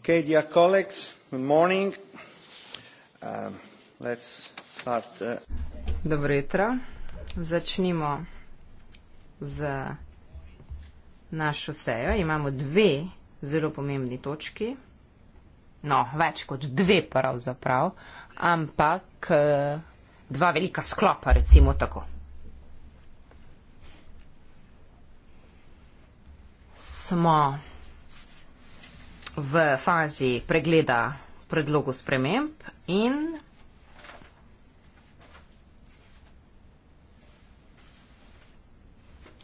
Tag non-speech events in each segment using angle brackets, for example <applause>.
Okay, dear colleagues, good morning. Um, let's start. Uh... Dobro jutro. Začnimo z našo sejo. Imamo dve zelo pomembni točki. No, več kot dve pravzaprav, ampak uh, dva velika sklopa, recimo tako. Smo v fazi pregleda predlogu sprememb in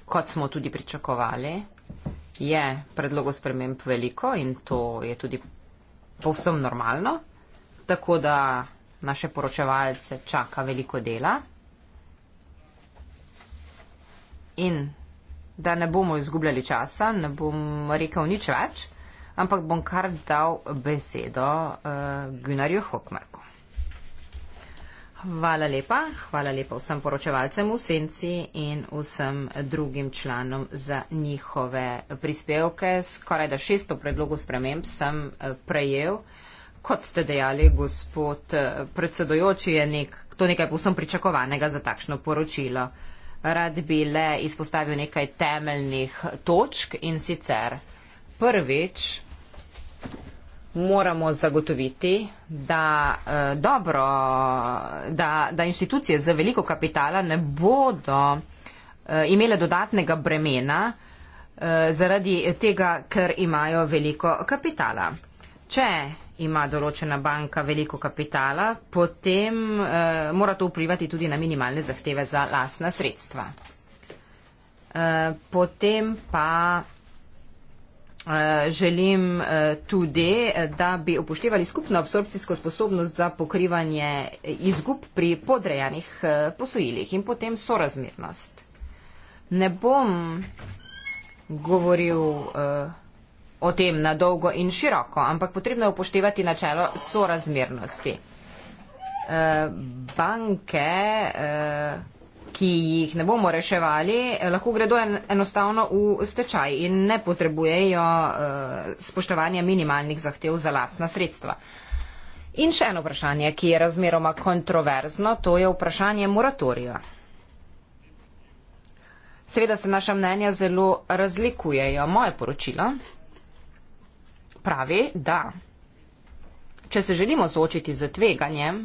kot smo tudi pričakovali, je predlogo sprememb veliko in to je tudi povsem normalno, tako da naše poročevalce čaka veliko dela. In da ne bomo izgubljali časa, ne bom rekel nič več ampak bom kar dal besedo uh, eh, Gunarju Hokmerku. Hvala lepa, hvala lepa vsem poročevalcem v Senci in vsem drugim članom za njihove prispevke. Skoraj da 600 predlogov sprememb sem eh, prejel. Kot ste dejali, gospod eh, predsedojoči, je nek, to nekaj povsem pričakovanega za takšno poročilo. Rad bi le izpostavil nekaj temeljnih točk in sicer prvič moramo zagotoviti, da, eh, dobro, da, da inštitucije z veliko kapitala ne bodo eh, imele dodatnega bremena eh, zaradi tega, ker imajo veliko kapitala. Če ima določena banka veliko kapitala, potem eh, mora to vplivati tudi na minimalne zahteve za lasna sredstva. Eh, potem pa. Eh, želim eh, tudi, eh, da bi upoštevali skupno absorpcijsko sposobnost za pokrivanje izgub pri podrejanih posojilih in potem sorazmernost. Ne bom govoril o tem na dolgo in široko, ampak potrebno je upoštevati načelo sorazmernosti. Banke ki jih ne bomo reševali, eh, lahko gredo en, enostavno v stečaj in ne potrebujejo uh, spoštovanja minimalnih zahtev za lastna sredstva. In še eno vprašanje, ki je razmeroma kontroverzno, to je vprašanje moratorija. Seveda se naša mnenja zelo razlikujejo. Moje poročilo pravi, da če se želimo soočiti z tveganjem,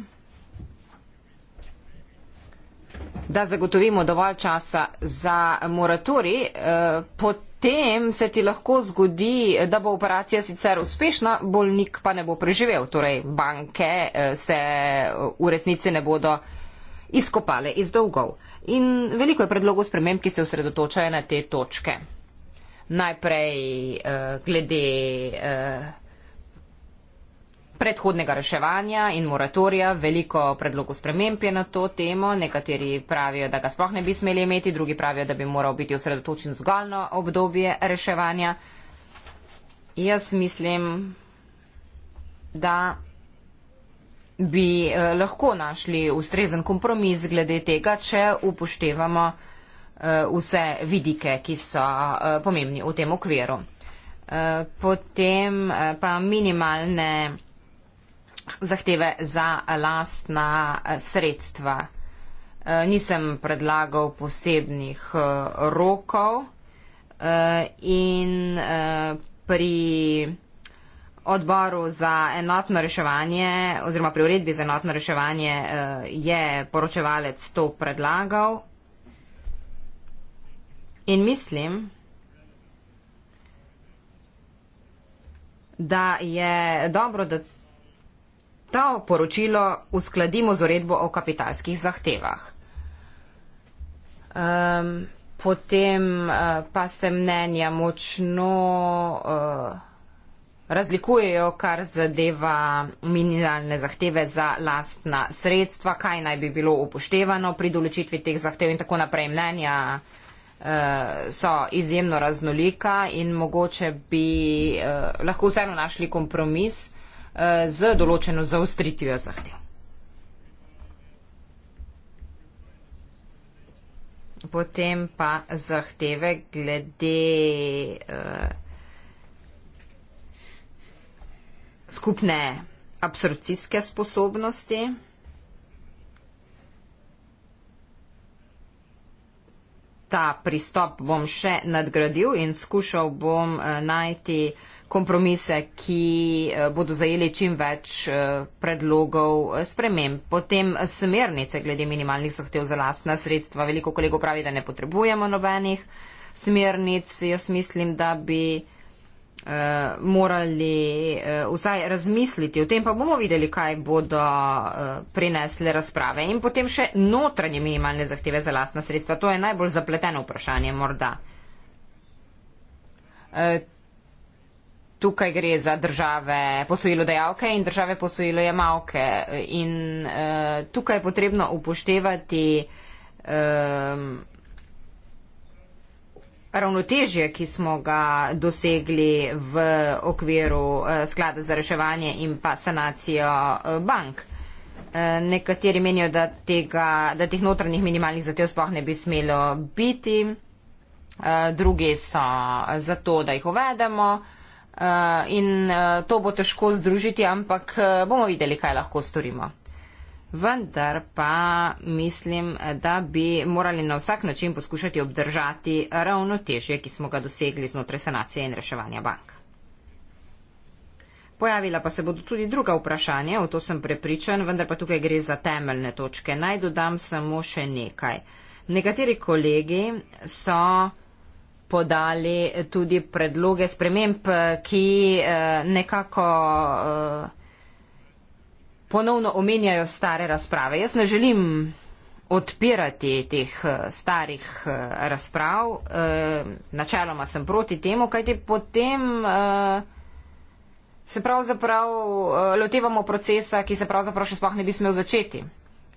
da zagotovimo dovolj časa za moratori, eh, potem se ti lahko zgodi, da bo operacija sicer uspešna, bolnik pa ne bo preživel. Torej, banke eh, se v resnici ne bodo izkopale iz dolgov. In veliko je predlogov sprememb, ki se osredotočajo na te točke. Najprej eh, glede predhodnega reševanja in moratorija. Veliko predlogov sprememb je na to temo. Nekateri pravijo, da ga sploh ne bi smeli imeti, drugi pravijo, da bi moral biti osredotočen zgolj na obdobje reševanja. Jaz mislim, da bi eh, lahko našli ustrezen kompromis glede tega, če upoštevamo eh, vse vidike, ki so eh, pomembni v tem okviru. Potem pa minimalne zahteve za lastna eh, sredstva. Eh, nisem predlagal posebnih eh, rokov in pri odboru za enotno reševanje oziroma pri uredbi za enotno reševanje je poročevalec to predlagal. In mislim, da je dobro, da to poročilo uskladimo z uredbo o kapitalskih zahtevah. Um, potem uh, pa se mnenja močno uh, razlikujejo, kar zadeva minimalne zahteve za lastna sredstva, kaj naj bi bilo upoštevano pri določitvi teh zahtev in tako naprej. Mnenja uh, so izjemno raznolika in mogoče bi uh, lahko vseeno našli kompromis. Eh, z določeno zaostritvijo zahtev. Potem pa zahteve glede uh, skupne absorpcijske sposobnosti. Ta pristop bom še nadgradil in skušal bom uh, najti uh, kompromise, ki eh, bodo zajeli čim več eh, predlogov eh, sprememb. Potem smernice glede minimalnih zahtev za lastna sredstva. Veliko kolegov pravi, da ne potrebujemo nobenih smernic. Jaz mislim, da bi morali vsaj razmisliti. O tem pa bomo videli, kaj bodo prinesle razprave. In potem še notranje minimalne zahteve za lastna sredstva. To je najbolj zapleteno vprašanje morda tukaj gre za države posojilodajalke in države posojilojemalke. In uh, tukaj je potrebno upoštevati um, ravnotežje, ki smo ga dosegli v okviru uh, sklada za reševanje in pa sanacijo uh, bank. Uh, nekateri menijo, da, tega, da teh notranjih minimalnih zatev sploh ne bi smelo biti. Uh, drugi so za to, da jih uvedemo. Uh, Eh, in eh, to bo težko združiti, ampak eh, bomo videli, kaj lahko storimo. Vendar pa mislim, da bi morali na vsak način poskušati obdržati ravnotežje, ki smo ga dosegli znotraj sanacije in reševanja bank. Pojavila pa se bodo tudi druga vprašanja, o to sem prepričan, vendar pa tukaj gre za temeljne točke. Naj dodam samo še nekaj. Nekateri kolegi so podali tudi predloge sprememb, ki eh, nekako eh, ponovno omenjajo stare razprave. Jaz ne želim odpirati teh eh, starih razprav. Načeloma sem proti temu, kajti potem se pravzaprav lotevamo procesa, ki se pravzaprav še sploh ne bi smel začeti.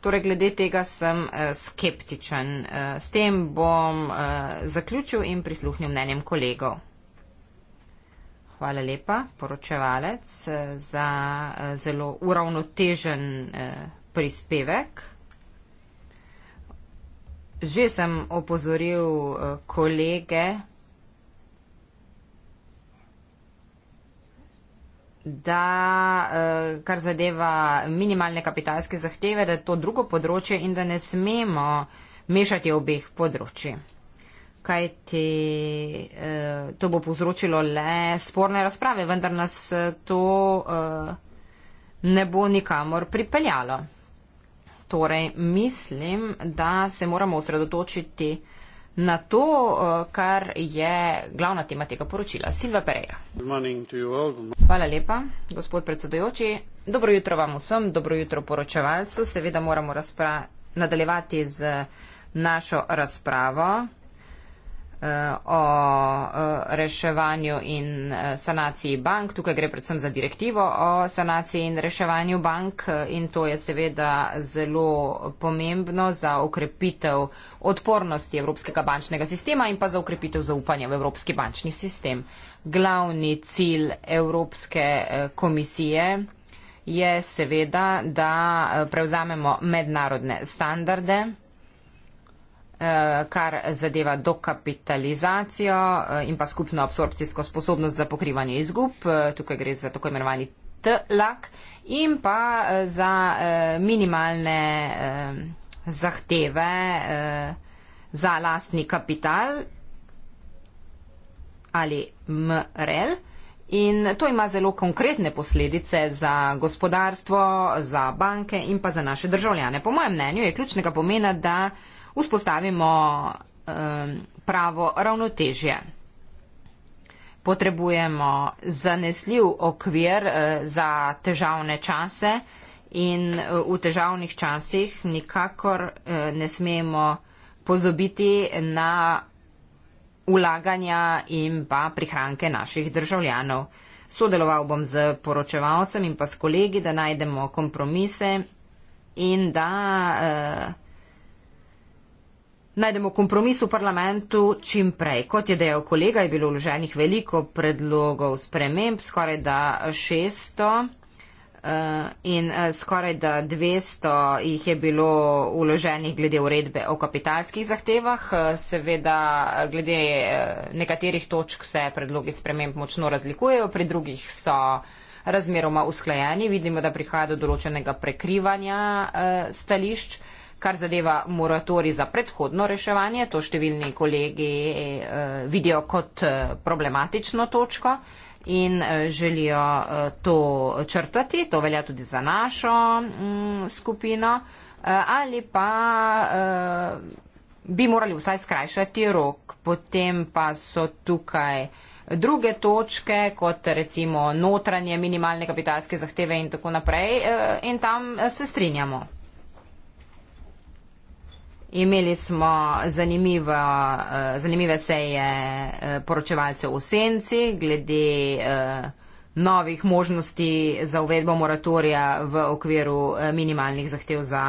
Torej, glede tega sem eh, skeptičen. Eh, s tem bom eh, zaključil in prisluhnil mnenjem kolegov. Hvala lepa, poročevalec, za zelo uravnotežen prispevek. Že sem opozoril kolege, da eh, kar zadeva minimalne kapitalske zahteve, da je to drugo področje in da ne smemo mešati obeh področji. Kaj ti eh, to bo povzročilo le sporne razprave, vendar nas eh, to ne bo nikamor pripeljalo. Torej, mislim, da se moramo osredotočiti na na to, eh, kar je glavna tema tega poročila. Silva Pereira. Hvala lepa, gospod predsedojoči. Dobro jutro vam vsem, dobro jutro poročevalcu. Seveda moramo nadaljevati z našo razpravo. Eh, o eh, reševanju in eh, sanaciji bank. Tukaj gre predvsem za direktivo o sanaciji in reševanju bank in to je seveda zelo pomembno za okrepitev odpornosti evropskega bančnega sistema in pa za okrepitev zaupanja v evropski bančni sistem. Glavni cilj Evropske komisije je seveda, da prevzamemo mednarodne standarde Eh, kar zadeva dokapitalizacijo eh, in pa skupno absorpcijsko sposobnost za pokrivanje izgub. Eh, tukaj gre za tako imenovani T-lak in pa za minimalne zahteve za lastni kapital ali MRL. In to ima zelo konkretne posledice za gospodarstvo, za banke in pa za naše državljane. Po mojem mnenju je ključnega pomena, da uh, vzpostavimo um, pravo ravnotežje. Potrebujemo zanesljiv okvir eh, za težavne čase in eh, v težavnih časih nikakor eh, ne smemo pozobiti na ulaganja in pa prihranke naših državljanov. Sodeloval bom z poročevalcem in pa s kolegi, da najdemo kompromise in da. Uh, najdemo kompromis v parlamentu čim prej. Kot je dejal kolega, je bilo vloženih veliko predlogov sprememb, skoraj da 600 eh, in eh, skoraj da 200 jih je bilo vloženih glede uredbe o kapitalskih zahtevah. Eh, seveda, glede nekaterih točk se predlogi sprememb močno razlikujejo, pri drugih so razmeroma usklajeni. Vidimo, da prihaja do določenega prekrivanja stališč kar zadeva moratori za predhodno reševanje. To številni kolegi eh, vidijo kot eh, problematično točko in eh, želijo to črtati. To velja tudi za našo mm, skupino. Ali pa bi morali vsaj skrajšati rok, potem pa so tukaj. Druge točke, kot recimo notranje minimalne kapitalske zahteve in tako naprej, in tam se strinjamo. Imeli smo zanimivo, eh, zanimive seje eh, poročevalcev v senci glede eh, novih možnosti za uvedbo moratorija v okviru minimalnih zahtev za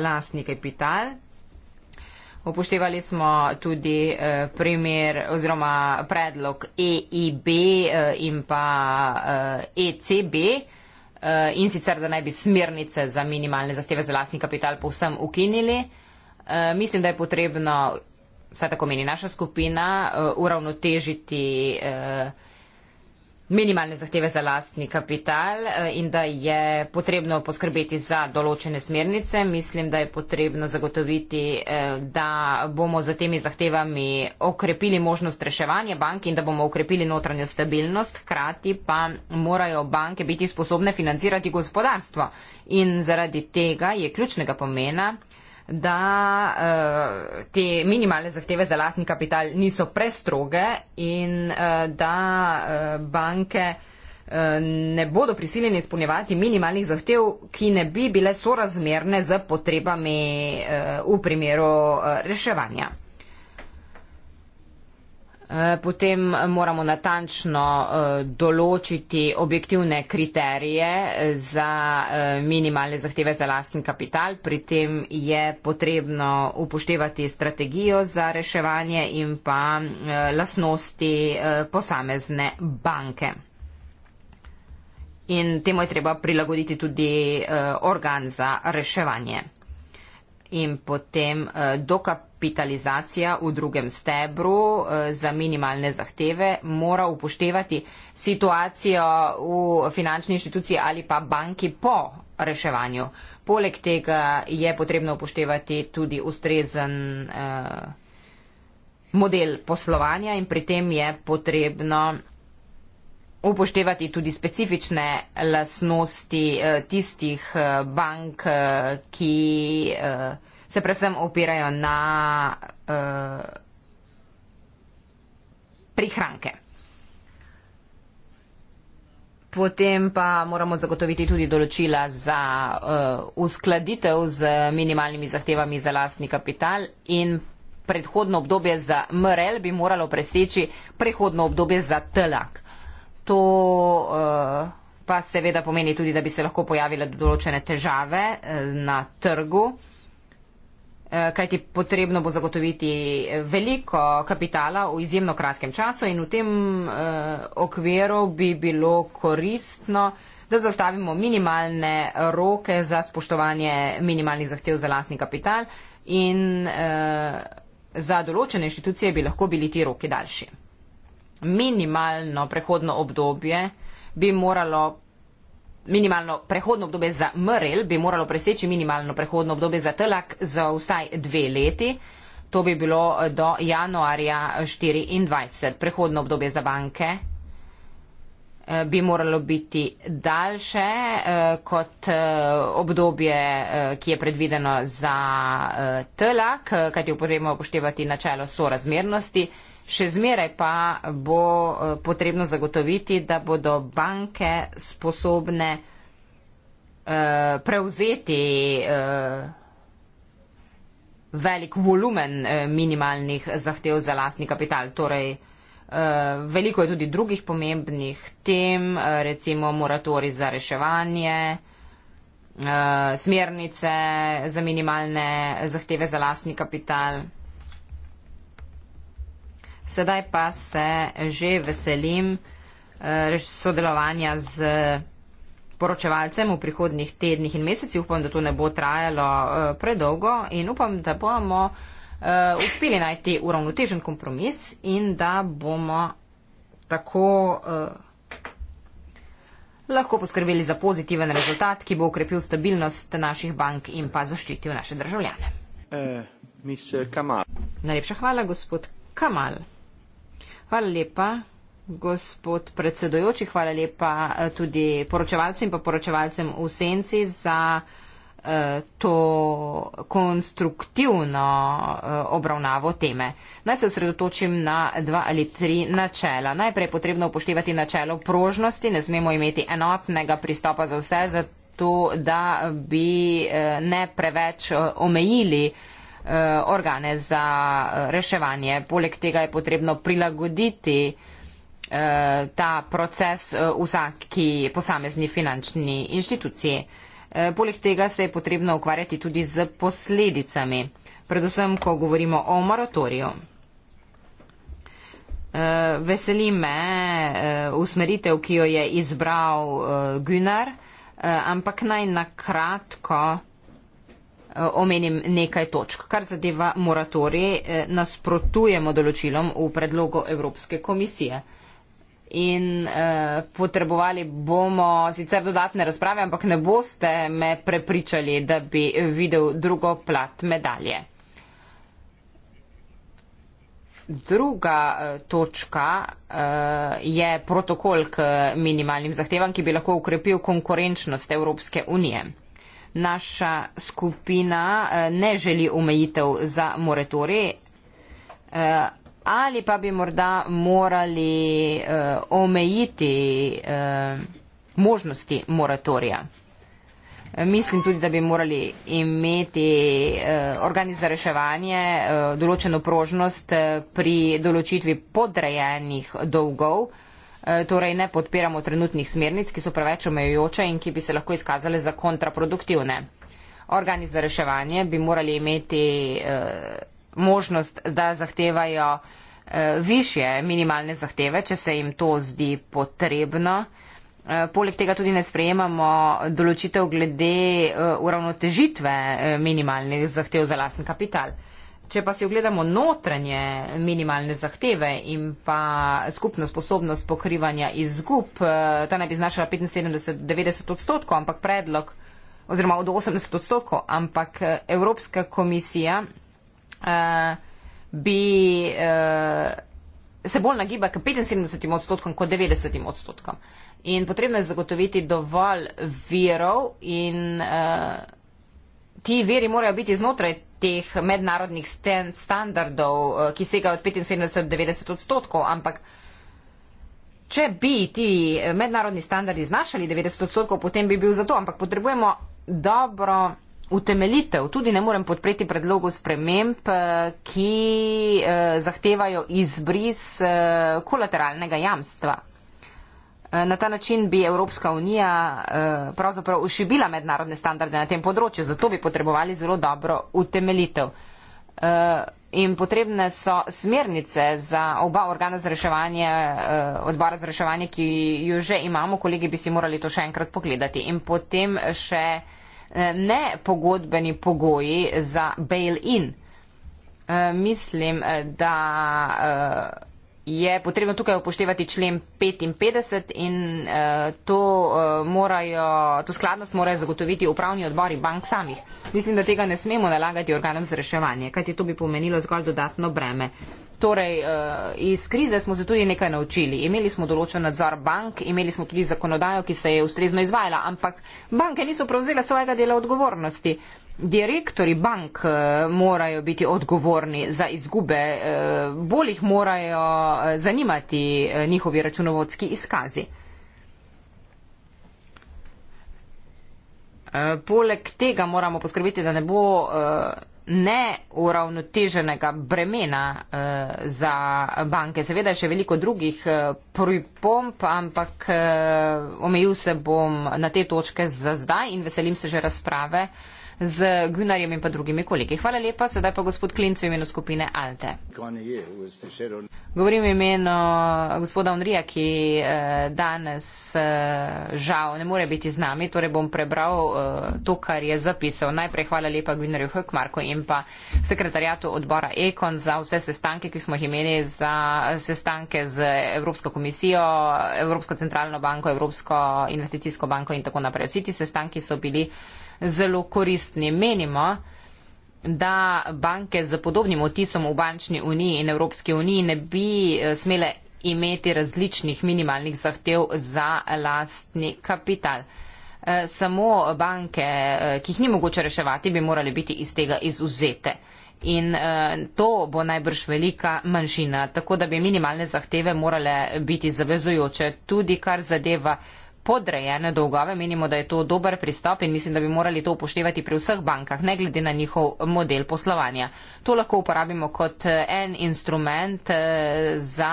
lastni kapital. Upoštevali smo tudi primer oziroma predlog EIB in pa ECB e in sicer, da naj bi smernice za minimalne zahteve za lastni kapital povsem ukinili. Eh, mislim, da je potrebno, vsaj tako meni naša skupina, eh, uravnotežiti eh, minimalne zahteve za lastni kapital in da je potrebno poskrbeti za določene smernice. Mislim, da je potrebno zagotoviti, da bomo z temi zahtevami okrepili možnost reševanja bank in da bomo okrepili notranjo stabilnost, hkrati pa morajo banke biti sposobne financirati gospodarstvo. In zaradi tega je ključnega pomena, da uh, te minimalne zahteve za lastni kapital niso prestroge in uh, da uh, banke uh, ne bodo prisiljeni izpolnjevati minimalnih zahtev, ki ne bi bile sorazmerne z potrebami uh, v primeru uh, reševanja. Eh, potem moramo natančno eh, določiti objektivne kriterije eh, za minimalne zahteve za lastni kapital. Pri tem je potrebno upoštevati strategijo za reševanje in pa lasnosti posamezne banke. In temu je treba prilagoditi tudi organ za reševanje. In potem dokapitalizacijo hospitalizacija v drugem stebru eh, za minimalne zahteve mora upoštevati situacijo v finančni inštituciji ali pa banki po reševanju. Poleg tega je potrebno upoštevati tudi ustrezen eh, model poslovanja in pri tem je potrebno upoštevati tudi specifične lasnosti eh, tistih bank, ki se predvsem opirajo na uh, prihranke. Potem pa moramo zagotoviti tudi določila za uh, uskladitev z minimalnimi zahtevami za lastni kapital in predhodno obdobje za MRL bi moralo preseči prehodno obdobje za TLAK. To uh, pa seveda pomeni tudi, da bi se lahko pojavile določene težave uh, na trgu. Eh, kajti potrebno bo zagotoviti veliko kapitala v izjemno kratkem času in v tem eh, okviru bi bilo koristno, da zastavimo minimalne roke za spoštovanje minimalnih zahtev za lastni kapital in eh, za določene inštitucije bi lahko bili ti roki daljši. Minimalno prehodno obdobje bi moralo minimalno prehodno obdobje za MRL bi moralo preseči minimalno prehodno obdobje za TLAK za vsaj dve leti. To bi bilo eh, do januarja 2024. Prehodno obdobje za banke eh, bi moralo biti daljše eh, kot obdobje, ki je predvideno za TLAK, kajti upoštevati načelo sorazmernosti. Še zmeraj pa bo eh, potrebno zagotoviti, da bodo banke sposobne uh, prevzeti uh, velik volumen minimalnih zahtev za lastni kapital. Torej, Veliko je tudi drugih pomembnih tem, recimo moratori za reševanje, smernice za minimalne zahteve za lastni kapital sedaj pa se že veselim eh, sodelovanja z poročevalcem v prihodnih tednih in mesecih. Upam, da to ne bo trajalo eh, predolgo in upam, da bomo eh, uspeli najti uravnotežen kompromis in da bomo tako lahko poskrbeli za pozitiven rezultat, ki bo ukrepil stabilnost naših bank in pa zaščitil naše državljane. Uh, Najlepša hvala, gospod Kamal. Hvala lepa, gospod predsedojoči, hvala lepa eh, tudi poročevalcem in pa poročevalcem v senci za eh, to konstruktivno eh, obravnavo teme. Naj se osredotočim na dva ali tri načela. Najprej je potrebno upoštevati načelo prožnosti, ne smemo imeti enotnega pristopa za vse, zato da bi ne preveč omejili Eh, organe za eh, reševanje. Poleg tega je potrebno prilagoditi eh, ta proces vsaki posamezni finančni inštituciji. Poleg tega se je potrebno ukvarjati tudi z posledicami, predvsem, ko govorimo o moratoriju. Veseli me usmeritev, ki jo je izbral Gunnar, ampak naj nakratko omenim nekaj točk. Kar zadeva moratorije, eh, nasprotujemo določilom v predlogu Evropske komisije. In eh, potrebovali bomo sicer dodatne razprave, ampak ne boste me prepričali, da bi videl drugo plat medalje. Druga eh, točka eh, je protokol k minimalnim zahtevam, ki bi lahko ukrepil konkurenčnost Evropske unije naša skupina eh, ne želi omejitev za moratorij. Eh, ali pa bi morda morali eh, omejiti možnosti moratorija? Mislim tudi, da bi morali imeti eh, organi za reševanje eh, določeno prožnost eh, pri določitvi podrejenih dolgov. Eh, torej ne podpiramo trenutnih smernic, ki so preveč omejujoče in ki bi se lahko izkazale za kontraproduktivne. Organi za reševanje bi morali imeti eh, možnost, da zahtevajo eh, višje minimalne zahteve, če se jim to zdi potrebno. Poleg tega tudi ne sprejemamo določitev glede uravnotežitve minimalnih zahtev za lasen kapital. Če pa si ogledamo notranje minimalne zahteve in pa skupno sposobnost pokrivanja izgub, eh, ta naj bi znašala 75-90 odstotkov, ampak predlog oziroma od 80 odstotkov, ampak eh, Evropska komisija uh, bi uh, se bolj nagiba k 75 odstotkom kot 90 odstotkom. In potrebno je zagotoviti dovolj virov in uh, ti veri morajo biti znotraj teh mednarodnih standardov, eh, ki segajo od 75 do 90 odstotkov, ampak če bi ti mednarodni standardi znašali 90 odstotkov, potem bi bil za to, ampak potrebujemo dobro utemeljitev. Tudi ne morem podpreti predlogov sprememb, eh, ki eh, zahtevajo izbris kolateralnega jamstva. Eh, na ta način bi Evropska unija eh, pravzaprav ušibila mednarodne standarde na tem področju, zato bi potrebovali zelo dobro utemeljitev. Eh, in potrebne so smernice za oba organa za reševanje, odbora za reševanje, ki jo že imamo, kolegi bi si morali to še enkrat pogledati. In potem še ne pogodbeni pogoji za bail-in. Mislim, da je potrebno tukaj upoštevati člen 55 in uh, to, uh, morajo, to skladnost morajo zagotoviti upravni odbori bank samih. Mislim, da tega ne smemo nalagati organom za reševanje, kajti to bi pomenilo zgolj dodatno breme. Torej, uh, iz krize smo se tudi nekaj naučili. Imeli smo določen nadzor bank, imeli smo tudi zakonodajo, ki se je ustrezno izvajala, ampak banke niso prevzele svojega dela odgovornosti. Uh, direktori bank eh, morajo biti odgovorni za izgube, eh, bolj jih morajo eh, zanimati njihovi računovodski izkazi. Poleg tega moramo poskrbeti, da ne bo neuravnoteženega bremena za banke. Seveda je še veliko drugih pripomp, ampak omejil se bom na te točke za zdaj in veselim se že razprave z Gunarjem in pa drugimi kolegi. Hvala lepa, sedaj pa gospod Klinc v imenu skupine Alte. Govorim v imenu gospoda Onrija, ki eh, danes eh, žal ne more biti z nami, torej bom prebral eh, to, kar je zapisal. Najprej hvala lepa Gunarju Hkmarku in pa sekretarjatu odbora Ekon za vse sestanke, ki smo jih imeli za sestanke z Evropsko komisijo, Evropsko centralno banko, Evropsko investicijsko banko in tako naprej. Vsi ti sestanki so bili zelo koristni. Menimo, da banke z podobnim otisom v bančni uniji in Evropski uniji ne bi eh, smele imeti različnih minimalnih zahtev za lastni kapital. Eh, samo banke, eh, ki jih ni mogoče reševati, bi morali biti iz tega izuzete. In to bo najbrž velika manjšina, tako da bi minimalne zahteve morale biti zavezujoče, tudi kar zadeva podrejene dolgove. Menimo, da je to dober pristop in mislim, da bi morali to upoštevati pri vseh bankah, ne glede na njihov model poslovanja. To lahko uporabimo kot eh, en instrument eh, za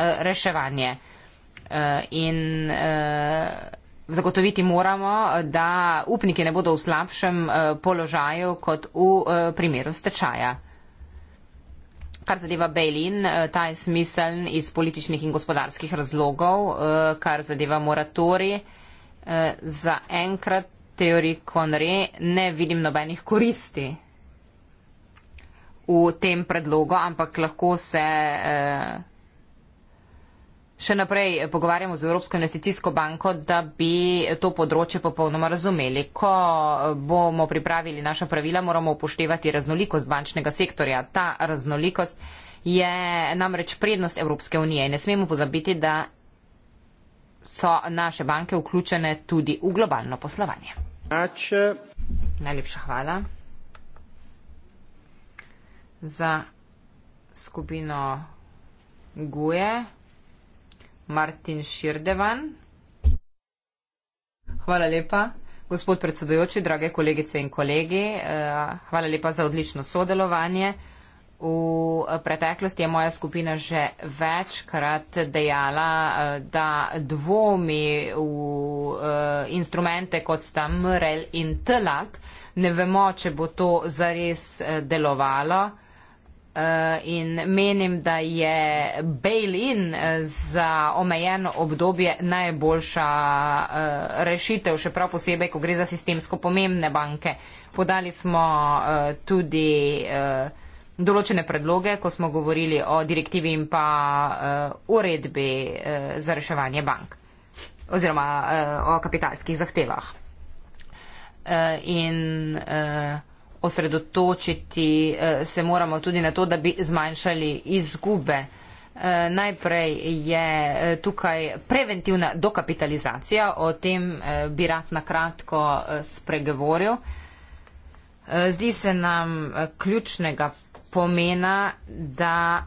eh, reševanje. In zagotoviti moramo, da upniki ne bodo v slabšem položaju kot v primeru stečaja. Kar zadeva Bejlin, eh, ta je smiseln iz političnih in gospodarskih razlogov, eh, kar zadeva moratori. Eh, za enkrat teoriji Konre ne vidim nobenih koristi v tem predlogu, ampak lahko se še naprej pogovarjamo z Evropsko investicijsko banko, da bi to področje popolnoma razumeli. Ko bomo pripravili naša pravila, moramo upoštevati raznolikost bančnega sektorja. Ta raznolikost je namreč prednost Evropske unije in ne smemo pozabiti, da so naše banke vključene tudi v globalno poslovanje. Ače. Najlepša hvala za skupino Guje. Martin Širdevan. Hvala lepa. Gospod predsedujoči, drage kolegice in kolegi, eh, hvala lepa za odlično sodelovanje. V preteklosti je moja skupina že večkrat dejala, eh, da dvomi v eh, instrumente, kot sta MRL in TLAK, ne vemo, če bo to zares delovalo. Eh, in menim, da je bail-in eh, za omejeno obdobje najboljša eh, rešitev, še prav posebej, ko gre za sistemsko pomembne banke. Podali smo tudi določene predloge, ko smo govorili o direktivi in pa uredbi za reševanje bank oziroma o kapitalskih zahtevah. In uh, osredotočiti eh, se moramo tudi na to, da bi zmanjšali izgube. Eh, najprej je eh, tukaj preventivna dokapitalizacija, o tem bi rad na kratko spregovoril. Zdi se nam ključnega pomena, da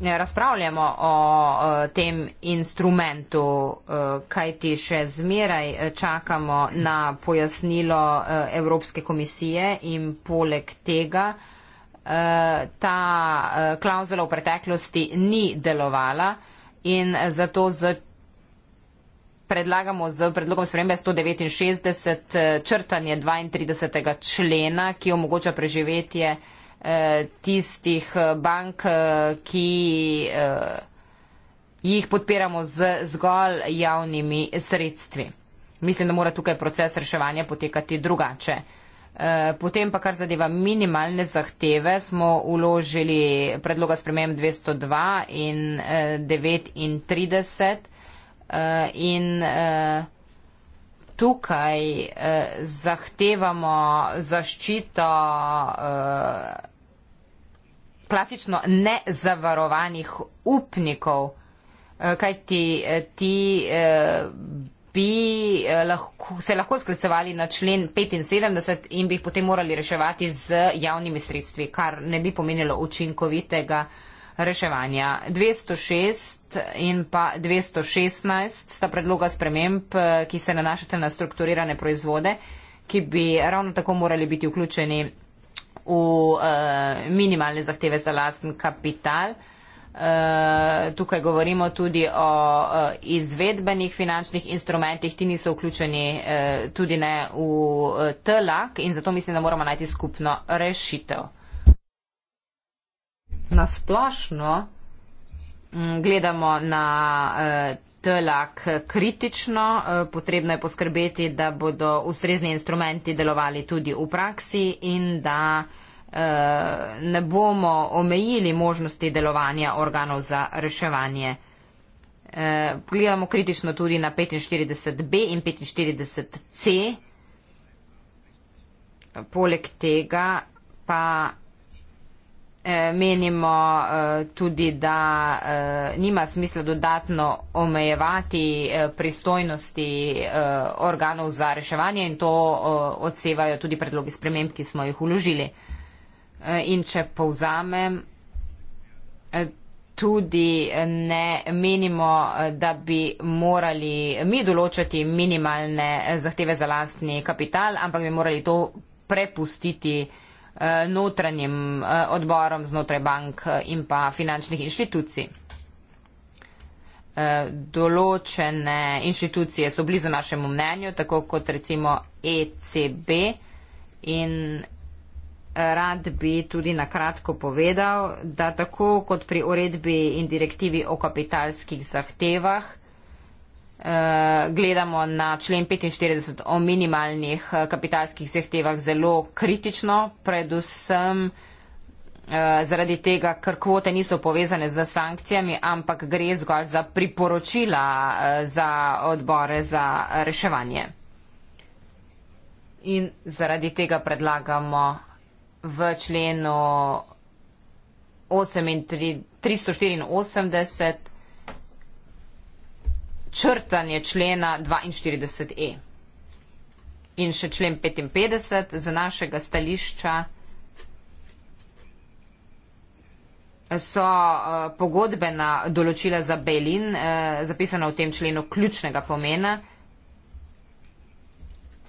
razpravljamo o tem instrumentu, e, kajti še zmeraj čakamo na pojasnilo e, Evropske komisije in poleg tega e, ta klauzula v preteklosti ni delovala in zato z predlagamo z predlogom spremembe 169 črtanje 32. člena, ki omogoča preživetje Eh, tistih eh, bank, eh, ki jih podpiramo z zgolj javnimi sredstvi. Mislim, da mora tukaj proces reševanja potekati drugače. Potem pa, kar zadeva minimalne zahteve, smo uložili predloga spremem 202 in 39 in tukaj eh, zahtevamo zaščito eh, klasično nezavarovanih upnikov, eh, kaj ti, eh, ti eh, bi eh, lahko, se lahko sklicevali na člen 75 in bi jih potem morali reševati z javnimi sredstvi, kar ne bi pomenilo učinkovitega eh, reševanja. 206 in pa 216 sta predloga sprememb, eh, ki se nanašate na strukturirane proizvode, ki bi ravno tako morali biti vključeni v uh, minimalne zahteve za lasten kapital. Uh, tukaj govorimo tudi o uh, izvedbenih finančnih instrumentih, ti niso vključeni uh, tudi ne v uh, TLAK in zato mislim, da moramo najti skupno rešitev na splošno mm, gledamo na eh, TLAK kritično, eh, potrebno je poskrbeti, da bodo ustrezni instrumenti delovali tudi v praksi in da eh, ne bomo omejili možnosti delovanja organov za reševanje. Pogledamo kritično tudi na 45b in 45c. Poleg tega pa Eh, menimo eh, tudi, da eh, nima smisla dodatno omejevati pristojnosti organov za reševanje in to odsevajo tudi predlogi sprememb, ki smo jih uložili. In če povzamem, tudi ne menimo, da bi morali mi določati minimalne zahteve za lastni kapital, ampak bi morali to prepustiti. Eh, notranjim eh, odborom znotraj bank eh, in pa finančnih inštitucij. Določene inštitucije so blizu našemu mnenju, tako kot recimo ECB in rad bi tudi nakratko povedal, da tako kot pri uredbi in direktivi o kapitalskih zahtevah, Eh, gledamo na člen 45 o minimalnih eh, kapitalskih zahtevah zelo kritično, predvsem eh, zaradi tega, ker kvote niso povezane z sankcijami, ampak gre zgolj za priporočila za odbore za reševanje. In zaradi tega predlagamo v členu 8, 384 črtanje člena 42e. In še člen 55 za našega stališča so eh, pogodbena določila za Belin eh, zapisana v tem členu ključnega pomena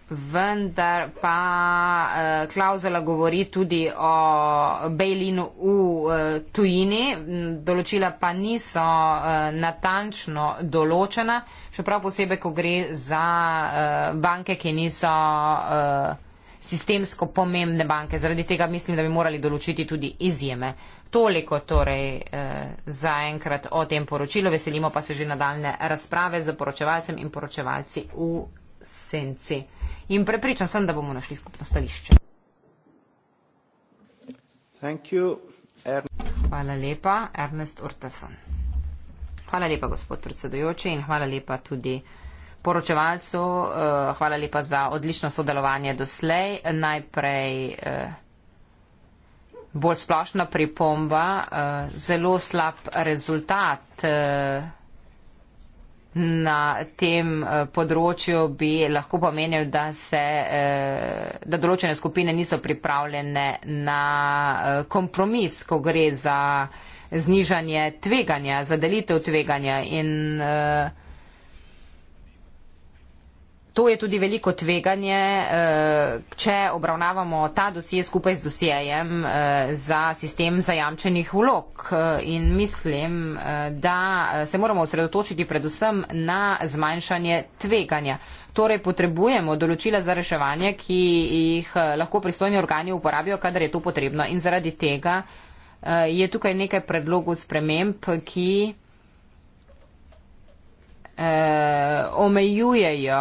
vendar pa eh, klauzula govori tudi o bail-inu v eh, tujini, določila pa niso eh, natančno določena, še prav posebej, ko gre za eh, banke, ki niso eh, sistemsko pomembne banke. Zaradi tega mislim, da bi morali določiti tudi izjeme. Toliko torej eh, zaenkrat o tem poročilu. Veselimo pa se že nadaljne razprave z poročevalcem in poročevalci v senci. In prepričan sem, da bomo našli skupno stališče. Er hvala lepa, Ernest Urtason. Hvala lepa, gospod predsedujoči, in hvala lepa tudi poročevalcu. Eh, hvala lepa za odlično sodelovanje doslej. Najprej eh, bolj splošna pripomba, eh, zelo slab rezultat na tem eh, področju, bi lahko pomenil, da, se, eh, da določene skupine niso pripravljene na eh, kompromis, ko gre za znižanje tveganja, za delitev tveganja. In, to je tudi veliko tveganje, eh, če obravnavamo ta dosije skupaj z dosijejem eh, za sistem zajamčenih vlog. Eh, in mislim, da se moramo osredotočiti predvsem na zmanjšanje tveganja. Torej potrebujemo določila za reševanje, ki jih lahko pristojni organi uporabijo, kadar je to potrebno. In zaradi tega je tukaj nekaj predlogov sprememb, ki eh, omejujejo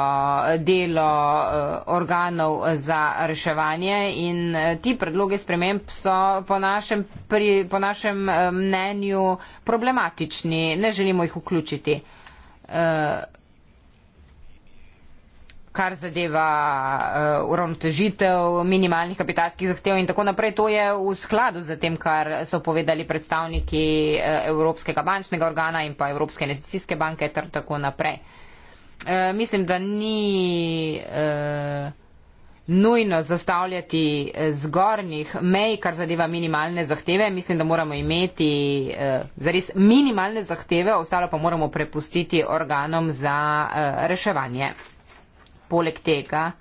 delo eh, organov za reševanje in eh, ti predloge sprememb so po našem, pri, po našem eh, mnenju problematični. Ne želimo jih vključiti. Eh, kar zadeva uh, uravnotežitev minimalnih kapitalskih zahtev in tako naprej. To je v skladu z tem, kar so povedali predstavniki uh, Evropskega bančnega organa in pa Evropske investicijske banke ter tako naprej. Uh, mislim, da ni uh, nujno zastavljati zgornjih mej, kar zadeva minimalne zahteve. Mislim, da moramo imeti uh, zares minimalne zahteve, ostalo pa moramo prepustiti organom za uh, reševanje poleg tega.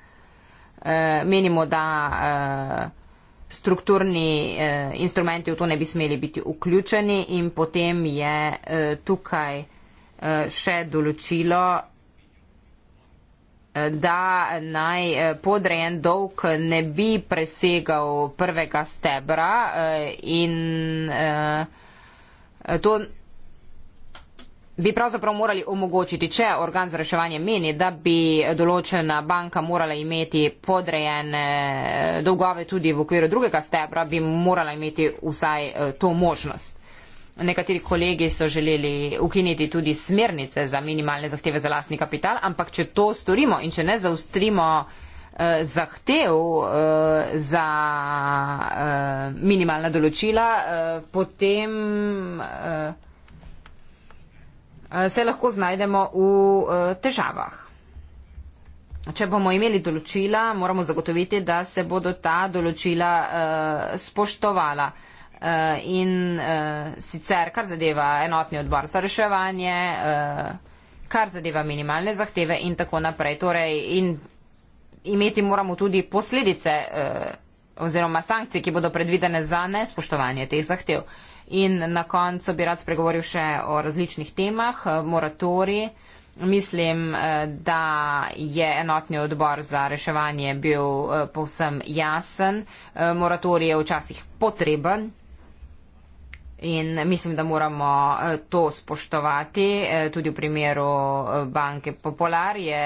Eh, menimo, da eh, strukturni eh, instrumenti v to ne bi smeli biti vključeni in potem je tukaj še določilo, da naj podrejen dolg ne bi presegal prvega stebra in to bi pravzaprav morali omogočiti, če organ za reševanje meni, da bi določena banka morala imeti podrejene eh, dolgove tudi v okviru drugega stebra, bi morala imeti vsaj eh, to možnost. Nekateri kolegi so želeli ukiniti tudi smernice za minimalne zahteve za lastni kapital, ampak če to storimo in če ne zaustrimo eh, zahtev eh, za eh, minimalna določila, eh, potem. Eh, Eh, se lahko znajdemo v eh, težavah. Če bomo imeli določila, moramo zagotoviti, da se bodo ta določila eh, spoštovala. In sicer, kar zadeva enotni odbor za reševanje, kar zadeva minimalne zahteve in tako naprej. Torej, in imeti moramo tudi posledice oziroma sankcije, ki bodo predvidene za nespoštovanje teh zahtev. In na koncu bi rad spregovoril še o različnih temah, moratori. Mislim, eh, da je enotni odbor za reševanje bil eh, povsem jasen. Eh, moratorij je včasih potreben in mislim, da moramo to spoštovati. Tudi v primeru banke Popular je,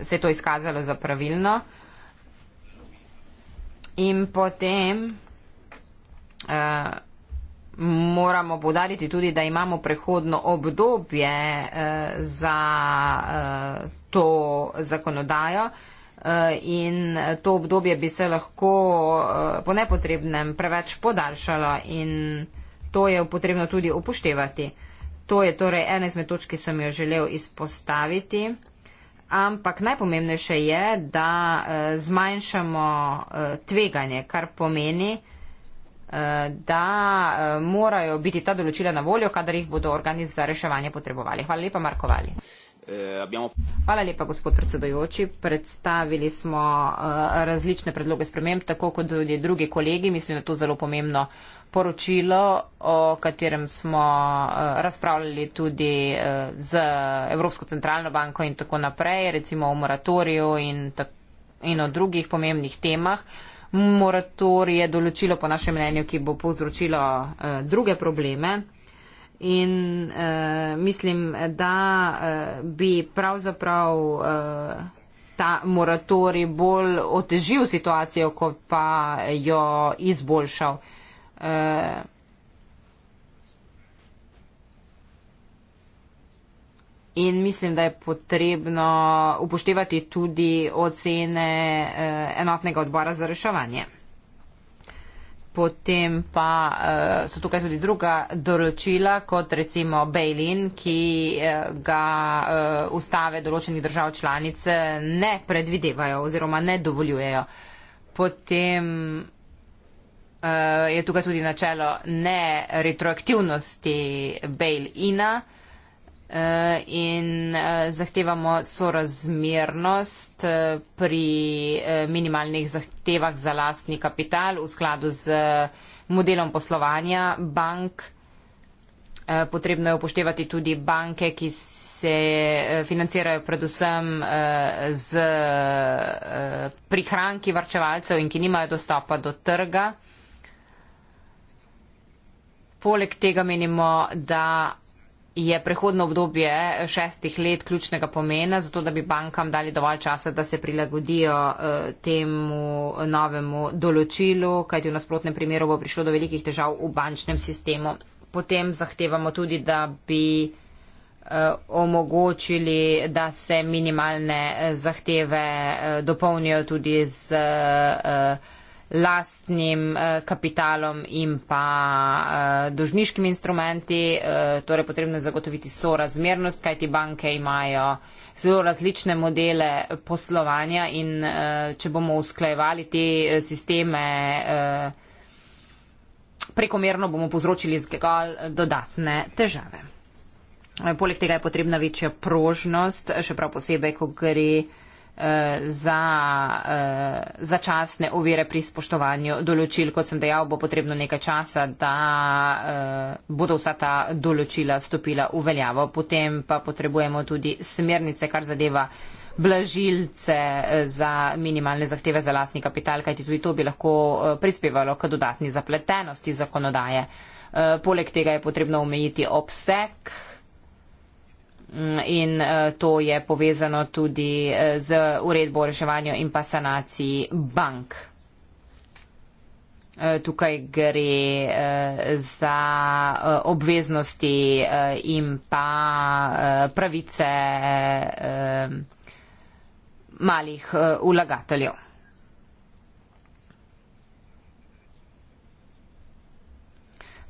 se je to izkazalo za pravilno. In potem. Uh, Moramo podariti tudi, da imamo prehodno obdobje eh, za eh, to zakonodajo eh, in to obdobje bi se lahko eh, po nepotrebnem preveč podaljšalo in to je potrebno tudi upoštevati. To je torej ena izmed točk, ki sem jo želel izpostaviti. Ampak najpomembnejše je, da eh, zmanjšamo eh, tveganje, kar pomeni, da eh, morajo biti ta določila na voljo, kadar jih bodo organi za reševanje potrebovali. Hvala lepa, Marko Vali. Eh, Hvala lepa, gospod predsedojoči. Predstavili smo eh, različne predloge sprememb, tako kot tudi drugi kolegi. Mislim, da je to zelo pomembno poročilo, o katerem smo razpravljali tudi z Evropsko centralno banko in tako naprej, recimo o moratoriju in, in o drugih pomembnih temah moratorije določilo, po našem mnenju, ki bo povzročilo uh, druge probleme. In uh, mislim, da uh, bi pravzaprav uh, ta moratorij bolj otežil situacijo, kot pa jo izboljšal. Uh, In mislim, da je potrebno upoštevati tudi ocene eh, enotnega odbora za reševanje. Potem pa eh, so tukaj tudi druga določila, kot recimo Bejlin, ki eh, ga ustave določenih držav članice ne predvidevajo oziroma ne dovoljujejo. Potem je tukaj tudi načelo ne retroaktivnosti Bejlina. Eh, in eh, zahtevamo sorazmernost eh, pri minimalnih zahtevah za lastni kapital v skladu z modelom poslovanja bank. Potrebno je upoštevati tudi banke, ki se financirajo predvsem z prihranki varčevalcev in ki nimajo dostopa do trga. Poleg tega menimo, da je prehodno obdobje šestih let ključnega pomena, zato da bi bankam dali dovolj časa, da se prilagodijo eh, temu novemu določilu, kajti v nasprotnem primeru bo prišlo do velikih težav v bančnem sistemu. Potem zahtevamo tudi, da bi eh, omogočili, da se minimalne eh, zahteve dopolnijo tudi z lastnim eh, kapitalom in pa eh, dožniškim instrumenti. Eh, torej potrebno je zagotoviti sorazmernost, kajti banke imajo zelo različne modele poslovanja in če bomo usklajevali te sisteme prekomerno, bomo povzročili zgolj dodatne težave. Poleg tega je potrebna večja prožnost, še prav posebej, ko gre. Eh, za uh, eh, začasne ovire pri spoštovanju določil. Kot sem dejal, bo potrebno nekaj časa, da uh, bodo vsa ta določila stopila v veljavo. Potem pa potrebujemo tudi smernice, kar zadeva blažilce za minimalne zahteve za lastni kapital, kajti tudi to bi lahko prispevalo k dodatni zapletenosti zakonodaje. Uh, poleg tega je potrebno omejiti obseg uh, Mm, in eh, to je povezano tudi eh, z uredbo o reševanju in pa sanaciji bank. Eh, tukaj gre za obveznosti in pa pravice malih vlagateljev.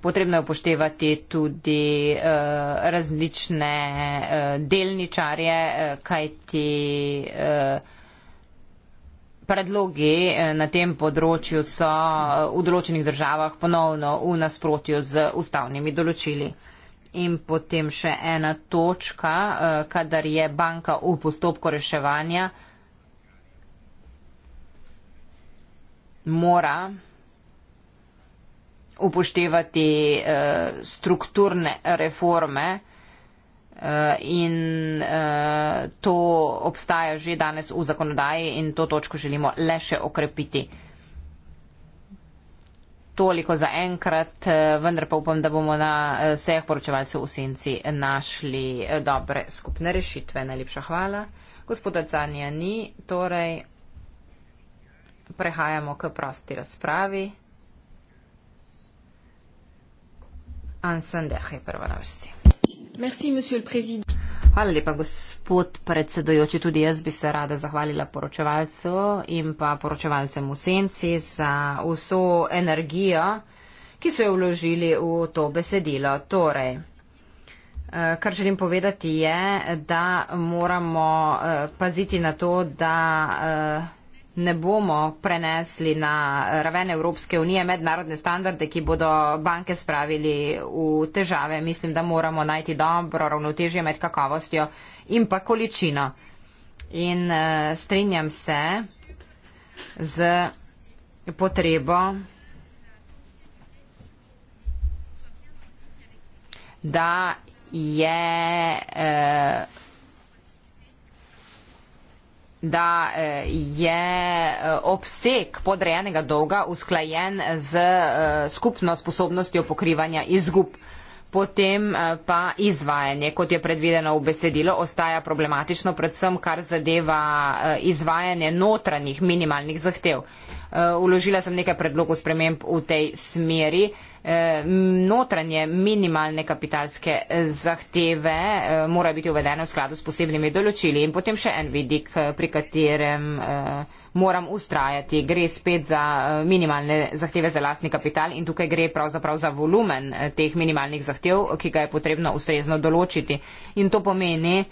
Potrebno je upoštevati tudi uh, različne uh, delničarje, uh, kajti uh, predlogi uh, na tem področju so uh, v določenih državah ponovno v nasprotju z ustavnimi določili. In potem še ena točka, uh, kadar je banka v postopku reševanja, mora upoštevati uh, strukturne reforme uh, in uh, to obstaja že danes v zakonodaji in to točko želimo le še okrepiti. Toliko za enkrat, vendar pa upam, da bomo na sejah poročevalcev v senci našli dobre skupne rešitve. Najlepša hvala. Gospoda Zanja ni, torej prehajamo k prosti razpravi. Ansander je prva na vrsti. Merci, Hvala lepa, gospod predsedojoči. Tudi jaz bi se rada zahvalila poročevalcu in pa poročevalcem v senci za vso energijo, ki so jo vložili v to besedilo. Torej, eh, Kar želim povedati je, da moramo eh, paziti na to, da eh, ne bomo prenesli na raven Evropske unije mednarodne standarde, ki bodo banke spravili v težave. Mislim, da moramo najti dobro ravnotežje med kakovostjo in pa količino. In uh, strinjam se z potrebo, da je uh, da eh, je eh, obseg podrejenega dolga usklajen z eh, skupno sposobnostjo pokrivanja izgub. Potem pa izvajanje, kot je predvideno v besedilo, ostaja problematično, predvsem kar zadeva izvajanje notranjih minimalnih zahtev. Uložila sem nekaj predlogov sprememb v tej smeri. Eh, notranje minimalne kapitalske zahteve eh, mora biti uvedene v skladu s posebnimi določili in potem še en vidik, eh, pri katerem moram ustrajati. Gre spet za minimalne zahteve za lastni kapital in tukaj gre pravzaprav za volumen teh minimalnih zahtev, ki ga je potrebno ustrezno določiti. In to pomeni,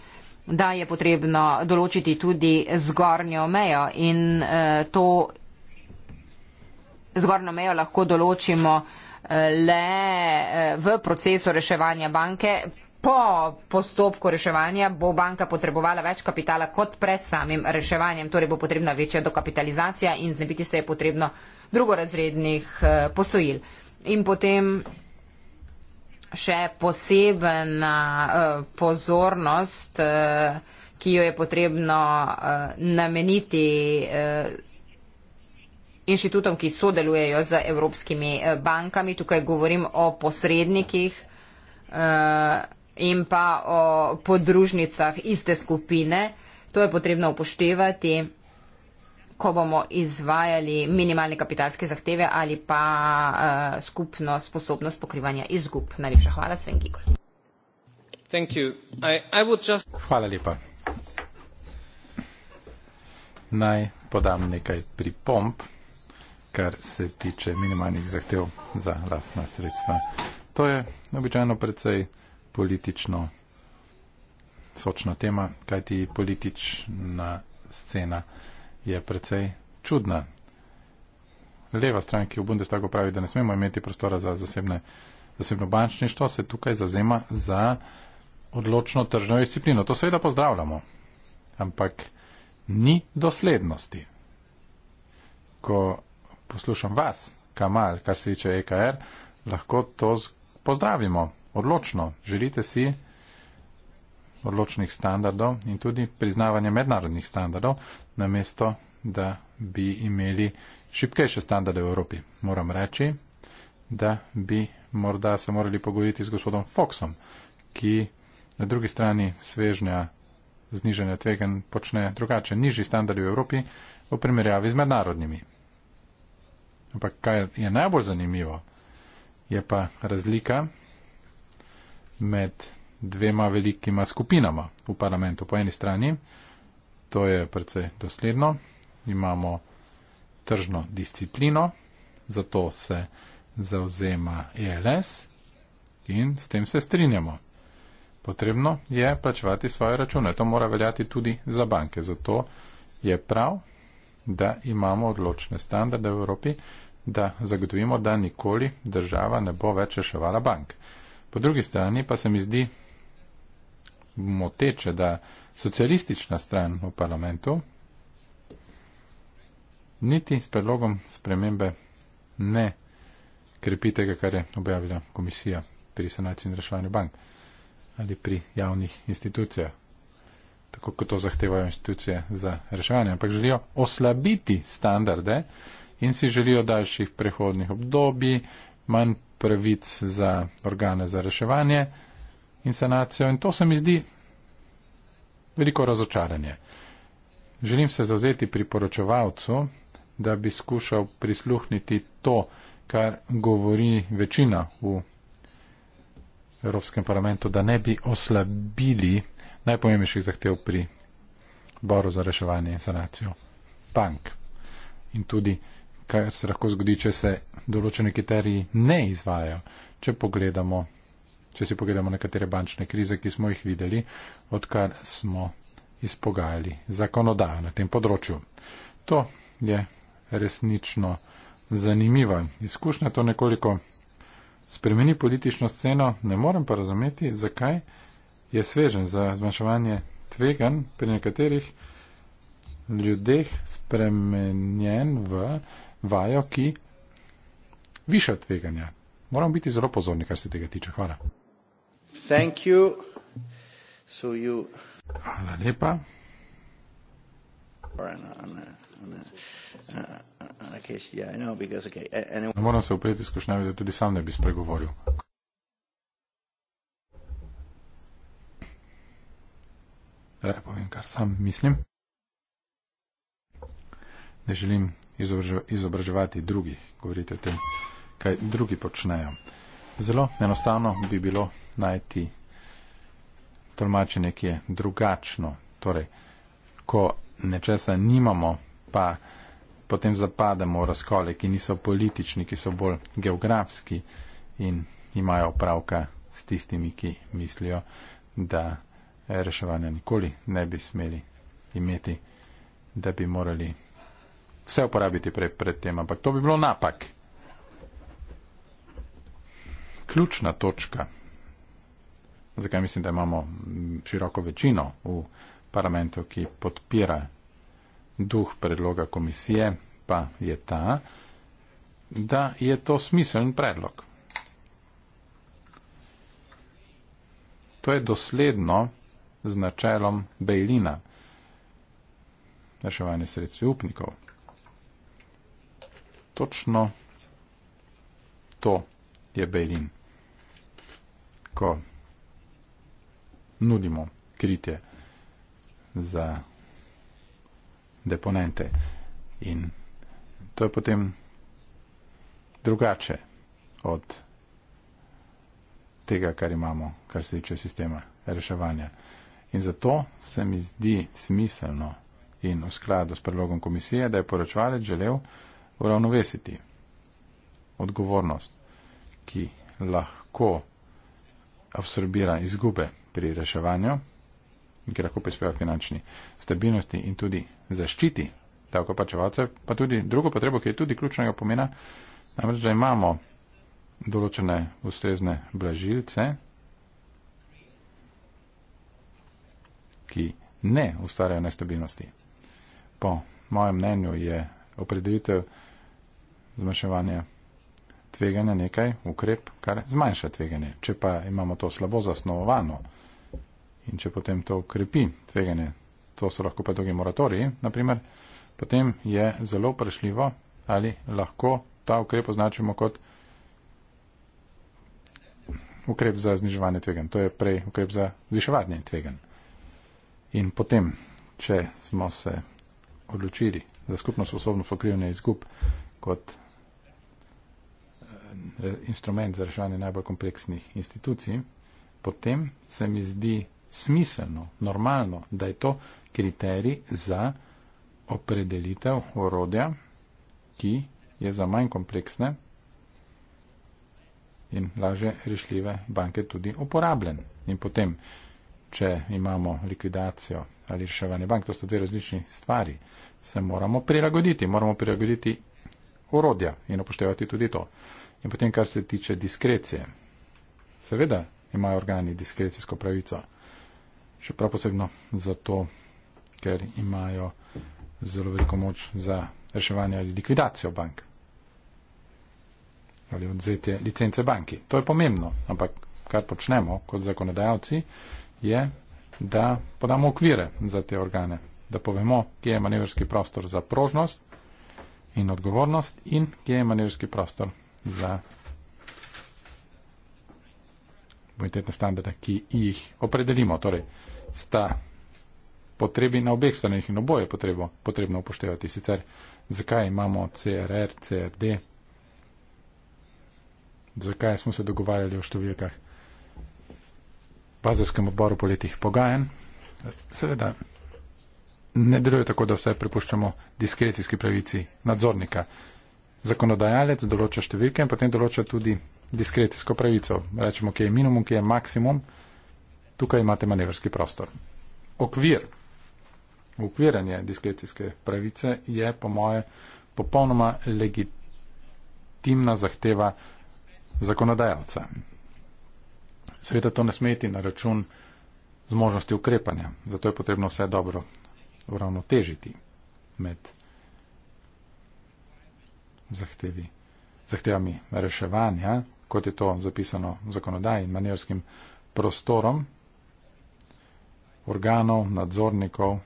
da je potrebno določiti tudi zgornjo mejo in to zgornjo mejo lahko določimo le eh, v procesu reševanja banke. Po postopku reševanja bo banka potrebovala več kapitala kot pred samim reševanjem, torej bo potrebna večja dokapitalizacija in znebiti se je potrebno drugorazrednih eh, posojil. In potem še posebna eh, pozornost, ki jo je potrebno nameniti inštitutom, ki sodelujejo z evropskimi eh, bankami. Tukaj govorim o posrednikih eh, in pa o podružnicah iste skupine. To je potrebno upoštevati, ko bomo izvajali minimalne kapitalske zahteve ali pa eh, skupno sposobnost pokrivanja izgub. Najlepša hvala, Sven Gigol. Hvala lepa. Naj podam nekaj pripomp kar se tiče minimalnih zahtev za lastna sredstva. To je običajno predvsej politično sočna tema, kajti politična scena je predvsej čudna. Leva stran, ki v Bundestagu pravi, da ne smemo imeti prostora za zasebne, zasebno bančništvo, se tukaj zazema za odločno tržno disciplino. To seveda pozdravljamo, ampak ni doslednosti. Ko poslušam vas, Kamal, kar se tiče EKR, lahko to pozdravimo odločno. Želite si odločnih standardov in tudi priznavanje mednarodnih standardov, namesto da bi imeli šipkejše standarde v Evropi. Moram reči, da bi morda se morali pogovoriti z gospodom Foxom, ki na drugi strani svežnja znižanja tvegan počne drugače nižji standard v Evropi v primerjavi z mednarodnimi. Ampak kaj je najbolj zanimivo, je pa razlika med dvema velikima skupinama v parlamentu. Po eni strani, to je precej dosledno, imamo tržno disciplino, zato se zauzema ELS in s tem se strinjamo. Potrebno je plačevati svoje račune. To mora veljati tudi za banke. Zato je prav, da imamo odločne standarde v Evropi, da zagotovimo, da nikoli država ne bo več reševala bank. Po drugi strani pa se mi zdi moteče, da socialistična stran v parlamentu niti s predlogom spremembe ne krepi tega, kar je objavila komisija pri sanaciji in reševanju bank ali pri javnih institucijah tako kot to zahtevajo institucije za reševanje, ampak želijo oslabiti standarde in si želijo daljših prehodnih obdobij, manj pravic za organe za reševanje in sanacijo. In to se mi zdi veliko razočaranje. Želim se zauzeti priporočevalcu, da bi skušal prisluhniti to, kar govori večina v Evropskem parlamentu, da ne bi oslabili najpomembnejših zahtev pri boru za reševanje in sanacijo. Bank. In tudi, kar se lahko zgodi, če se določene kriteriji ne izvajajo. Če, pogledamo, če si pogledamo nekatere bančne krize, ki smo jih videli, odkar smo izpogajali zakonodajo na tem področju. To je resnično zanimiva izkušnja, to nekoliko spremeni politično sceno, ne morem pa razumeti, zakaj je svežen za zmanjševanje tvegan pri nekaterih ljudeh spremenjen v vajo, ki viša tveganja. Moramo biti zelo pozorni, kar se tega tiče. Hvala. Thank you. So you... Hvala lepa. Moram se upreti skušnjavi, da tudi sam ne bi spregovoril. Ne povem, kar sam mislim. Ne želim izobraževati drugih, govoriti o tem, kaj drugi počnejo. Zelo enostavno bi bilo najti tolmačenje, ki je drugačno. Torej, ko nečesa nimamo, pa potem zapademo v razkole, ki niso politični, ki so bolj geografski in imajo opravka s tistimi, ki mislijo, da reševanja nikoli ne bi smeli imeti, da bi morali vse uporabiti pre, pred tem, ampak to bi bilo napak. Ključna točka, zakaj mislim, da imamo široko večino v parlamentu, ki podpira duh predloga komisije, pa je ta, da je to smiseln predlog. To je dosledno z načelom Bejlina, reševanje sredstvi upnikov. Točno to je Bejlin, ko nudimo kritje za deponente in to je potem drugače od tega, kar imamo, kar se tiče sistema reševanja. In zato se mi zdi smiselno in v skladu s predlogom komisije, da je poročvalec želel uravnovesiti odgovornost, ki lahko absorbira izgube pri reševanju, ki lahko prispeva finančni stabilnosti in tudi zaščiti davkoplačevalcev, pa tudi drugo potrebo, ki je tudi ključnega pomena, namreč, da imamo določene ustrezne blažilce, ki ne ustvarjajo nestabilnosti. Po mojem mnenju je opredelitev zmanjševanja tveganja nekaj, ukrep, kar zmanjša tveganje. Če pa imamo to slabo zasnovano in če potem to ukrepi tveganje, to so lahko pa drugi moratoriji, naprimer, potem je zelo vprašljivo, ali lahko ta ukrep označimo kot ukrep za zniževanje tveganj. To je prej ukrep za zviševanje tveganj. In potem, če smo se odločili za skupno sposobno pokrivanje izgub kot eh, instrument za reševanje najbolj kompleksnih institucij, potem se mi zdi smiselno, normalno, da je to kriterij za opredelitev orodja, ki je za manj kompleksne in laže rešljive banke tudi uporabljen. In potem, če imamo likvidacijo ali reševanje bank. To sta dve različni stvari. Se moramo prilagoditi, moramo prilagoditi urodja in upoštevati tudi to. In potem, kar se tiče diskrecije. Seveda imajo organi diskrecijsko pravico. Še prav posebno zato, ker imajo zelo veliko moč za reševanje ali likvidacijo bank ali odzetje licence banki. To je pomembno, ampak kar počnemo kot zakonodajalci, je, da podamo okvire za te organe, da povemo, kje je manevrski prostor za prožnost in odgovornost in kje je manevrski prostor za bonitetne standarde, ki jih opredelimo. Torej, sta potrebi na obeh stranih in oboje potrebo, potrebno upoštevati. Sicer, zakaj imamo CRR, CRD, zakaj smo se dogovarjali o številkah bazilskem odboru po letih pogajen. Seveda ne deluje tako, da vse prepuščamo diskrecijski pravici nadzornika. Zakonodajalec določa številke in potem določa tudi diskrecijsko pravico. Rečemo, kje je minimum, kje je maksimum. Tukaj imate manevrski prostor. Okvir, ukviranje diskrecijske pravice je po moje popolnoma legitimna zahteva zakonodajalca. Sveda to ne smeti na račun zmožnosti ukrepanja. Zato je potrebno vse dobro uravnotežiti med zahtevi, zahtevami reševanja, kot je to zapisano v zakonodaji in manjerskim prostorom organov, nadzornikov,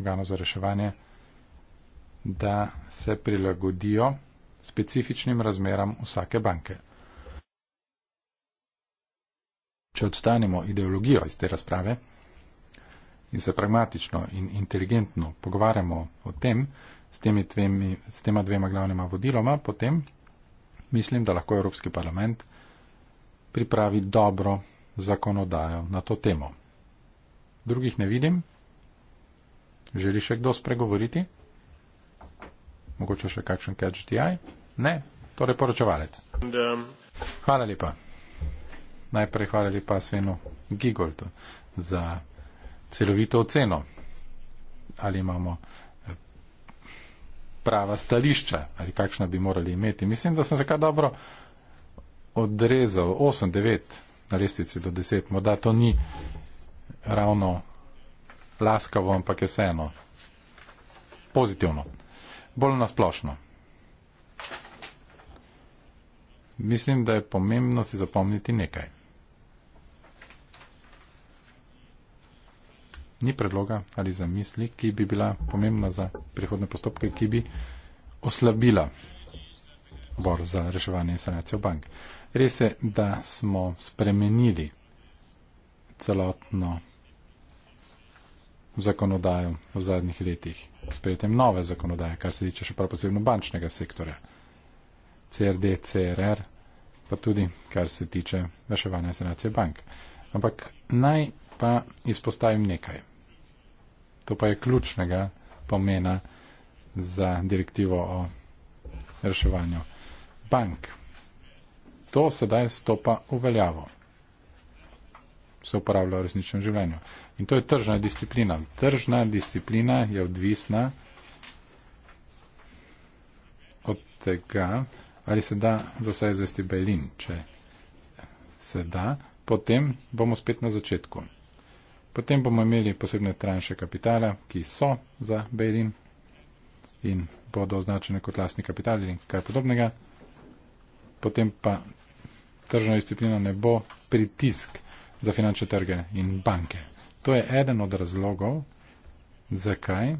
organov za reševanje, da se prilagodijo specifičnim razmeram vsake banke če odstanemo ideologijo iz te razprave in se pragmatično in inteligentno pogovarjamo o tem, s, temi tvemi, s tema dvema glavnima vodiloma, potem mislim, da lahko Evropski parlament pripravi dobro zakonodajo na to temo. Drugih ne vidim. Želi še kdo spregovoriti? Mogoče še kakšen catch the eye? Ne, torej poročevalec. Um, Hvala lepa najprej hvala lepa Svenu Gigoltu za celovito oceno, ali imamo eh, prava stališča, ali kakšna bi morali imeti. Mislim, da sem se kar dobro odrezal, 8-9 na lestvici do 10, morda to ni ravno laskavo, ampak je vseeno pozitivno, bolj nasplošno. Mislim, da je pomembno si zapomniti nekaj. ni predloga ali zamisli, ki bi bila pomembna za prihodne postopke, ki bi oslabila bor za reševanje in sanacijo bank. Res je, da smo spremenili celotno zakonodajo v zadnjih letih, sprejetjem nove zakonodaje, kar se tiče še prav posebno bančnega sektorja, CRD, CRR, pa tudi kar se tiče reševanja in sanacije bank. Ampak naj pa izpostavim nekaj. To pa je ključnega pomena za direktivo o reševanju bank. To sedaj stopa v veljavo. Se uporablja v resničnem življenju. In to je tržna disciplina. Tržna disciplina je odvisna od tega, ali se da za vse izvesti Berlin. Če se da, potem bomo spet na začetku. Potem bomo imeli posebne tranše kapitala, ki so za Bejlin in bodo označene kot lastni kapital ali kaj podobnega. Potem pa tržna disciplina ne bo pritisk za finančne trge in banke. To je eden od razlogov, zakaj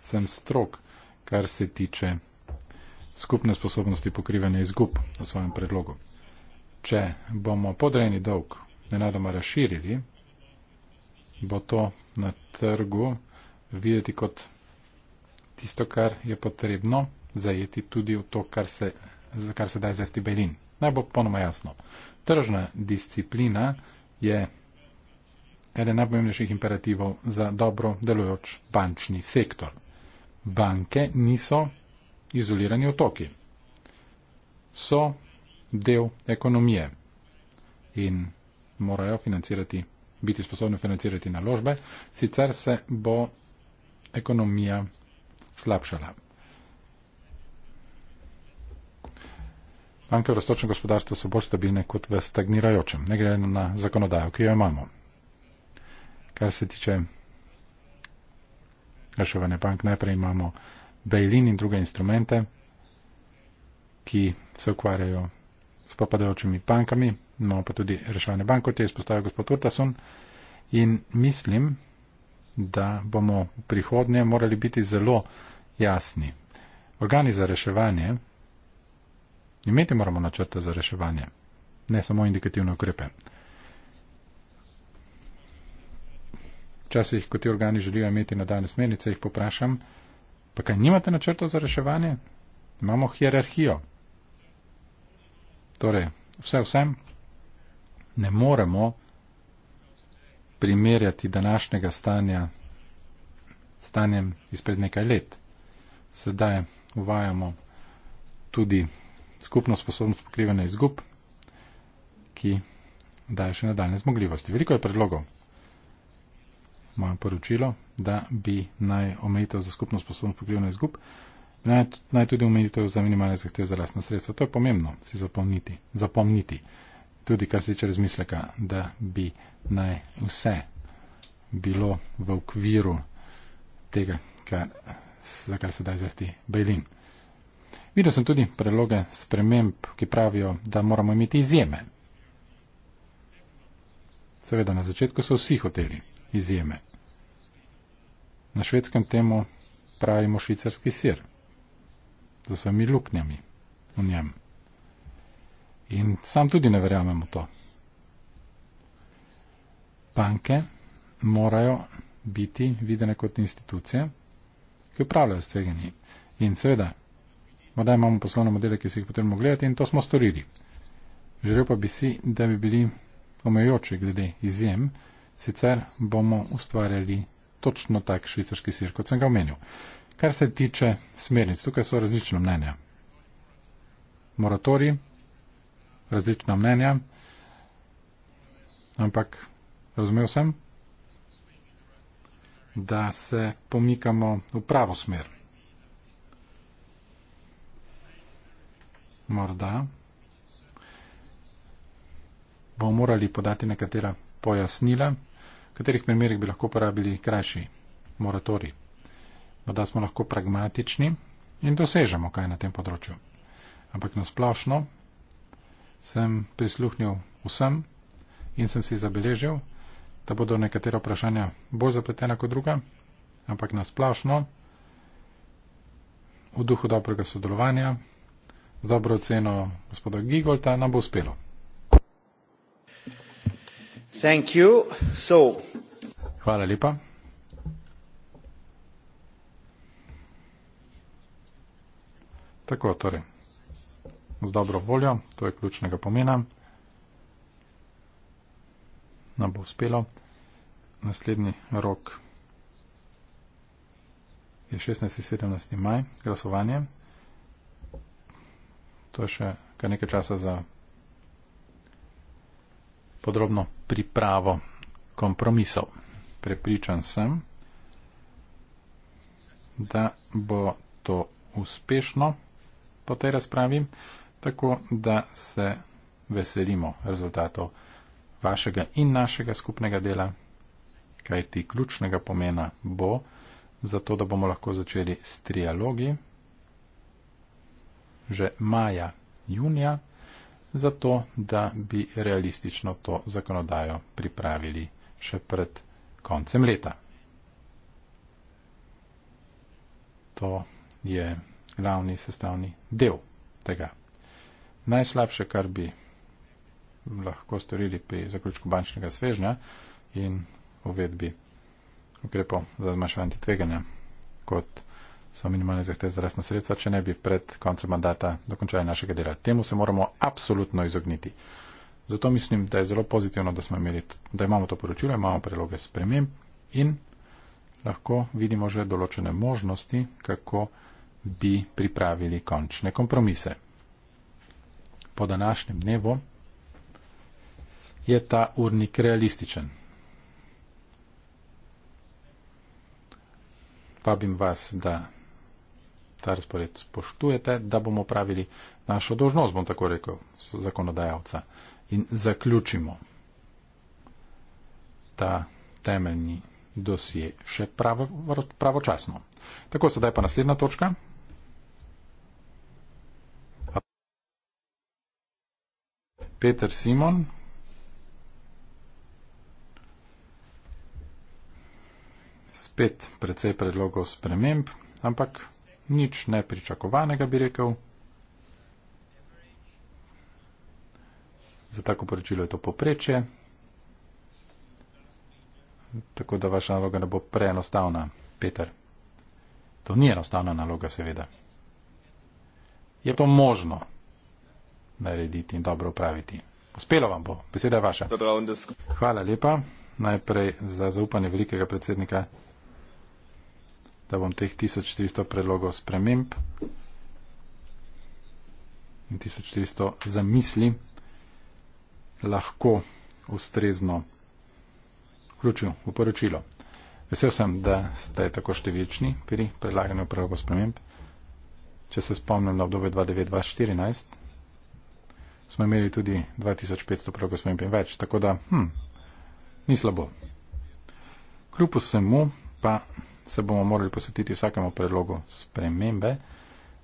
sem strok, kar se tiče skupne sposobnosti pokrivanja izgub v svojem predlogu. Če bomo podrejeni dolg nenadoma razširili, bo to na trgu videti kot tisto, kar je potrebno zajeti tudi v to, kar se, za kar se da izvesti Belin. Naj bo ponoma jasno. Tržna disciplina je eden najpomembnejših imperativov za dobro delujoč bančni sektor. Banke niso izolirani otoki. So del ekonomije in morajo financirati biti sposobne financirati naložbe, sicer se bo ekonomija slabšala. Banke v raztočnem gospodarstvu so bolj stabilne kot v stagnirajočem, ne glede na zakonodajo, ki jo imamo. Kar se tiče reševanja bank, najprej imamo bail-in in druge instrumente, ki se ukvarjajo s popadajočimi bankami, imamo pa tudi reševanje bank, kot je izpostavil gospod Urtason. In mislim, da bomo v prihodnje morali biti zelo jasni. Organi za reševanje, imeti moramo načrte za reševanje, ne samo indikativne ukrepe. Včasih, ko ti organi želijo imeti na dan smernice, jih poprašam, pa kaj nimate načrta za reševanje? Imamo hierarhijo, Torej, vse vsem ne moremo primerjati današnjega stanja s stanjem izpred nekaj let. Sedaj uvajamo tudi skupno sposobnost pokrivanja izgub, ki daje še nadaljne zmogljivosti. Veliko je predlogov. Moje poročilo, da bi naj omejitev za skupno sposobnost pokrivanja izgub Naj, naj tudi omenitev za minimalne zahteve za lastna sredstva. To je pomembno si zapomniti. zapomniti. Tudi kar se tiče razmisleka, da bi naj vse bilo v okviru tega, kar, za kar se da izvesti Bejlin. Videl sem tudi predloge sprememb, ki pravijo, da moramo imeti izjeme. Seveda, na začetku so vsi hoteli izjeme. Na švedskem temu pravimo švicarski sir z vsemi luknjami v njem. In sam tudi ne verjamem v to. Banke morajo biti videne kot institucije, ki upravljajo s tveganji. In seveda, morda imamo poslovne modele, ki si jih potrebno gledati in to smo storili. Želel pa bi si, da bi bili omejoči glede izjem, sicer bomo ustvarjali točno tak švicarski sir, kot sem ga omenil. Kar se tiče smernic, tukaj so različna mnenja. Moratori, različna mnenja, ampak razumel sem, da se pomikamo v pravo smer. Morda bomo morali podati nekatera pojasnila, v katerih primerih bi lahko uporabili krajši moratori morda smo lahko pragmatični in dosežemo kaj na tem področju. Ampak nasplošno sem prisluhnil vsem in sem si zabeležil, da bodo nekatera vprašanja bolj zapletena kot druga, ampak nasplošno v duhu dobrega sodelovanja z dobro oceno gospoda Gigolta nam bo uspelo. Hvala lepa. Tako torej, z dobro voljo, to je ključnega pomena, nam bo uspelo. Naslednji rok je 16. 17. maj, glasovanje. To je še kar nekaj časa za podrobno pripravo kompromisov. Prepričan sem, da bo to uspešno po tej razpravi, tako da se veselimo rezultatov vašega in našega skupnega dela, kajti ključnega pomena bo, zato da bomo lahko začeli s trialogi že maja, junija, zato da bi realistično to zakonodajo pripravili še pred koncem leta. To je glavni sestavni del tega. Najslabše, kar bi lahko storili pri zaključku bančnega svežnja in uvedbi ukrepov za zmanjševanje tveganja, kot so minimalne zahteve za rastna sredstva, če ne bi pred koncem mandata dokončali našega dela. Temu se moramo absolutno izogniti. Zato mislim, da je zelo pozitivno, da, smo imeli, da imamo to poročilo, imamo predloge sprememb in lahko vidimo že določene možnosti, kako bi pripravili končne kompromise. Po današnjem dnevu je ta urnik realističen. Vabim vas, da ta razpored spoštujete, da bomo pravili našo dožnost, bom tako rekel, zakonodajalca. In zaključimo ta temeljni dosje še pravo, pravočasno. Tako, sedaj pa naslednja točka. Peter Simon. Spet precej predlogov sprememb, ampak nič nepričakovanega bi rekel. Za tako poročilo je to poprečje, tako da vaša naloga ne bo preenostavna, Peter. To ni enostavna naloga, seveda. Je to možno? narediti in dobro upraviti. Uspelo vam bo, beseda je vaša. Hvala lepa najprej za zaupanje velikega predsednika, da bom teh 1400 predlogov sprememb in 1400 zamisli lahko ustrezno vključil v poročilo. Vesel sem, da ste tako številčni pri predlaganju predlogov sprememb. Če se spomnim na obdobje 2009-2014, smo imeli tudi 2500 prav, ko smo imeli več. Tako da, hm, ni slabo. Kljub vsemu pa se bomo morali posvetiti vsakemu predlogu spremembe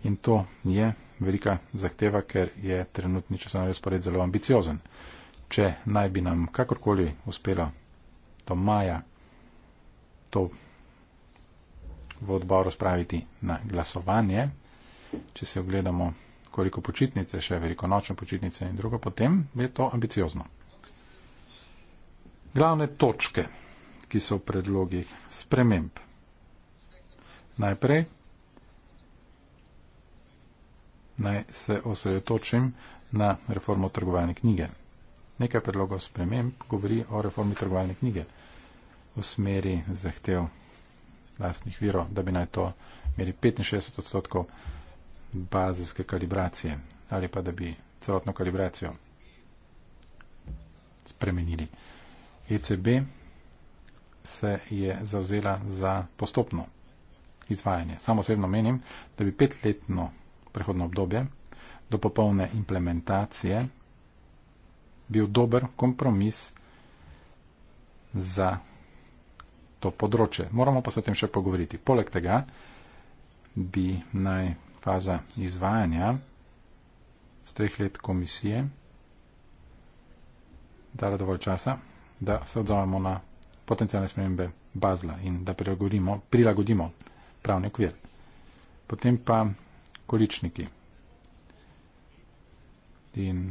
in to je velika zahteva, ker je trenutni časovni razpored zelo ambiciozen. Če naj bi nam kakorkoli uspelo do maja to v odboru spraviti na glasovanje, če se ogledamo koliko počitnice, še veliko nočne počitnice in drugo, potem je to ambiciozno. Glavne točke, ki so v predlogih sprememb. Najprej naj se osredotočim na reformo trgovalne knjige. Nekaj predlogov sprememb govori o reformi trgovalne knjige v smeri zahtev lastnih virov, da bi naj to imeli 65 odstotkov bazilske kalibracije ali pa da bi celotno kalibracijo spremenili. ECB se je zauzela za postopno izvajanje. Samo osebno menim, da bi petletno prehodno obdobje do popolne implementacije bil dober kompromis za to področje. Moramo pa se o tem še pogovoriti. Poleg tega bi naj faza izvajanja z treh let komisije dala dovolj časa, da se odzovemo na potencijalne spremembe bazla in da prilagodimo, prilagodimo pravni okvir. Potem pa količniki in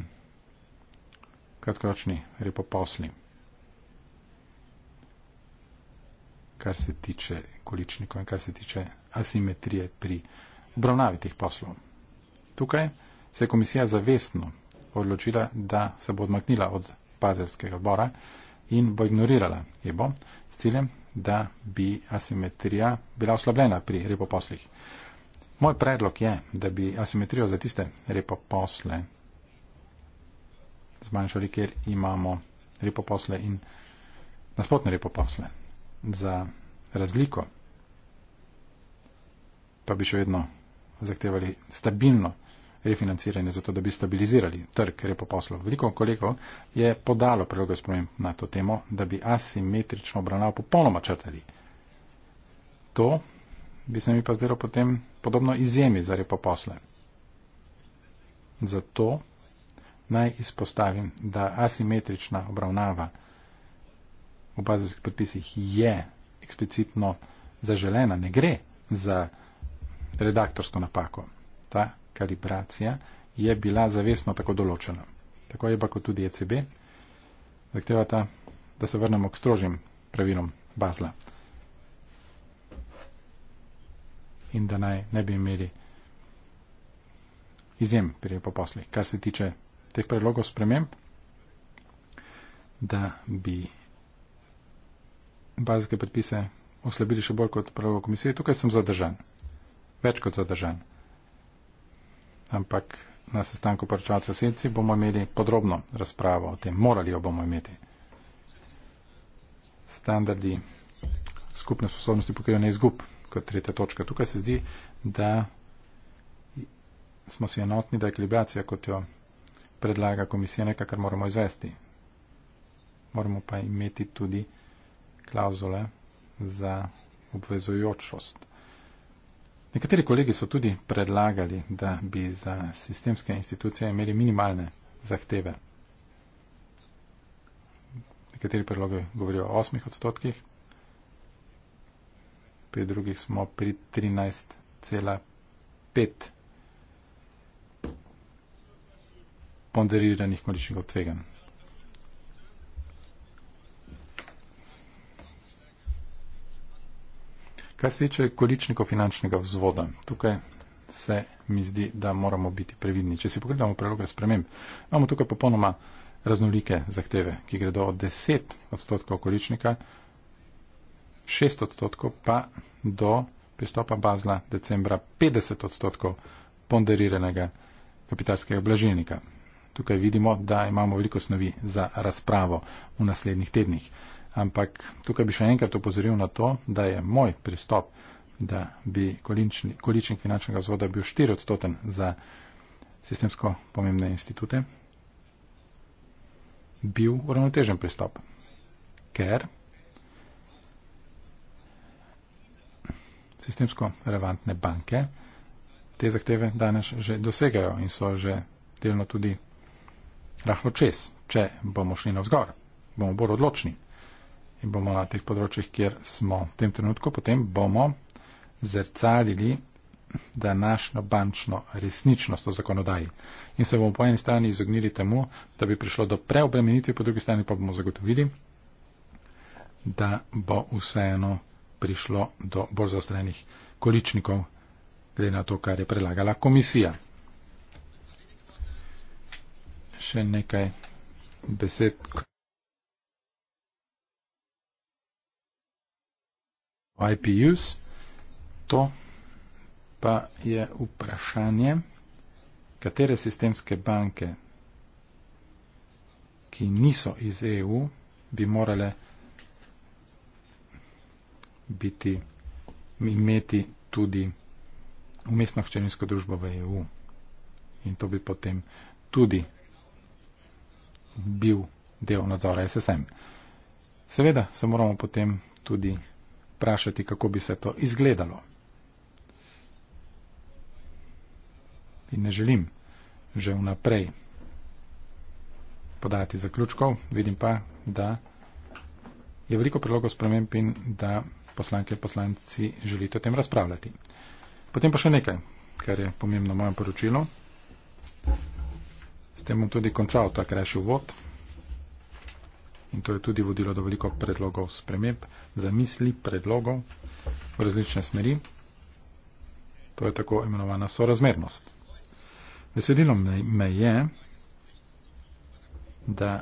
kratkoročni repoposli. Kar se tiče količnikov in kar se tiče asimetrije pri obravnavi teh poslov. Tukaj se je komisija zavestno odločila, da se bo odmaknila od pazerskega odbora in bo ignorirala EBO s ciljem, da bi asimetrija bila oslabljena pri repoposlih. Moj predlog je, da bi asimetrijo za tiste repoposle zmanjšali, ker imamo repoposle in nasprotne repoposle. Za razliko pa bi še vedno zahtevali stabilno refinanciranje, zato da bi stabilizirali trg repoposlov. Veliko kolegov je podalo predloge sprememb na to temo, da bi asimetrično obravnavo popolnoma črtali. To bi se mi pa zdelo potem podobno izjemi za repoposle. Zato naj izpostavim, da asimetrična obravnava v bazovskih podpisih je eksplicitno zaželena, ne gre za redaktorsko napako. Ta kalibracija je bila zavestno tako določena. Tako je pa kot tudi ECB, zahtevata, da se vrnemo k strožjim pravilom Bazla. In da naj ne bi imeli izjem pri poposli. Kar se tiče teh predlogov sprememb, da bi bazke predpise oslabili še bolj kot pravo komisijo, tukaj sem zadržan več kot zadržan. Ampak na sestanku poročalcev sedci bomo imeli podrobno razpravo o tem. Morali jo bomo imeti. Standardi skupne sposobnosti pokrivanja izgub kot tretja točka. Tukaj se zdi, da smo si enotni, da je ekvilibracija, kot jo predlaga komisija, nekaj, kar moramo izvesti. Moramo pa imeti tudi klauzule za obvezujočost. Nekateri kolegi so tudi predlagali, da bi za sistemske institucije imeli minimalne zahteve. Nekateri predlogi govorijo o 8 odstotkih, pri drugih smo pri 13,5 ponderiranih količnikov tveganj. Kar se tiče količnikov finančnega vzvoda, tukaj se mi zdi, da moramo biti previdni. Če si pogledamo preloge sprememb, imamo tukaj popolnoma raznolike zahteve, ki gredo od 10 odstotkov količnika, 6 odstotkov pa do pristopa bazla decembra 50 odstotkov ponderiranega kapitalskega blažilnika. Tukaj vidimo, da imamo veliko snovi za razpravo v naslednjih tednih. Ampak tukaj bi še enkrat upozoril na to, da je moj pristop, da bi količnik finančnega vzvoda bil 4 odstoten za sistemsko pomembne institute, bil uravnotežen pristop. Ker sistemsko relevantne banke te zahteve danes že dosegajo in so že delno tudi rahlo čez, če bomo šli na vzgor, bomo bolj odločni in bomo na teh področjih, kjer smo v tem trenutku, potem bomo zrcalili današnjo bančno resničnost v zakonodaji. In se bomo po eni strani izognili temu, da bi prišlo do preobremenitve, po drugi strani pa bomo zagotovili, da bo vseeno prišlo do bolj zaostrenih količnikov, glede na to, kar je predlagala komisija. Še nekaj besed. IP use. To pa je vprašanje, katere sistemske banke, ki niso iz EU, bi morale biti, imeti tudi umestno hčerinsko družbo v EU. In to bi potem tudi bil del nadzora SSM. Seveda se moramo potem tudi vprašati, kako bi se to izgledalo. In ne želim že vnaprej podati zaključkov, vidim pa, da je veliko prilogov sprememb in da poslanke in poslanci želite o tem razpravljati. Potem pa še nekaj, kar je pomembno v mojem poročilu. S tem bom tudi končal ta krajši uvod in to je tudi vodilo do veliko predlogov sprememb, zamisli, predlogov v različne smeri. To je tako imenovana sorazmernost. Veselilo me je, da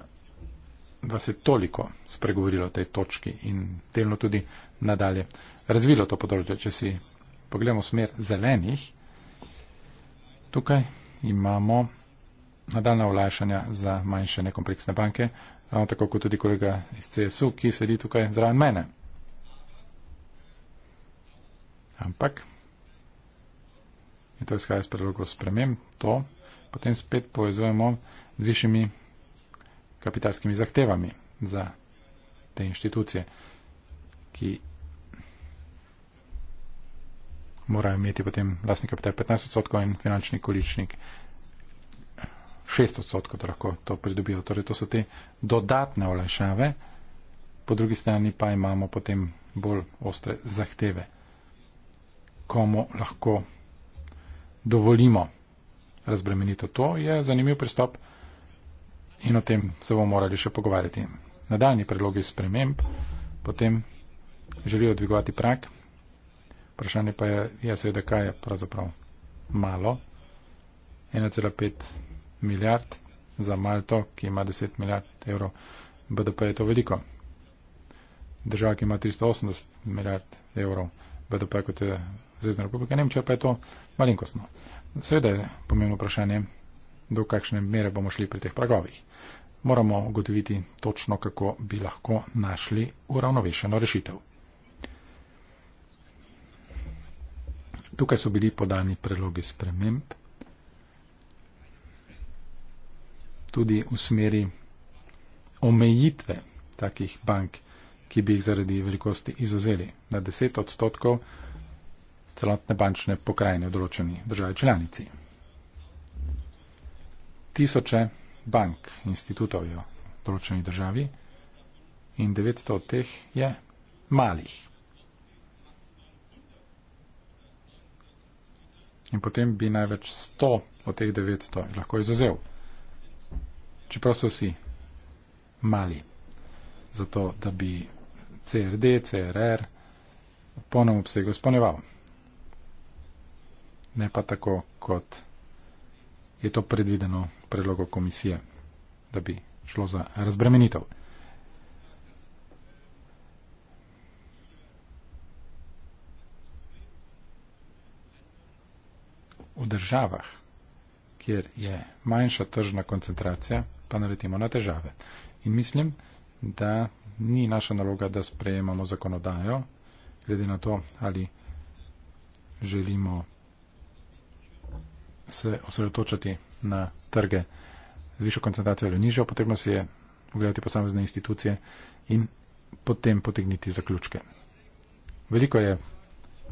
vas je toliko spregovorilo o tej točki in delno tudi nadalje razvilo to področje. Če si pogledamo smer zelenih, tukaj imamo nadaljna olajšanja za manjše nekompleksne banke, ravno tako kot tudi kolega iz CSU, ki sedi tukaj zraven mene. Ampak, in to izhaja iz predlogov sprememb, to potem spet povezujemo z višjimi kapitalskimi zahtevami za te inštitucije, ki morajo imeti potem lastni kapital 15 odstotkov in finančni količnik šest odstotkov, da lahko to pridobijo. Torej, to so te dodatne olajšave, po drugi strani pa imamo potem bolj ostre zahteve, komu lahko dovolimo razbremenito. To je zanimiv pristop in o tem se bomo morali še pogovarjati. Nadaljni predlogi sprememb potem želijo dvigovati prak. Vprašanje pa je, je seveda, kaj je pravzaprav malo. 1,5 milijard, za Malto, ki ima 10 milijard evrov BDP, je to veliko. Država, ki ima 380 milijard evrov BDP, kot je Zvezdna republika Nemčija, pa je to malinkostno. Sveda je pomembno vprašanje, do kakšne mere bomo šli pri teh pragovih. Moramo ugotoviti točno, kako bi lahko našli uravnovešeno rešitev. Tukaj so bili podani predlogi sprememb tudi v smeri omejitve takih bank, ki bi jih zaradi velikosti izuzeli na 10 odstotkov celotne bančne pokrajine v določeni državi članici. Tisoče bank, institutov je v določeni državi in 900 od teh je malih. In potem bi največ 100 od teh 900 lahko izuzel čeprav so vsi mali, zato da bi CRD, CRR v polnem obsegu spolneval. Ne pa tako, kot je to predvideno predlogo komisije, da bi šlo za razbremenitev. V državah, kjer je manjša tržna koncentracija, pa naletimo na težave. In mislim, da ni naša naloga, da sprejemamo zakonodajo, glede na to, ali želimo se osredotočati na trge z višjo koncentracijo ali nižjo, potrebno se je ogledati posamezne institucije in potem potegniti zaključke. Veliko je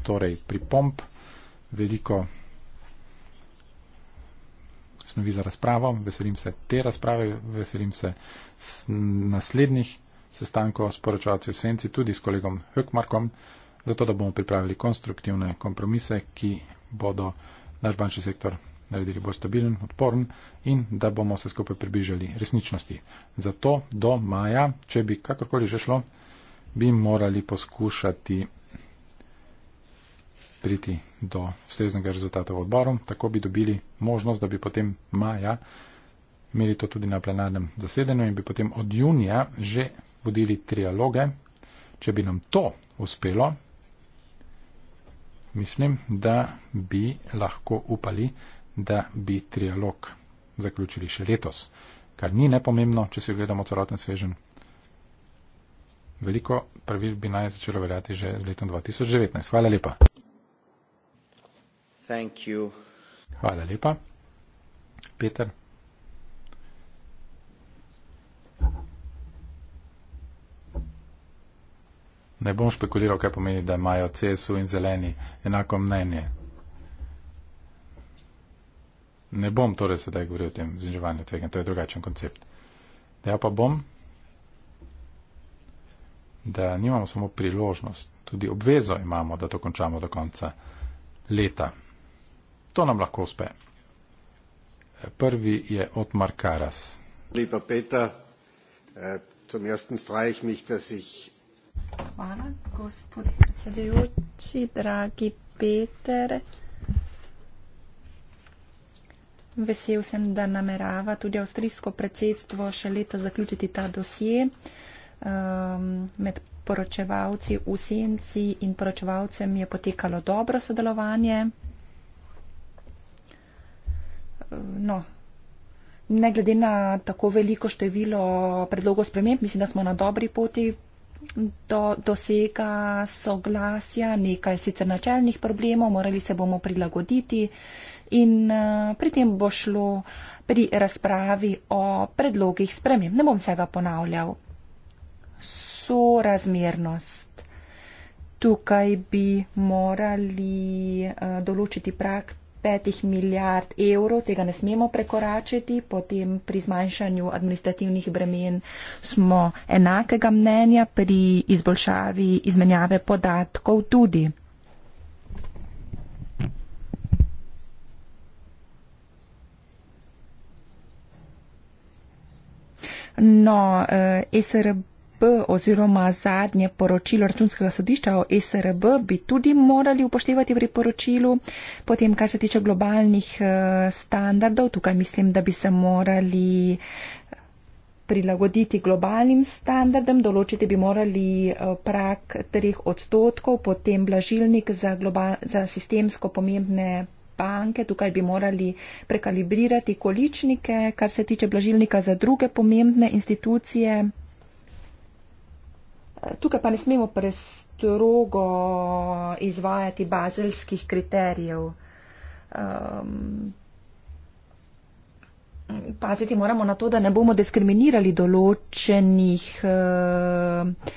torej pripomp, veliko snovi za razpravo, veselim se te razprave, veselim se naslednjih sestankov s poročevalci v senci, tudi s kolegom Hökmarkom, zato da bomo pripravili konstruktivne kompromise, ki bodo naš bančni sektor naredili bolj stabilen, odporen in da bomo se skupaj približali resničnosti. Zato do maja, če bi kakorkoli že šlo, bi morali poskušati priti do ustreznega rezultata v odboru, tako bi dobili možnost, da bi potem maja imeli to tudi na plenarnem zasedanju in bi potem od junija že vodili trialoge. Če bi nam to uspelo, mislim, da bi lahko upali, da bi trialog zaključili še letos, kar ni nepomembno, če si gledamo celoten svežen. Veliko pravil bi naj začelo veljati že z letom 2019. Hvala lepa. Hvala lepa. Peter. Ne bom špekuliral, kaj pomeni, da imajo CSU in zeleni enako mnenje. Ne bom torej sedaj govoril o tem zniževanju tveganja, to je drugačen koncept. Da ja pa bom, da nimamo samo priložnost, tudi obvezo imamo, da to končamo do konca leta. To nam lahko uspe. Prvi je Otmar Karas. Lepa Peter, eh, zum ersten freue ich mich, dass ich. Hvala, gospod predsedujoči, dragi Peter. Vesel sem, da namerava tudi avstrijsko predsedstvo še leta zaključiti ta dosje um, med poročevalci v senci in poročevalcem je potekalo dobro sodelovanje no, ne glede na tako veliko število predlogov sprememb, mislim, da smo na dobri poti do dosega soglasja, nekaj sicer načelnih problemov, morali se bomo prilagoditi in eh, pri tem bo šlo pri razpravi o predlogih sprememb. Ne bom vsega ponavljal. Sorazmernost. Tukaj bi morali eh, določiti praktično petih milijard evrov, tega ne smemo prekoračiti, potem pri zmanjšanju administrativnih bremen smo enakega mnenja, pri izboljšavi izmenjave podatkov tudi. No, eh, SRB oziroma zadnje poročilo računskega sodišča o SRB bi tudi morali upoštevati v priporočilu. Potem, kar se tiče globalnih eh, standardov, tukaj mislim, da bi se morali eh, prilagoditi globalnim standardom, določiti bi morali eh, prak 3 odstotkov, potem blažilnik za, global, za sistemsko pomembne banke, tukaj bi morali prekalibrirati količnike, kar se tiče blažilnika za druge pomembne institucije tukaj pa ne smemo prestrogo izvajati bazelskih kriterijev. Um, paziti moramo na to, da ne bomo diskriminirali določenih, uh,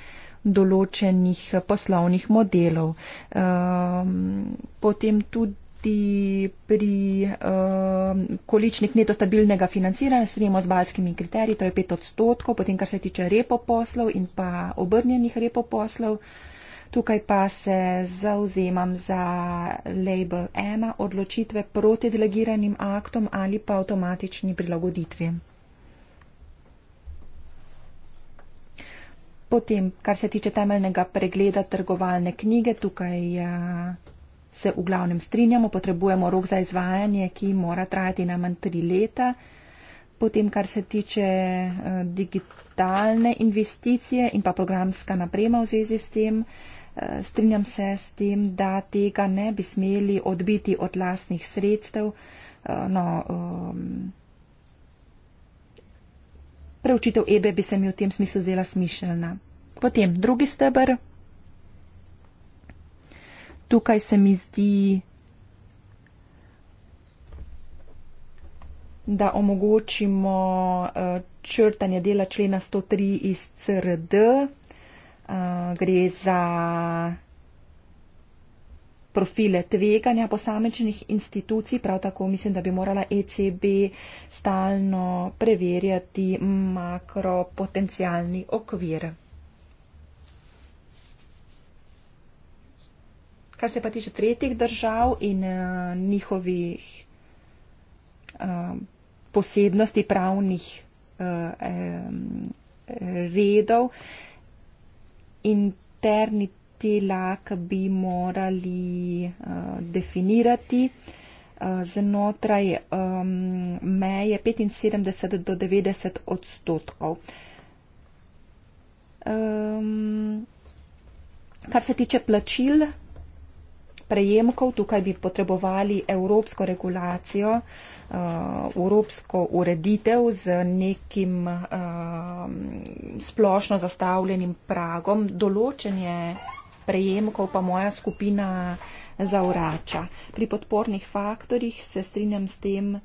določenih poslovnih modelov. Um, potem tudi pri, pri um, ehm, količnik neto stabilnega financiranja, strinjamo z balskimi kriteriji, to je 5 odstotkov, potem kar se tiče repo poslov in pa obrnjenih repo poslov. Tukaj pa se zauzemam za label 1 odločitve proti delegiranim aktom ali pa avtomatični prilagoditvi. Potem, kar se tiče temeljnega pregleda trgovalne knjige, tukaj eh, se v glavnem strinjamo, potrebujemo rok za izvajanje, ki mora trajati najmanj tri leta. Potem, kar se tiče eh, digitalne investicije in pa programska naprema v zvezi s tem, eh, strinjam se s tem, da tega ne bi smeli odbiti od lastnih sredstev. Eh, no, um, preučitev EBE bi se mi v tem smislu zdela smiselna. Potem drugi stebr tukaj se mi zdi, da omogočimo eh, črtanje dela člena 103 iz CRD. Eh, gre za profile tveganja posamečnih institucij, prav tako mislim, da bi morala ECB stalno preverjati makropotencialni okvir. Kar se pa tiče tretjih držav in uh, njihovih um, posebnosti pravnih uh, um, redov, interni telak bi morali uh, definirati uh, znotraj um, meje 75 do 90 odstotkov. Um, kar se tiče plačil, prejemkov, tukaj bi potrebovali evropsko regulacijo, eh, evropsko ureditev z nekim eh, splošno zastavljenim pragom. Določenje prejemkov pa moja skupina zavrača. Pri podpornih faktorjih se strinjam s tem,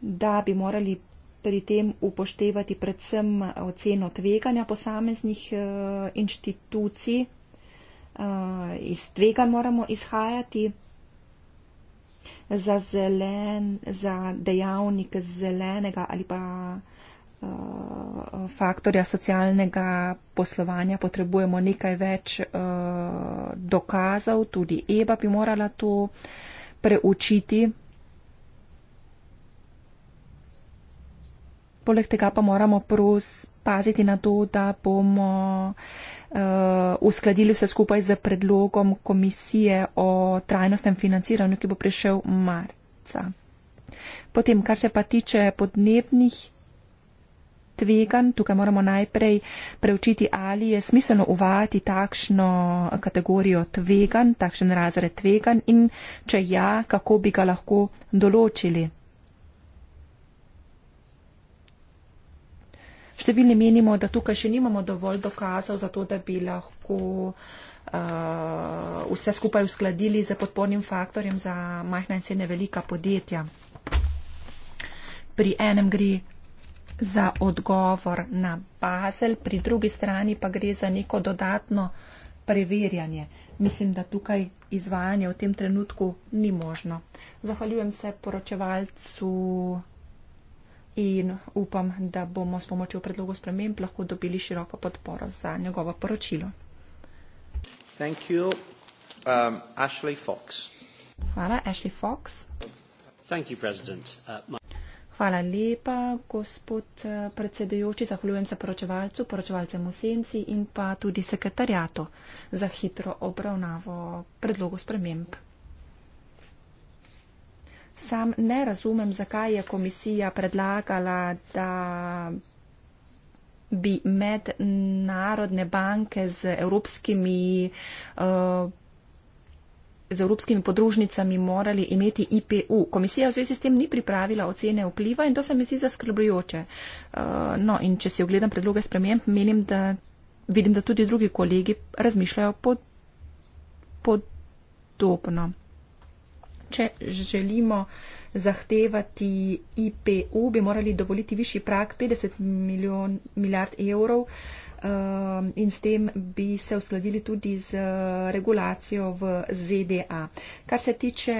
da bi morali pri tem upoštevati predvsem oceno tveganja posameznih eh, inštitucij, eh, iz tvega moramo izhajati. Za, zelen, za dejavnik zelenega ali pa uh, faktorja socialnega poslovanja potrebujemo nekaj več uh, dokazov, tudi EBA bi morala to preučiti. Poleg tega pa moramo prus paziti na to, da bomo eh, uskladili uh, vse skupaj z predlogom komisije o trajnostnem financiranju, ki bo prišel marca. Potem, kar se pa tiče podnebnih tvegan, tukaj moramo najprej preučiti, ali je smiselno uvati takšno kategorijo tvegan, takšen razred tvegan in če ja, kako bi ga lahko določili. Številni menimo, da tukaj še nimamo dovolj dokazov za to, da bi lahko uh, vse skupaj uskladili z podpornim faktorjem za majhna in srednja velika podjetja. Pri enem gre za odgovor na bazel, pri drugi strani pa gre za neko dodatno preverjanje. Mislim, da tukaj izvajanje v tem trenutku ni možno. Zahvaljujem se poročevalcu in upam, da bomo s pomočjo predlogov sprememb lahko dobili široko podporo za njegovo poročilo. Um, Ashley Hvala, Ashley Fox. You, uh, Hvala lepa, gospod uh, predsedujoči. Zahvaljujem se poročevalcu, poročevalcem v senci in pa tudi sekretarjatu za hitro obravnavo predlogov sprememb. Sam ne razumem, zakaj je komisija predlagala, da bi mednarodne banke z evropskimi, eh, z evropskimi podružnicami morali imeti IPU. Komisija v zvezi s tem ni pripravila ocene vpliva in to se mi zdi zaskrbljujoče. Eh, no in če si ogledam predloge sprememb, menim, da vidim, da tudi drugi kolegi razmišljajo podobno. Pod če želimo zahtevati IPU, bi morali dovoliti višji prak 50 milijon, milijard evrov um, in s tem bi se uskladili tudi z uh, regulacijo v ZDA. Kar se tiče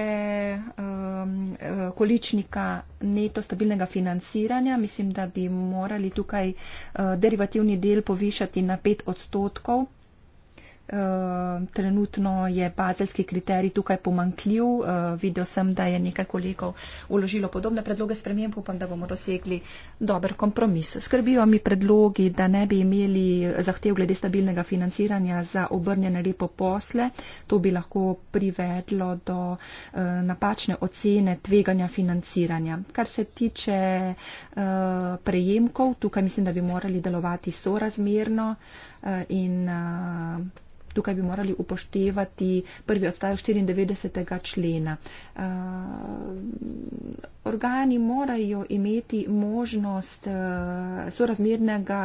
um, uh, količnika neto stabilnega financiranja, mislim, da bi morali tukaj uh, derivativni del povišati na 5 odstotkov. Uh, trenutno je bazelski kriterij tukaj pomankljiv. Uh, videl sem, da je nekaj kolegov uložilo podobne predloge sprememb, upam, da bomo dosegli dober kompromis. Skrbijo mi predlogi, da ne bi imeli zahtev glede stabilnega financiranja za obrnjene repo posle. To bi lahko privedlo do uh, napačne ocene tveganja financiranja. Kar se tiče uh, prejemkov, tukaj mislim, da bi morali delovati sorazmerno. Uh, Eh, in eh, tukaj bi morali upoštevati prvi odstavek 94. člena. Eh, organi morajo imeti možnost sorazmernega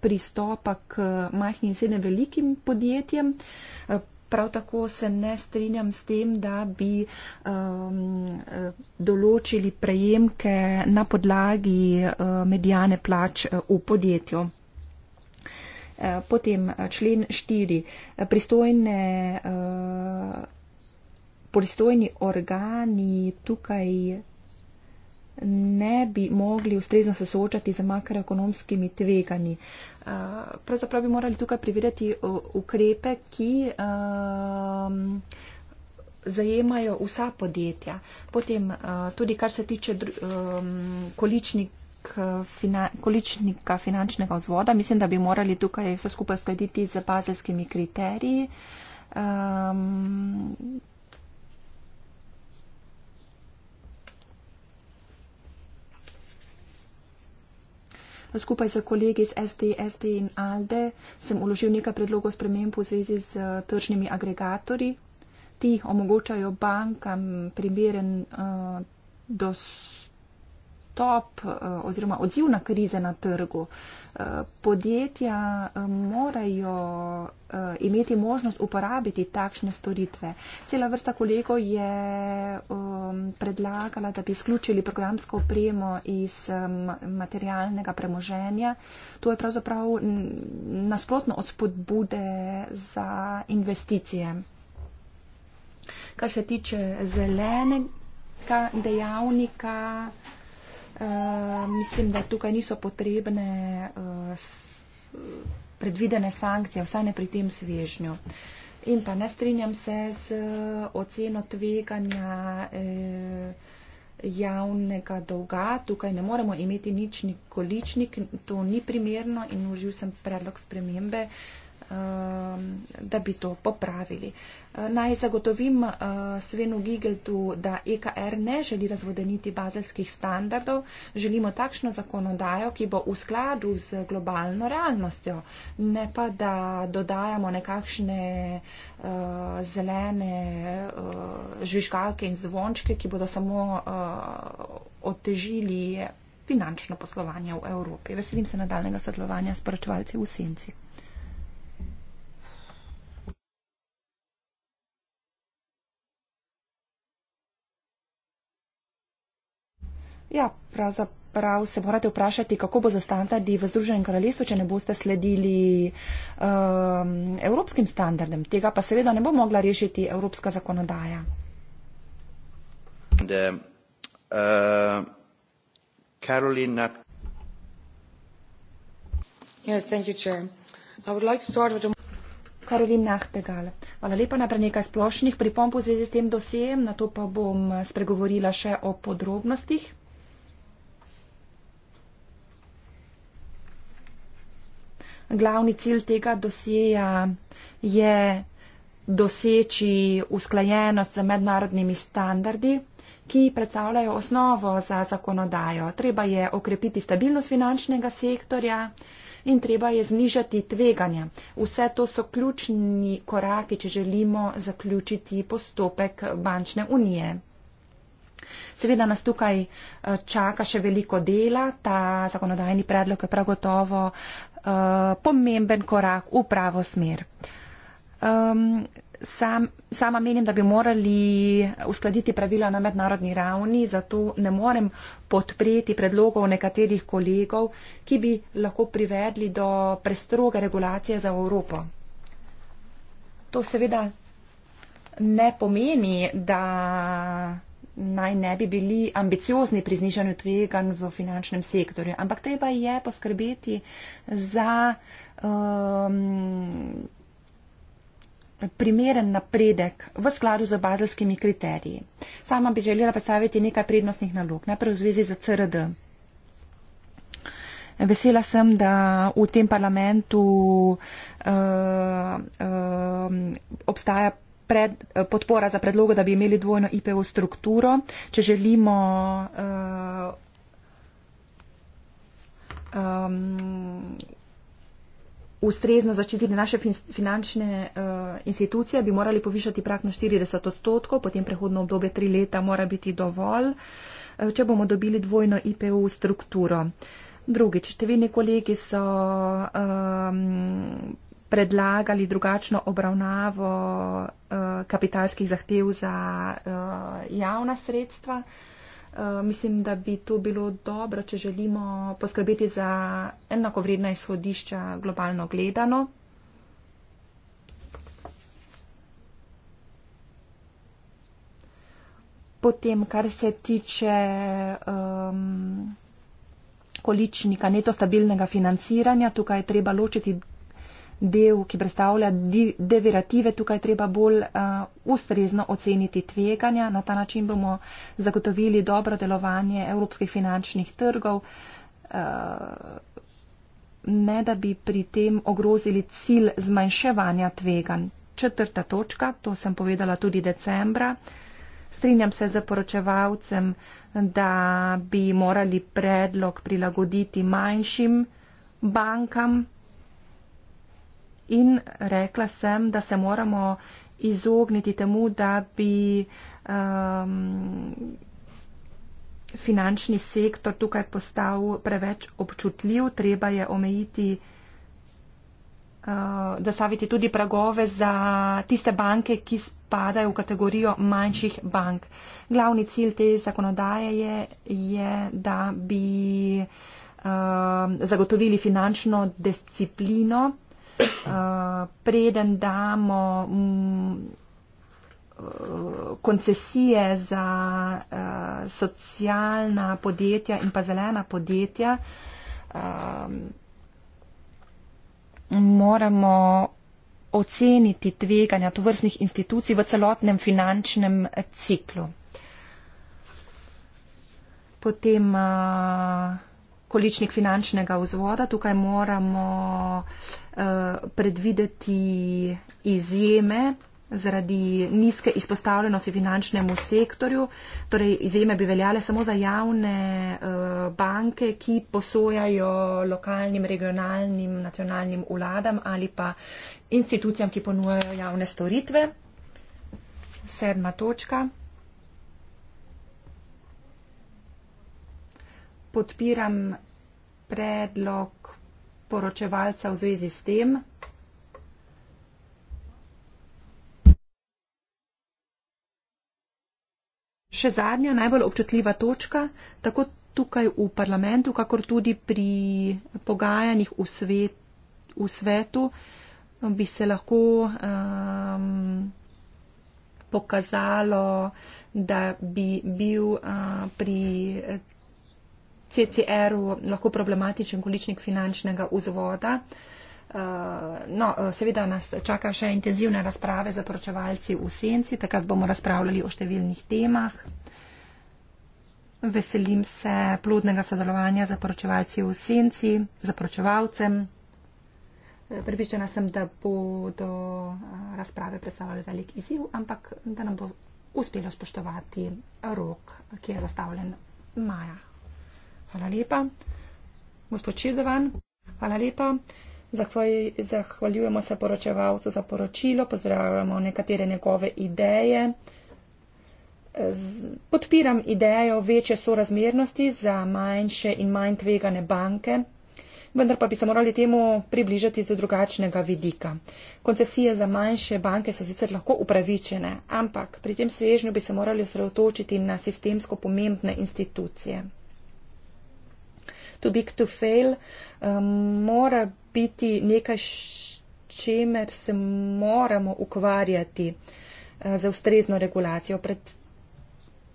pristopa k majhnim in srednjim velikim podjetjem. Prav tako se ne strinjam s tem, da bi um, določili prejemke na podlagi uh, medijane plač uh, v podjetju. Eh, potem eh, člen 4. Eh, pristojne, pristojni organi tukaj ne bi mogli ustrezno se soočati z makroekonomskimi tveganji. Pravzaprav bi morali tukaj privirati ukrepe, ki zajemajo vsa podjetja. Potem tudi, kar se tiče količnik fina, količnika finančnega vzvoda. Mislim, da bi morali tukaj vse skupaj slediti z bazelskimi kriteriji. Um, Skupaj z kolegi iz SD, SD in ALDE sem uložil nekaj predlogov sprememb v zvezi z eh, tržnimi agregatorji. Ti omogočajo bankam primeren uh, eh, dostop pristop eh, oziroma odziv na krize na trgu. Eh, podjetja eh, morajo imeti možnost uporabiti takšne storitve. Cela vrsta kolegov je um, predlagala, da bi izključili programsko opremo iz um, materialnega premoženja. To je pravzaprav nasprotno od spodbude za investicije. Kar se tiče zelenega dejavnika, Eh, mislim, da tukaj niso potrebne eh, predvidene sankcije, vsaj ne pri tem svežnju. In pa ne strinjam se z eh, oceno tveganja javnega dolga. Tukaj ne moremo imeti nič količnik, to ni primerno in užil sem predlog spremembe. Uh, Um, da bi to popravili. Uh, naj zagotovim uh, Svenu Gigeltu, da EKR ne želi razvodeniti bazelskih standardov, želimo takšno zakonodajo, ki bo v skladu z globalno realnostjo, ne pa da dodajamo nekakšne uh, zelene žvižgalke in zvončke, ki bodo samo otežili finančno poslovanje v Evropi. Veselim se nadaljnega sodelovanja s poročevalci v Senci. Ja, pravzaprav se morate vprašati, kako bo za standardi v Združenem kraljestvu, če ne boste sledili um, evropskim standardem. Tega pa seveda ne bo mogla rešiti evropska zakonodaja. And, um, uh, Yes, thank you, Chair. I would like to start with a... Karolin Nahtegal. Hvala lepa na prenekaj splošnih pripomp v zvezi s tem dosijem, na to pa bom spregovorila še o podrobnostih. glavni cilj tega dosjeja je doseči usklajenost z mednarodnimi standardi, ki predstavljajo osnovo za zakonodajo. Treba je okrepiti stabilnost finančnega sektorja in treba je znižati tveganja. Vse to so ključni koraki, če želimo zaključiti postopek bančne unije. Seveda nas tukaj eh, čaka še veliko dela, ta zakonodajni predlog je prav gotovo Eh, pomemben korak v pravo smer. Um, sam, sama menim, da bi morali uskladiti pravila na mednarodni ravni, zato ne morem podpreti predlogov nekaterih kolegov, ki bi lahko privedli do prestroge regulacije za Evropo. To seveda ne pomeni, da naj ne bi bili ambiciozni pri znižanju tveganj v finančnem sektorju, ampak treba je poskrbeti za um, primeren napredek v skladu z bazalskimi kriteriji. Sama bi želela predstaviti nekaj prednostnih nalog, najprej v zvezi z CRD. Vesela sem, da v tem parlamentu uh, uh, obstaja pred, eh, podpora za predlogo, da bi imeli dvojno IPO strukturo, če želimo uh, um, ustrezno zaščititi naše fin finančne uh, institucije, bi morali povišati prak na 40 odstotkov, potem prehodno obdobje tri leta mora biti dovolj, če bomo dobili dvojno IPO strukturo. Drugič, številni kolegi so. Um, predlagali drugačno obravnavo uh, kapitalskih zahtev za uh, javna sredstva. Uh, mislim, da bi to bilo dobro, če želimo poskrbeti za enakovredna izhodišča globalno gledano. Potem, kar se tiče um, količnika neto stabilnega financiranja, tukaj je treba ločiti del, ki predstavlja devirative, tukaj treba bolj uh, ustrezno oceniti tveganja. Na ta način bomo zagotovili dobro delovanje evropskih finančnih trgov, uh, ne da bi pri tem ogrozili cilj zmanjševanja tveganj. Četrta točka, to sem povedala tudi decembra. Strinjam se z poročevalcem, da bi morali predlog prilagoditi manjšim bankam in rekla sem, da se moramo izogniti temu, da bi um, finančni sektor tukaj postal preveč občutljiv, treba je omejiti, uh, da saviti tudi pragove za tiste banke, ki spadajo v kategorijo manjših bank. Glavni cilj te zakonodaje je, je da bi uh, zagotovili finančno disciplino uh, preden damo um, koncesije za uh, socialna podjetja in pa zelena podjetja, um, moramo oceniti tveganja tovrstnih institucij v celotnem finančnem ciklu. Potem uh, količnik finančnega vzvoda, tukaj moramo uh, Eh, predvideti izjeme zaradi nizke izpostavljenosti finančnemu sektorju. Torej, izjeme bi veljale samo za javne eh, banke, ki posojajo lokalnim, regionalnim, nacionalnim vladam ali pa institucijam, ki ponujajo javne storitve. Sedma točka. Podpiram predlog poročevalca v zvezi s tem. Še zadnja, najbolj občutljiva točka, tako tukaj v parlamentu, kakor tudi pri pogajanjih v, svet, v svetu, bi se lahko um, pokazalo, da bi bil uh, pri CCR-u lahko problematičen količnik finančnega vzvoda. Eh, no, eh, seveda nas čaka še intenzivne razprave za poročevalci v senci, takrat bomo razpravljali o številnih temah. Veselim se plodnega sodelovanja za poročevalci v senci, za poročevalcem. Eh, pripričana sem, da bodo razprave predstavljali velik izziv, ampak da nam bo uspelo spoštovati rok, ki je zastavljen maja. Hvala lepa. Gospod Čirdovan, hvala lepa. Zahvaljujemo se poročevalcu za poročilo, pozdravljamo nekatere njegove ideje. Podpiram idejo večje sorazmernosti za manjše in manj tvegane banke, vendar pa bi se morali temu približati z drugačnega vidika. Koncesije za manjše banke so sicer lahko upravičene, ampak pri tem svežnju bi se morali osredotočiti na sistemsko pomembne institucije too big to fail, um, mora biti nekaj, s čemer se moramo ukvarjati uh, za ustrezno regulacijo. Pred,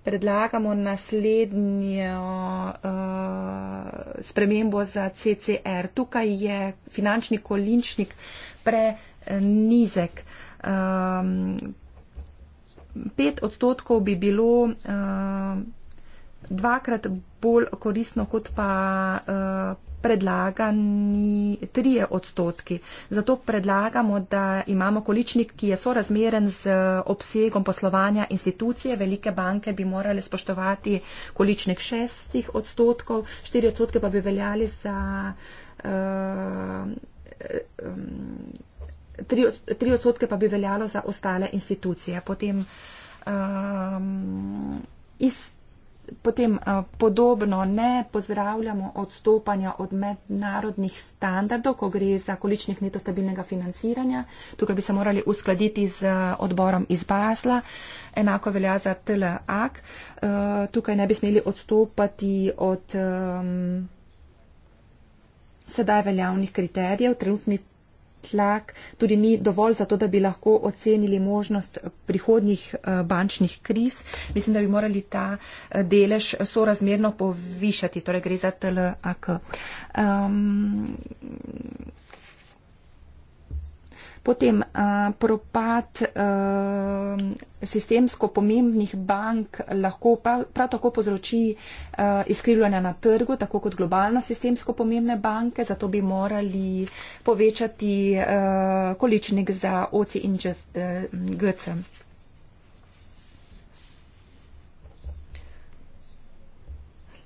predlagamo naslednjo uh, spremembo za CCR. Tukaj je finančni količnik prenizek. Um, pet odstotkov bi bilo uh, dvakrat bolj koristno kot pa eh, predlagani trije odstotki. Zato predlagamo, da imamo količnik, ki je sorazmeren z eh, obsegom poslovanja institucije. Velike banke bi morale spoštovati količnik šestih odstotkov, štiri odstotke pa bi veljali za. Uh, um, Tri odstotke pa bi veljalo za ostale institucije. Potem um, iz potem eh, podobno ne pozdravljamo odstopanja od mednarodnih standardov, ko gre za količnih neto stabilnega financiranja. Tukaj bi se morali uskladiti z eh, odborom iz Basla. Enako velja za TLAK. Eh, tukaj ne bi smeli odstopati od ehm, sedaj veljavnih kriterijev. Trenutni tlak, tudi ni dovolj za to, da bi lahko ocenili možnost prihodnjih eh, bančnih kriz. Mislim, da bi morali ta eh, delež sorazmerno povišati, torej gre za TLAK. Um, ehm, Potem uh, propad uh, sistemsko pomembnih bank lahko pa, prav tako povzroči uh, eh, izkrivljanja na trgu, tako kot globalno sistemsko pomembne banke, zato bi morali povečati uh, količnik za OC in GC. Uh,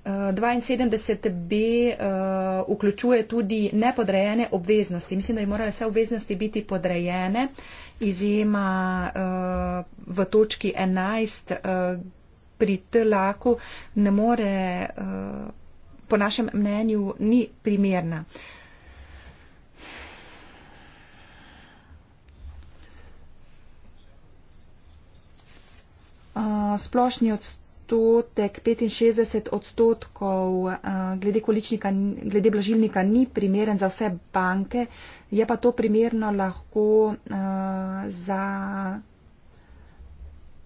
72b eh, vključuje tudi nepodrejene obveznosti. Mislim, da bi morale vse obveznosti biti podrejene. Izjema eh, v točki 11 eh, pri TLAKu ne more, po našem mnenju, ni primerna. Splošni odstotek odstotek, 65 odstotkov eh, glede, glede blažilnika ni primeren za vse banke, je pa to primerno lahko eh, za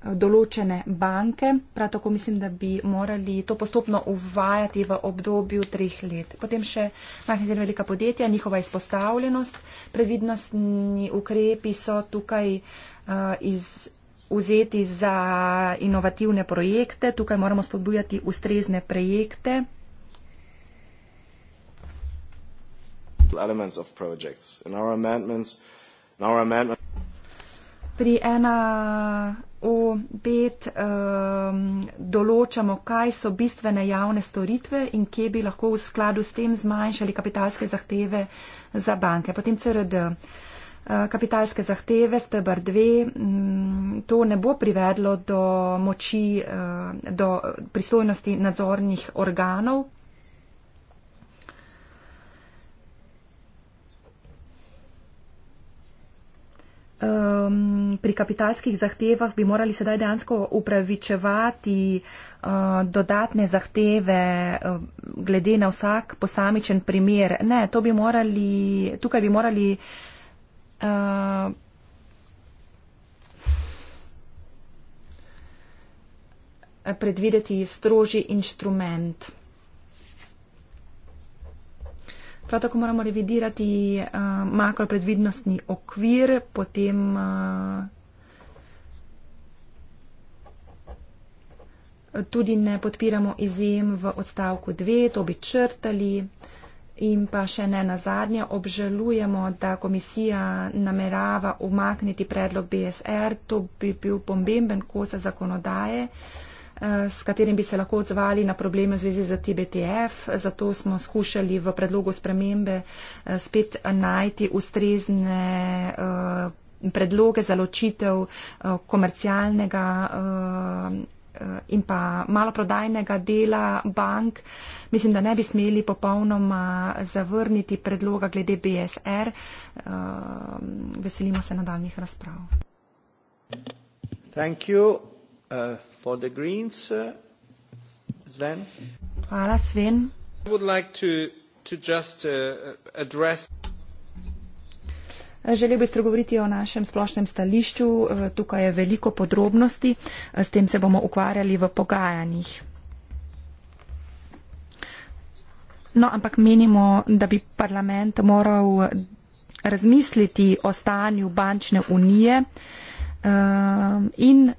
določene banke. Prav tako mislim, da bi morali to postopno uvajati v obdobju treh let. Potem še majhna zelo velika podjetja, njihova izpostavljenost, previdnostni ukrepi so tukaj uh, iz, vzeti za inovativne projekte. Tukaj moramo spodbujati ustrezne projekte. Pri 1.5 um, ehm, določamo, kaj so bistvene javne storitve in kje bi lahko v skladu s tem zmanjšali kapitalske zahteve za banke. Potem CRD. Uh, Eh, kapitalske zahteve, stebr 2, mm, to ne bo privedlo do moči, eh, do pristojnosti nadzornih organov. Pri kapitalskih zahtevah bi morali sedaj dejansko upravičevati eh, dodatne zahteve glede na vsak posamičen primer. Ne, to bi morali, tukaj bi morali Eh, predvideti strožji inštrument. Prav tako moramo revidirati uh, makropredvidnostni okvir, potem uh, tudi ne podpiramo izjem v odstavku 2, to bi črtali. Uh, In pa še ne nazadnje, obžalujemo, da komisija namerava umakniti predlog BSR. To bi bil pomemben kosa zakonodaje, eh, s katerim bi se lahko odzvali na probleme v zvezi z TBTF. Zato smo skušali v predlogu spremembe eh, spet najti ustrezne eh, predloge za ločitev komercialnega Eh, in pa maloprodajnega dela bank. Mislim, da ne bi smeli popolnoma zavrniti predloga glede BSR. Eh, veselimo se nadaljnih razprav. Thank you uh, for the Greens. Sven? Hvala, Sven. I would like to, to just uh, address... Želel bi spregovoriti o našem splošnem stališču. Eh, tukaj je veliko podrobnosti, eh, s tem se bomo ukvarjali v pogajanjih. No, ampak menimo, da bi parlament moral razmisliti o stanju bančne unije eh, in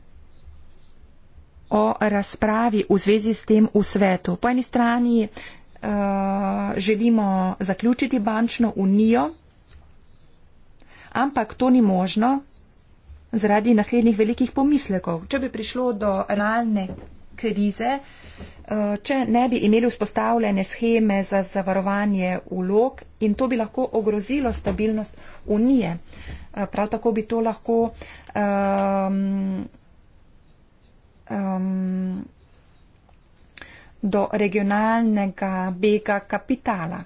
o razpravi v zvezi s tem v svetu. Po eni strani želimo zaključiti bančno unijo, ampak to ni možno zaradi naslednjih velikih pomislekov. Če bi prišlo do realne krize, eh, če ne bi imeli vzpostavljene scheme za zavarovanje ulog in to bi lahko ogrozilo stabilnost unije. Eh, prav tako bi to lahko um, um, do regionalnega bega kapitala.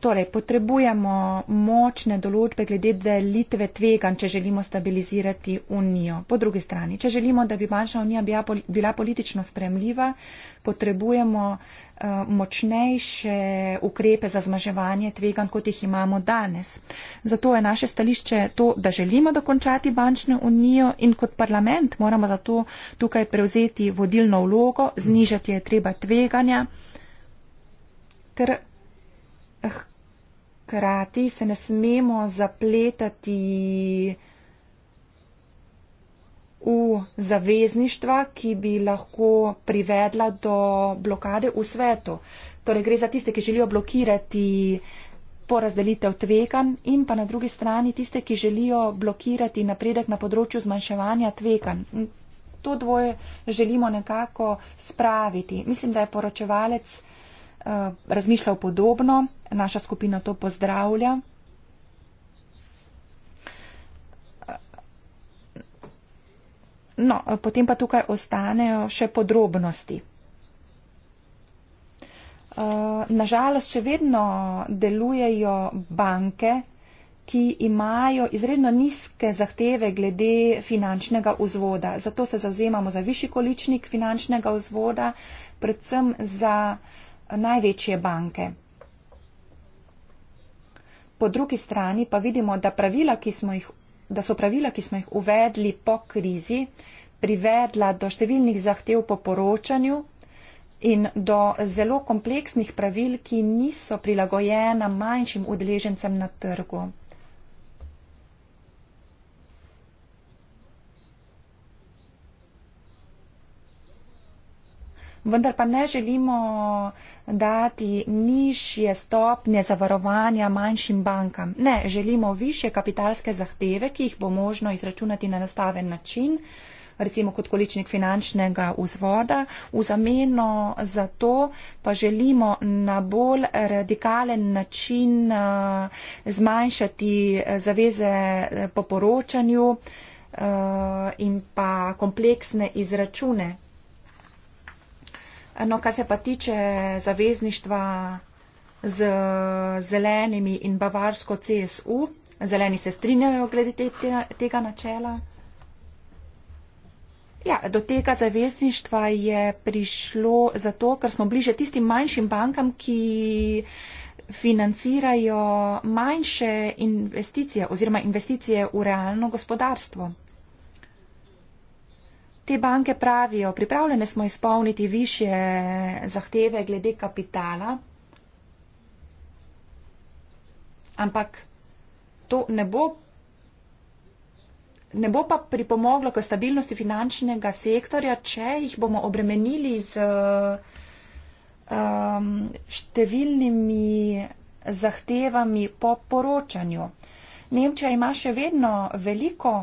Torej, potrebujemo močne določbe glede delitve tvegan, če želimo stabilizirati unijo. Po drugi strani, če želimo, da bi bančna unija bila politično spremljiva, potrebujemo eh, močnejše ukrepe za zmaževanje tvegan, kot jih imamo danes. Zato je naše stališče to, da želimo dokončati bančno unijo in kot parlament moramo zato tukaj prevzeti vodilno vlogo, znižati je treba tveganja ter eh, hkrati se ne smemo zapletati v zavezništva, ki bi lahko privedla do blokade v svetu. Torej gre za tiste, ki želijo blokirati porazdelitev tvekan in pa na drugi strani tiste, ki želijo blokirati napredek na področju zmanjševanja tvekan. To dvoje želimo nekako spraviti. Mislim, da je poročevalec. Eh, razmišljal podobno, naša skupina to pozdravlja. No, potem pa tukaj ostanejo še podrobnosti. Eh, Nažalost, še vedno delujejo banke, ki imajo izredno nizke zahteve glede finančnega vzvoda. Zato se zavzemamo za višji količnik finančnega vzvoda, predvsem za uh, največje banke. Po drugi strani pa vidimo, da, pravila, jih, da so pravila, ki smo jih uvedli po krizi, privedla do številnih zahtev po poročanju in do zelo kompleksnih pravil, ki niso prilagojena manjšim udeležencem na trgu. vendar pa ne želimo dati nižje stopnje zavarovanja manjšim bankam. Ne, želimo više kapitalske zahteve, ki jih bo možno izračunati na nastaven način, recimo kot količnik finančnega vzvoda. V zameno za to pa želimo na bolj radikalen način eh, zmanjšati eh, zaveze eh, po poročanju in pa kompleksne izračune No, kar se pa tiče zavezništva z zelenimi in bavarsko CSU, zeleni se strinjajo glede tega načela. Ja, do tega zavezništva je prišlo zato, ker smo bliže tistim manjšim bankam, ki financirajo manjše investicije oziroma investicije v realno gospodarstvo. Te banke pravijo, pripravljene smo izpolniti više zahteve glede kapitala, ampak to ne bo, ne bo pa pripomoglo k stabilnosti finančnega sektorja, če jih bomo obremenili z um, številnimi zahtevami po poročanju. Nemčija ima še vedno veliko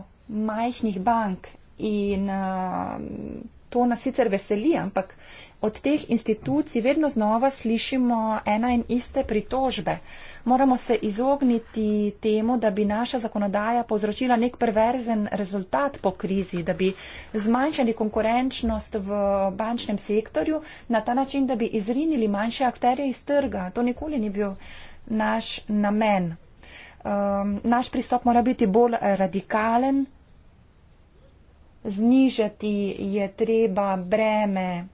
majhnih bank In uh, to nas sicer veseli, ampak od teh institucij vedno znova slišimo ena in iste pritožbe. Moramo se izogniti temu, da bi naša zakonodaja povzročila nek perverzen rezultat po krizi, da bi zmanjšali konkurenčnost v bančnem sektorju na ta način, da bi izrinili manjše akterje iz trga. To nikoli ni bil naš namen. Um, naš pristop mora biti bolj radikalen, znižati je treba breme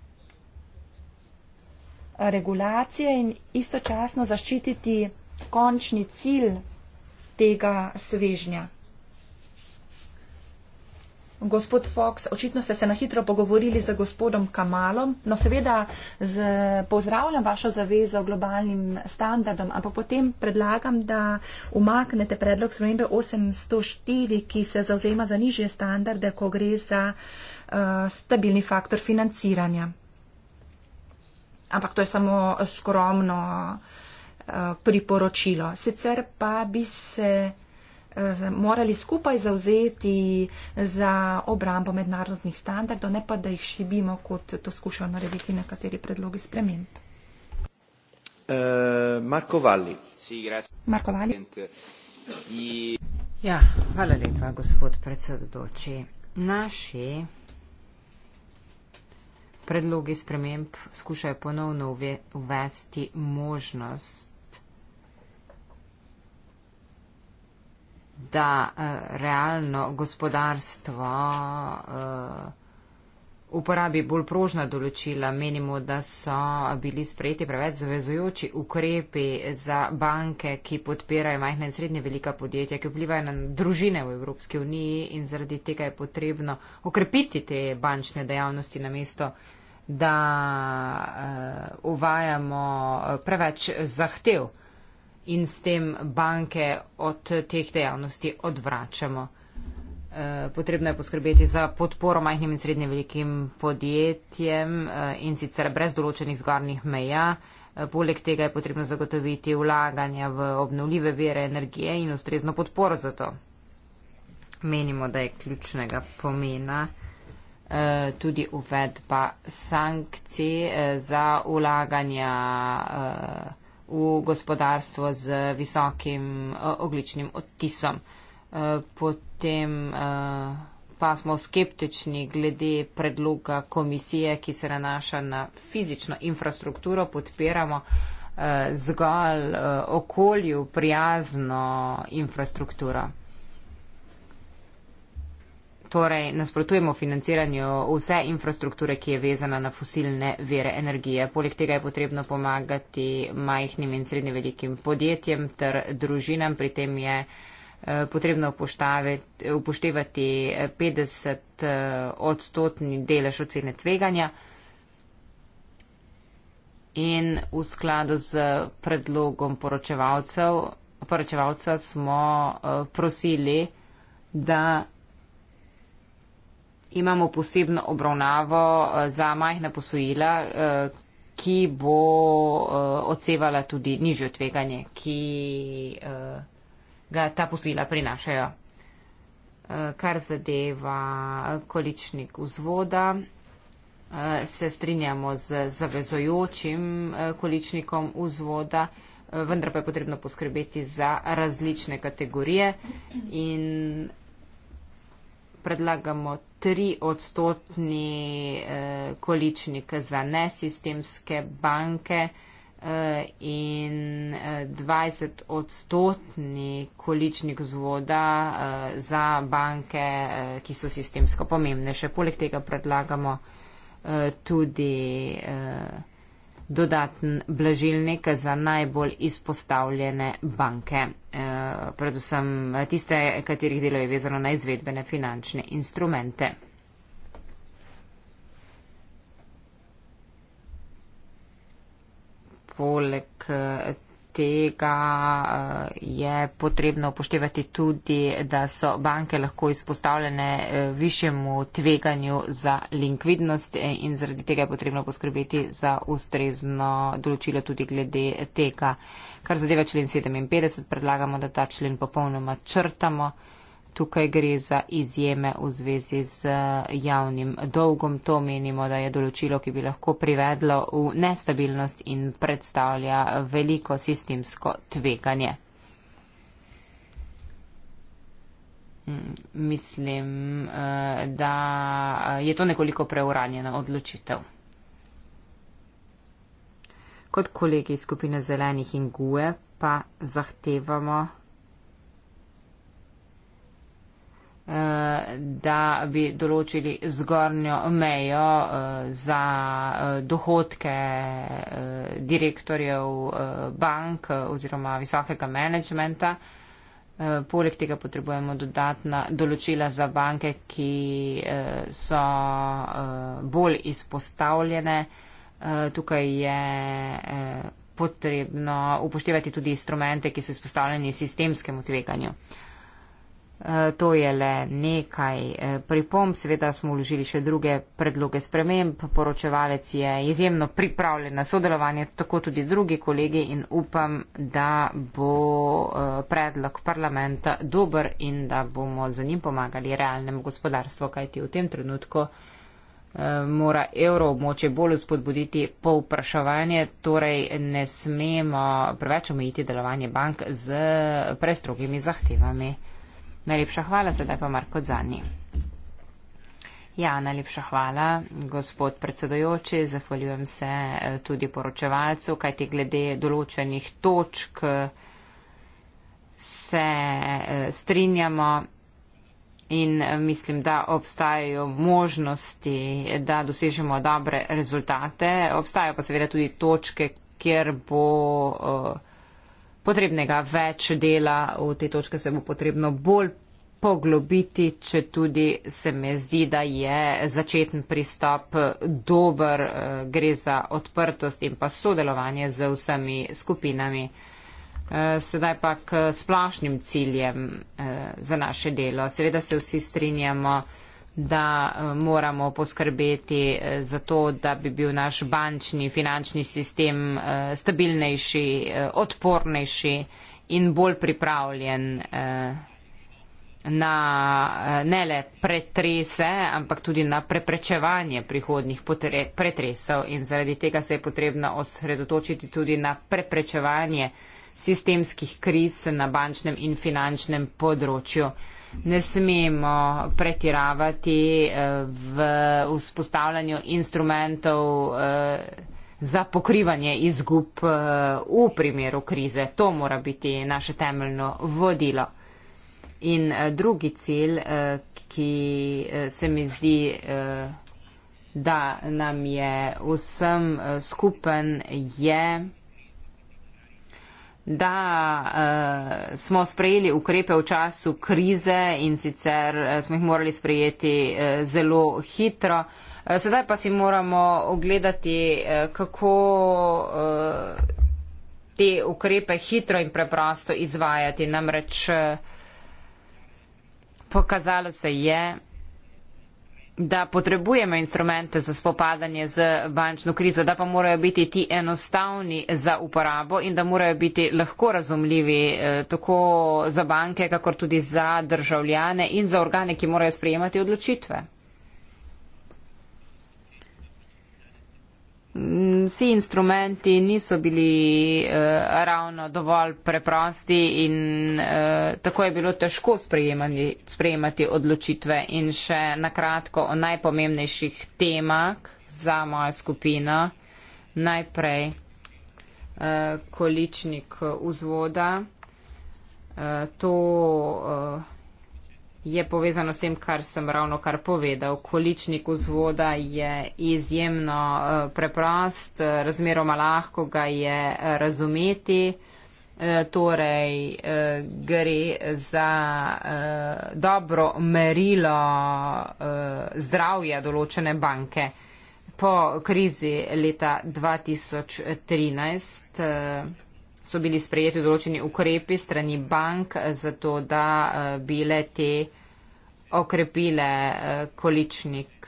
regulacije in istočasno zaščititi končni cilj tega svežnja. Gospod Fox, očitno ste se na hitro pogovorili z gospodom Kamalom. No, seveda z, pozdravljam vašo zavezo globalnim standardom, ampak potem predlagam, da umaknete predlog spremembe 804, ki se zauzema za nižje standarde, ko gre za uh, stabilni faktor financiranja. Ampak to je samo skromno uh, priporočilo. Sicer pa bi se morali skupaj zauzeti za obrambo mednarodnih standardov, ne pa da jih šibimo, kot to skušajo narediti nekateri predlogi sprememb. Eh, Marko Valli. Marko Valli. Ja, hvala lepa, gospod predsedoči. Naši predlogi sprememb skušajo ponovno uvesti možnost da eh, realno gospodarstvo eh, uporabi bolj prožna določila. Menimo, da so bili sprejeti preveč zavezujoči ukrepi za banke, ki podpirajo majhne in srednje velika podjetja, ki vplivajo na družine v Evropski uniji in zaradi tega je potrebno okrepiti te bančne dejavnosti na mesto, da eh, uvajamo preveč zahtev in s tem banke od teh dejavnosti odvračamo. Eh, potrebno je poskrbeti za podporo majhnim in srednje velikim podjetjem eh, in sicer brez določenih zgornjih meja. Eh, poleg tega je potrebno zagotoviti vlaganja v obnovljive vere energije in ustrezno podporo za to. Menimo, da je ključnega pomena tudi uvedba sankcij za vlaganja v gospodarstvo z visokim ogličnim odtisom. E, potem e, pa smo skeptični glede predloga komisije, ki se nanaša na fizično infrastrukturo, podpiramo e, zgolj okolju prijazno infrastrukturo torej nasprotujemo financiranju vse infrastrukture, ki je vezana na fosilne vere energije. Poleg tega je potrebno pomagati majhnim in srednje velikim podjetjem ter družinam. Pri tem je eh, potrebno upoštevati 50 eh, eh, odstotni delež ocene tveganja. In v skladu z predlogom poročevalcev, poročevalca smo prosili, da imamo posebno obravnavo eh, za majhna posojila, eh, ki bo eh, odsevala tudi nižjo tveganje, ki ga ta posojila prinašajo. Kar zadeva količnik vzvoda, se strinjamo z zavezojočim količnikom vzvoda, vendar pa je potrebno poskrbeti za različne kategorije in predlagamo tri odstotni eh, količnik za nesistemske banke eh, in 20 eh, odstotni količnik zvoda za banke, ki so sistemsko pomembnejše. Poleg tega predlagamo tudi dodaten blažilnik za najbolj izpostavljene banke, eh, predvsem tiste, katerih delo je vezano na izvedbene finančne instrumente. Poleg eh, tega eh, je potrebno upoštevati tudi, da so banke lahko izpostavljene eh, višjemu tveganju za likvidnost eh, in zaradi tega je potrebno poskrbeti za ustrezno določilo tudi glede tega. Kar zadeva člen 57, predlagamo, da ta člen popolnoma črtamo. Tukaj gre za izjeme v zvezi z eh, javnim dolgom. To menimo, da je določilo, ki bi lahko privedlo v nestabilnost in predstavlja eh, veliko sistemsko tveganje. Mm, mislim, eh, da je to nekoliko preuranjena odločitev. Kot kolegi skupine zelenih in guje pa zahtevamo da bi določili zgornjo mejo eh, za eh, dohodke eh, direktorjev bank oziroma visokega menedžmenta. Poleg tega potrebujemo dodatna določila za banke, ki so bolj izpostavljene. Tukaj je potrebno upoštevati tudi instrumente, ki so izpostavljeni sistemskemu tveganju. Eh, to je le nekaj eh, pripomb, seveda smo vložili še druge predloge sprememb. Poročevalec je izjemno pripravljen na sodelovanje, tako tudi drugi kolegi in upam, da bo eh, predlog parlamenta dober in da bomo z njim pomagali realnemu gospodarstvu, kajti v tem trenutku mora evro območje bolj spodbuditi povpraševanje, torej ne smemo preveč omejiti delovanje bank z prestrogimi zahtevami. Najlepša hvala, sedaj pa Marko Zani. Ja, najlepša hvala, gospod predsedojoči. Zahvaljujem se eh, tudi poročevalcu, kajti glede določenih točk eh, se eh, strinjamo in mislim, da obstajajo možnosti, da dosežemo dobre rezultate. Obstajajo pa seveda tudi točke, kjer bo. Uh, potrebnega več dela, v te točke se bo potrebno bolj poglobiti, če tudi se mi zdi, da je začetni pristop dober, eh, gre za odprtost in pa sodelovanje z vsemi skupinami. Eh, sedaj pa k splošnim ciljem eh, za naše delo. Seveda se vsi strinjamo, da eh, moramo poskrbeti eh, za to, da bi bil naš bančni finančni sistem eh, stabilnejši, odpornejši in bolj pripravljen na ne le pretrese, ampak tudi na preprečevanje prihodnih pretresov in zaradi tega se je potrebno osredotočiti tudi na preprečevanje sistemskih kriz na bančnem in finančnem področju ne smemo pretiravati eh, v vzpostavljanju instrumentov eh, za pokrivanje izgub eh, v primeru krize. To mora biti naše temeljno vodilo. In drugi cilj, ki se mi zdi, da nam je vsem skupen, je da uh, smo sprejeli ukrepe v času krize in sicer uh, smo jih morali sprejeti uh, zelo hitro. Uh, sedaj pa si moramo ogledati, uh, kako uh, te ukrepe hitro in preprosto izvajati. Namreč uh, pokazalo se je, da potrebujemo instrumente za spopadanje z bančno krizo, da pa morajo biti ti enostavni za uporabo in da morajo biti lahko razumljivi eh, tako za banke, kakor tudi za državljane in za organe, ki morajo sprejemati odločitve. Mm, vsi instrumenti niso bili eh, ravno dovolj preprosti in eh, tako je bilo težko sprejemati odločitve in še na kratko o najpomembnejših temah za mojo skupino. Najprej eh, količnik eh, vzvoda. Eh, to, eh, je povezano s tem, kar sem ravno kar povedal. Količnik vzvoda je izjemno eh, preprost, eh, razmeroma lahko ga je eh, razumeti. Torej, gre za dobro merilo zdravja določene banke. Po krizi leta 2013 so bili sprejeti določeni ukrepi strani bank, zato da eh, bi le te eh, okrepile eh, količnik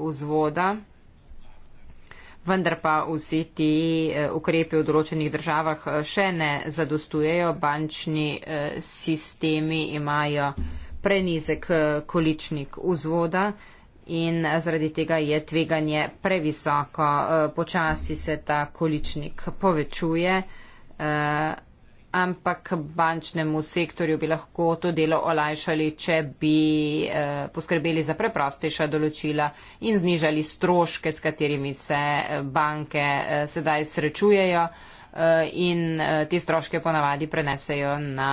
vzvoda. Vendar pa vsi ti ukrepi v določenih državah še ne zadostujejo. Bančni sistemi imajo prenizek količnik vzvoda in zaradi tega je tveganje previsoko. Počasi se ta količnik povečuje. Eh, ampak bančnemu sektorju bi lahko to delo olajšali, če bi eh, poskrbeli za preprostejša določila in znižali stroške, s katerimi se eh, banke sedaj srečujejo in te stroške ponavadi prenesejo na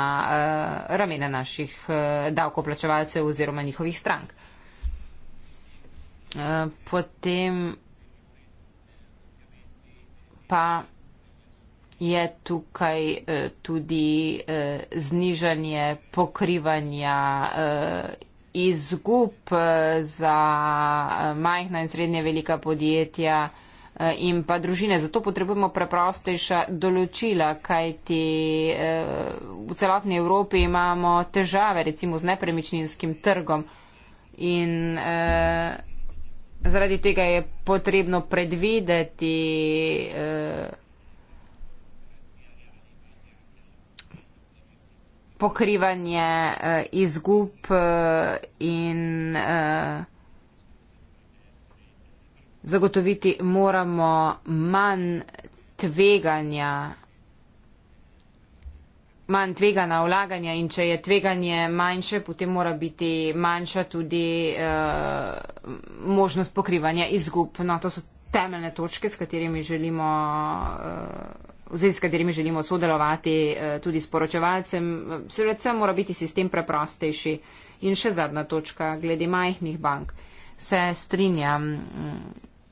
ramena naših davkoplačevalcev oziroma njihovih strank. Potem pa je tukaj eh, tudi eh, znižanje pokrivanja eh, izgub za majhna in srednje velika podjetja in pa družine. Zato potrebujemo preprostejša določila, kajti v celotni Evropi imamo težave recimo z nepremičninskim trgom in zaradi tega je potrebno predvideti pokrivanje uh, izgub uh, in uh, zagotoviti moramo manj tveganja, manj tvegana vlaganja in če je tveganje manjše, potem mora biti manjša tudi uh, možnost pokrivanja izgub. No, to so temeljne točke, s katerimi želimo. Uh, vsi, s katerimi želimo sodelovati, eh, tudi s poročevalcem, seveda mora biti sistem preprostejši. In še zadnja točka, glede majhnih bank. Se strinjam mm,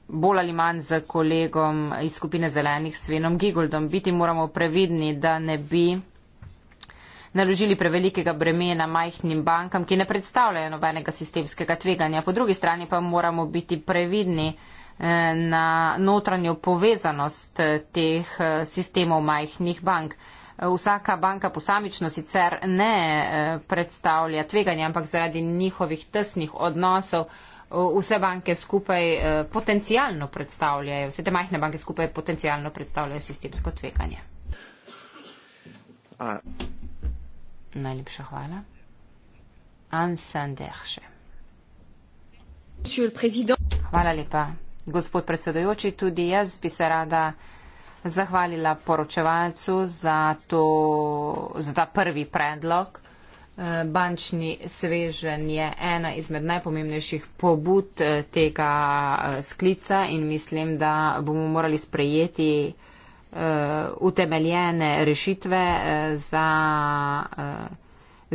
bolj ali manj z kolegom iz skupine zelenih Svenom Gigoldom. Biti moramo previdni, da ne bi naložili prevelikega bremena majhnim bankam, ki ne predstavljajo nobenega sistemskega tveganja. Po drugi strani pa moramo biti previdni, Eh, na notranjo povezanost eh, teh eh, sistemov majhnih bank. Vsaka banka posamično sicer ne predstavlja tveganja, ampak zaradi njihovih tesnih odnosov vse banke skupaj potencijalno predstavljajo, vse te majhne banke skupaj potencijalno predstavljajo sistemsko tveganje. A... Najlepša hvala. Anne Sanderše. Hvala lepa. Gospod predsedojoči, tudi jaz bi se rada zahvalila poročevalcu za, to, za ta prvi predlog. Eh, bančni svežen je ena izmed najpomembnejših pobud eh, tega eh, sklica in mislim, da bomo morali sprejeti utemeljene rešitve za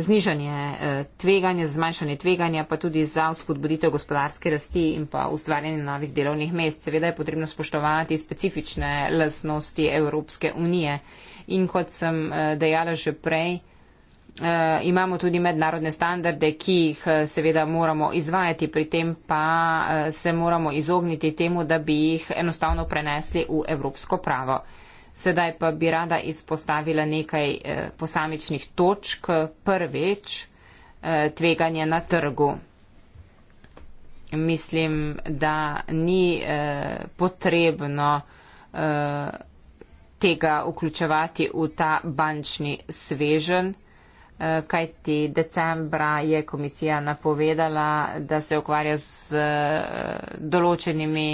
znižanje eh, tveganja, zmanjšanje tveganja, pa tudi za vzpodbuditev gospodarske rasti in pa ustvarjanje novih delovnih mest. Seveda je potrebno spoštovati specifične lasnosti Evropske unije. In kot sem eh, dejala že prej, eh, imamo tudi mednarodne standarde, ki jih seveda moramo izvajati, pri tem pa se moramo izogniti temu, da bi jih enostavno prenesli v evropsko pravo. Sedaj pa bi rada izpostavila nekaj eh, posamičnih točk. Prvič, eh, tveganje na trgu. Mislim, da ni eh, potrebno tega vključevati v ta bančni svežen, kajti decembra je komisija napovedala, da se ukvarja z določenimi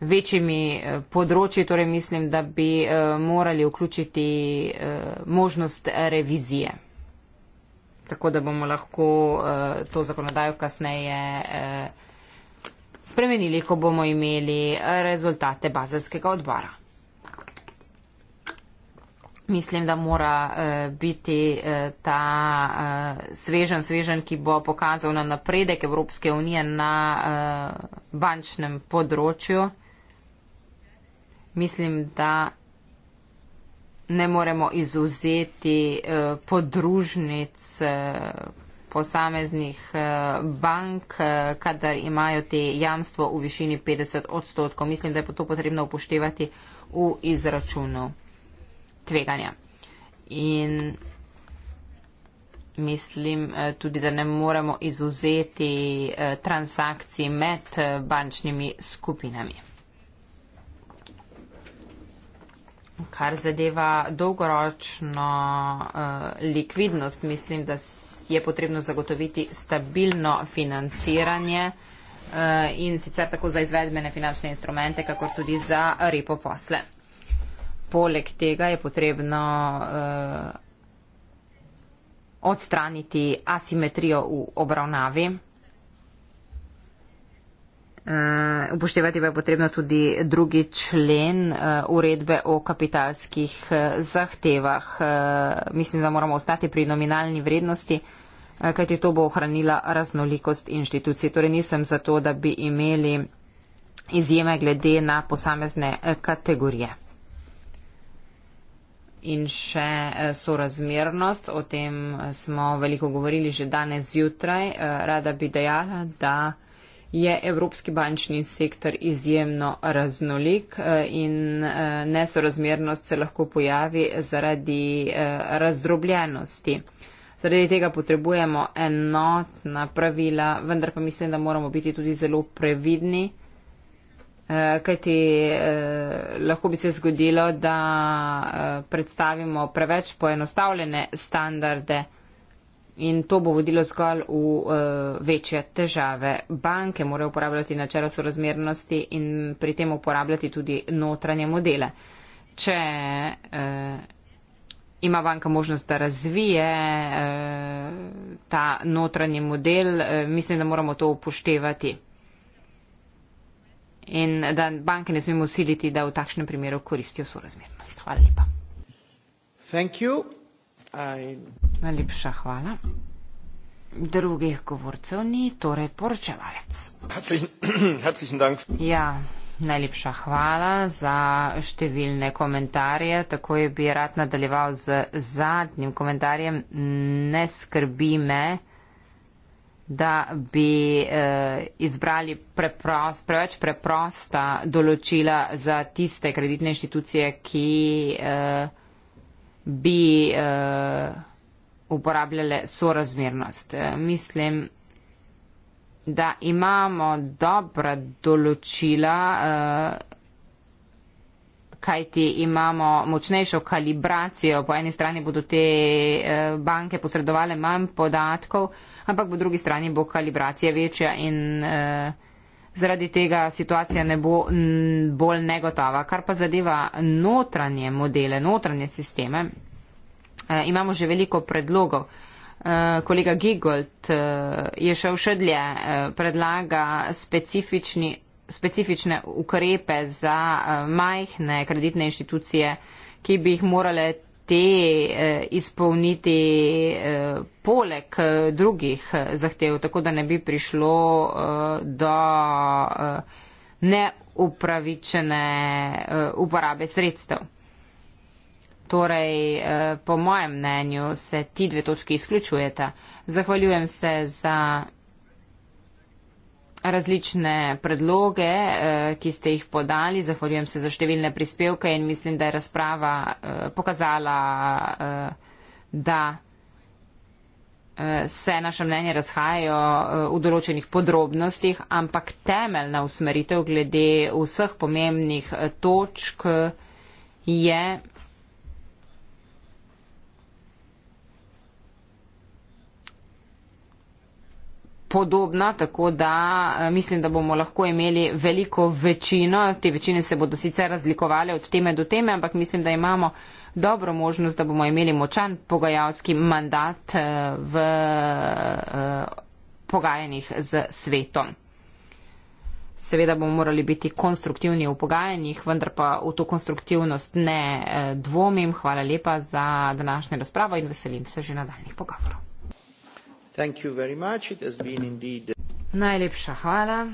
večjimi eh, področji, torej mislim, da bi eh, morali vključiti eh, možnost revizije, tako da bomo lahko to zakonodajo kasneje spremenili, ko bomo imeli rezultate bazelskega odbora. Mislim, da mora biti ta svežen, svežen, ki bo pokazal na napredek Evropske unije na bančnem področju mislim, da ne moremo izuzeti eh, podružnic eh, posameznih eh, bank, kadar imajo te jamstvo v višini 50 odstotkov. Mislim, da je to potrebno upoštevati v izračunu tveganja. In mislim tudi, da ne moremo izuzeti transakcij med bančnimi skupinami. kar zadeva dolgoročno uh, likvidnost, mislim, da je potrebno zagotoviti stabilno financiranje uh, in sicer tako za izvedbene finančne instrumente, kakor tudi za repo posle. Poleg tega je potrebno uh, odstraniti asimetrijo v obravnavi. Eh, upoštevati pa je potrebno tudi drugi člen eh, uredbe o kapitalskih eh, zahtevah. Mislim, da moramo ostati pri nominalni vrednosti, kajti to bo ohranila raznolikost inštitucij. Torej nisem za to, da bi imeli izjeme glede na posamezne kategorije. In še sorazmernost, o tem smo veliko govorili že danes zjutraj. Rada bi dejala, da je evropski bančni sektor izjemno raznolik eh, in eh, nesorazmernost se lahko pojavi zaradi eh, razdrobljenosti. Zaradi tega potrebujemo enotna pravila, vendar pa mislim, da moramo biti tudi zelo previdni, kajti lahko bi se zgodilo, da predstavimo preveč poenostavljene standarde in to bo vodilo zgolj v uh, večje težave. Banke morajo uporabljati načelo sorazmernosti in pri tem uporabljati tudi notranje modele. Če uh, ima banka možnost, da razvije uh, ta notranji model, uh, mislim, da moramo to upoštevati. In da banke ne smemo usiliti, da v takšnem primeru koristijo sorazmernost. Hvala lepa. Thank you. Najlepša hvala. Drugih govorcev ni, torej poročevalec. <clears throat> Ja, najlepša hvala za številne komentarje. Tako je bi rad nadaljeval z zadnjim komentarjem. Ne skrbi me, da bi eh, izbrali preprost, preveč preprosta določila za tiste kreditne inštitucije, ki. Eh, bi uh, uporabljale sorazmernost. Eh, mislim, da imamo dobra določila, uh, kajti imamo močnejšo kalibracijo. Po eni strani bodo te uh, banke posredovale manj podatkov, ampak po drugi strani bo kalibracija večja in uh, zaradi tega situacija ne bo bolj negotova. Kar pa zadeva notranje modele, notranje sisteme, eh, imamo že veliko predlogov. Eh, kolega Gigold eh, je šel še dlje, predlaga specifični, specifične ukrepe za majhne kreditne inštitucije, ki bi jih morale te eh, izpolniti eh, poleg eh, drugih zahtev, tako da ne bi prišlo do neupravičene uporabe sredstev. Torej, po mojem mnenju se ti dve točki izključujeta. Zahvaljujem se za različne predloge, eh, ki ste jih podali. Zahvaljujem se za številne prispevke in mislim, da je razprava eh, pokazala, eh, da se naše mnenje razhajajo v določenih podrobnostih, ampak temeljna usmeritev glede vseh pomembnih točk je podobna, tako da eh, mislim, da bomo lahko imeli veliko večino. Te večine se bodo sicer razlikovale od teme do teme, ampak mislim, da imamo dobro možnost, da bomo imeli močan pogajalski mandat eh, v eh, pogajanjih z svetom. Seveda bomo morali biti konstruktivni v pogajanjih, vendar pa v to konstruktivnost ne dvomim. Hvala lepa za današnjo razpravo in veselim se že nadaljnih pogovorov. Najlepša hvala.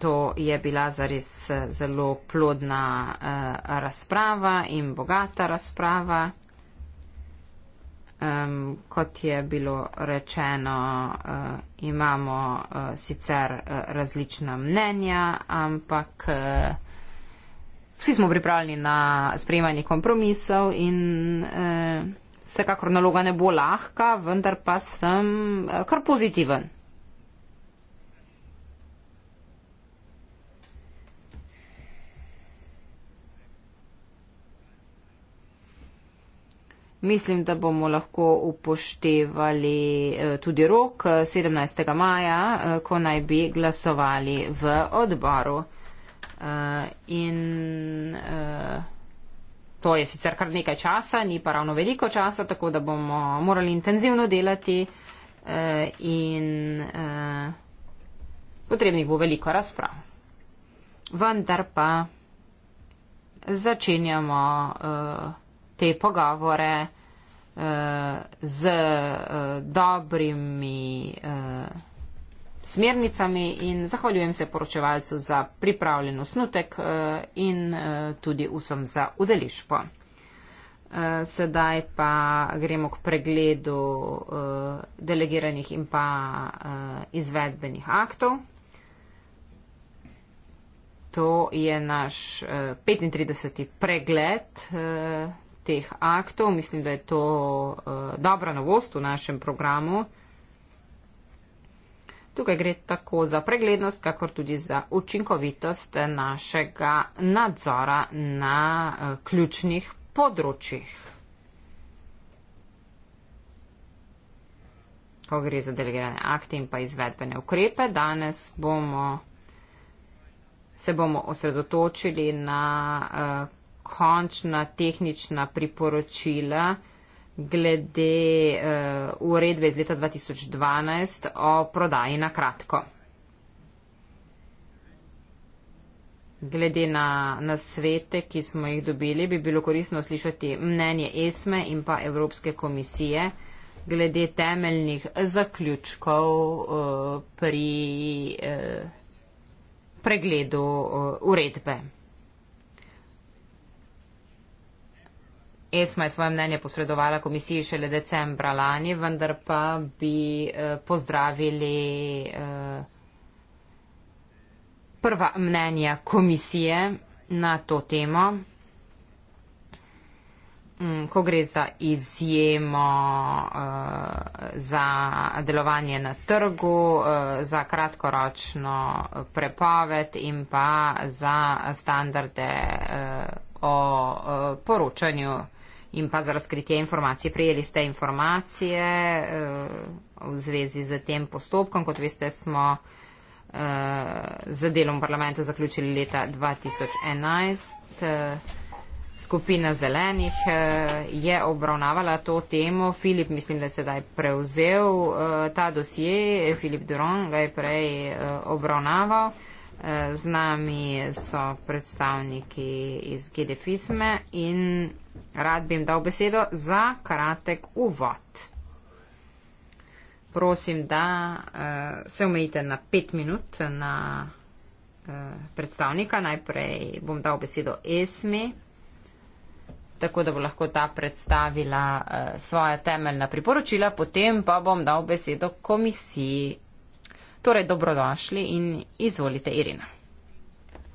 To je bila zares eh, zelo plodna uh, razprava in bogata razprava. Um, kot je bilo rečeno, uh, imamo uh, sicer uh, različna mnenja, ampak uh, vsi smo pripravljeni na sprejemanje kompromisov in uh, vsekakor naloga ne bo lahka, vendar pa sem eh, kar pozitiven. Mislim, da bomo lahko upoštevali eh, tudi rok 17. Eh, maja, ko naj bi glasovali v odboru. In, to je sicer kar nekaj časa, ni pa ravno veliko časa, tako da bomo morali intenzivno delati eh, in eh, potrebnih bo veliko razprav. Vendar pa začenjamo eh, te pogovore eh, z eh, dobrimi. Eh, smernicami in zahvaljujem se poročevalcu za pripravljen osnutek eh, in eh, tudi vsem za udeležbo. Eh, sedaj pa gremo k pregledu delegiranih in pa izvedbenih aktov. To je naš 35. pregled teh aktov. Mislim, da je to dobra novost v našem programu. Tukaj gre tako za preglednost, kakor tudi za učinkovitost našega nadzora na eh, ključnih področjih. Ko gre za delegirane akte in pa izvedbene ukrepe, danes bomo, se bomo osredotočili na uh, končna tehnična priporočila, glede uh, uredbe iz leta 2012 o prodaji na kratko. Glede na, na svete, ki smo jih dobili, bi bilo korisno slišati mnenje ESME in pa Evropske komisije glede temeljnih zaključkov uh, pri uh, pregledu uh, uredbe. ESMA je svoje mnenje posredovala komisiji šele decembra lani, vendar pa bi eh, pozdravili eh, prva mnenja komisije na to temo. Mm, ko gre za izjemo eh, za delovanje na trgu, za kratkoročno prepoved in pa za standarde o poročanju in pa za razkritje informacij. Prijeli ste informacije uh, v zvezi z tem postopkom. Kot veste, smo uh, z delom parlamentu zaključili leta 2011. Uh, eh, skupina zelenih uh, je obravnavala to temo. Filip, mislim, da je sedaj prevzel uh, ta dosje. Filip Duron ga je prej uh, obravnaval. Uh, Z nami so predstavniki iz GDFISME in rad bi jim dal besedo za kratek uvod. Prosim, da uh, se omejite na pet minut na uh, predstavnika. Najprej bom dal besedo Esmi, tako da bo lahko ta predstavila uh, eh, svoje temeljna priporočila, potem pa bom dal besedo komisiji. Torej, dobrodošli in izvolite, Irina.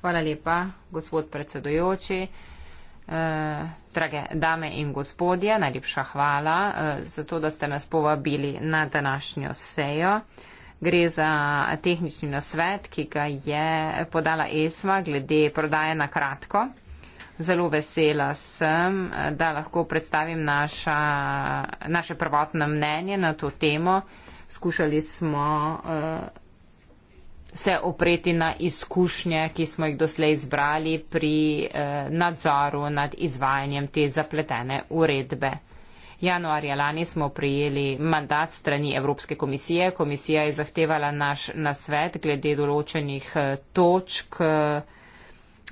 Hvala lepa, gospod predsedujoči. Eh, drage dame in gospodje, najlepša hvala eh, za to, da ste nas povabili na današnjo sejo. Gre za tehnični nasvet, ki ga je podala ESMA glede prodaje na kratko. Zelo vesela sem, da lahko predstavim naša, naše prvotno mnenje na to temo. Eh, skušali smo uh, se opreti na izkušnje, ki smo jih doslej zbrali pri uh, nadzoru nad izvajanjem te zapletene uredbe. Januarja lani smo prijeli mandat strani Evropske komisije. Komisija je zahtevala naš nasvet glede določenih uh, točk. Uh,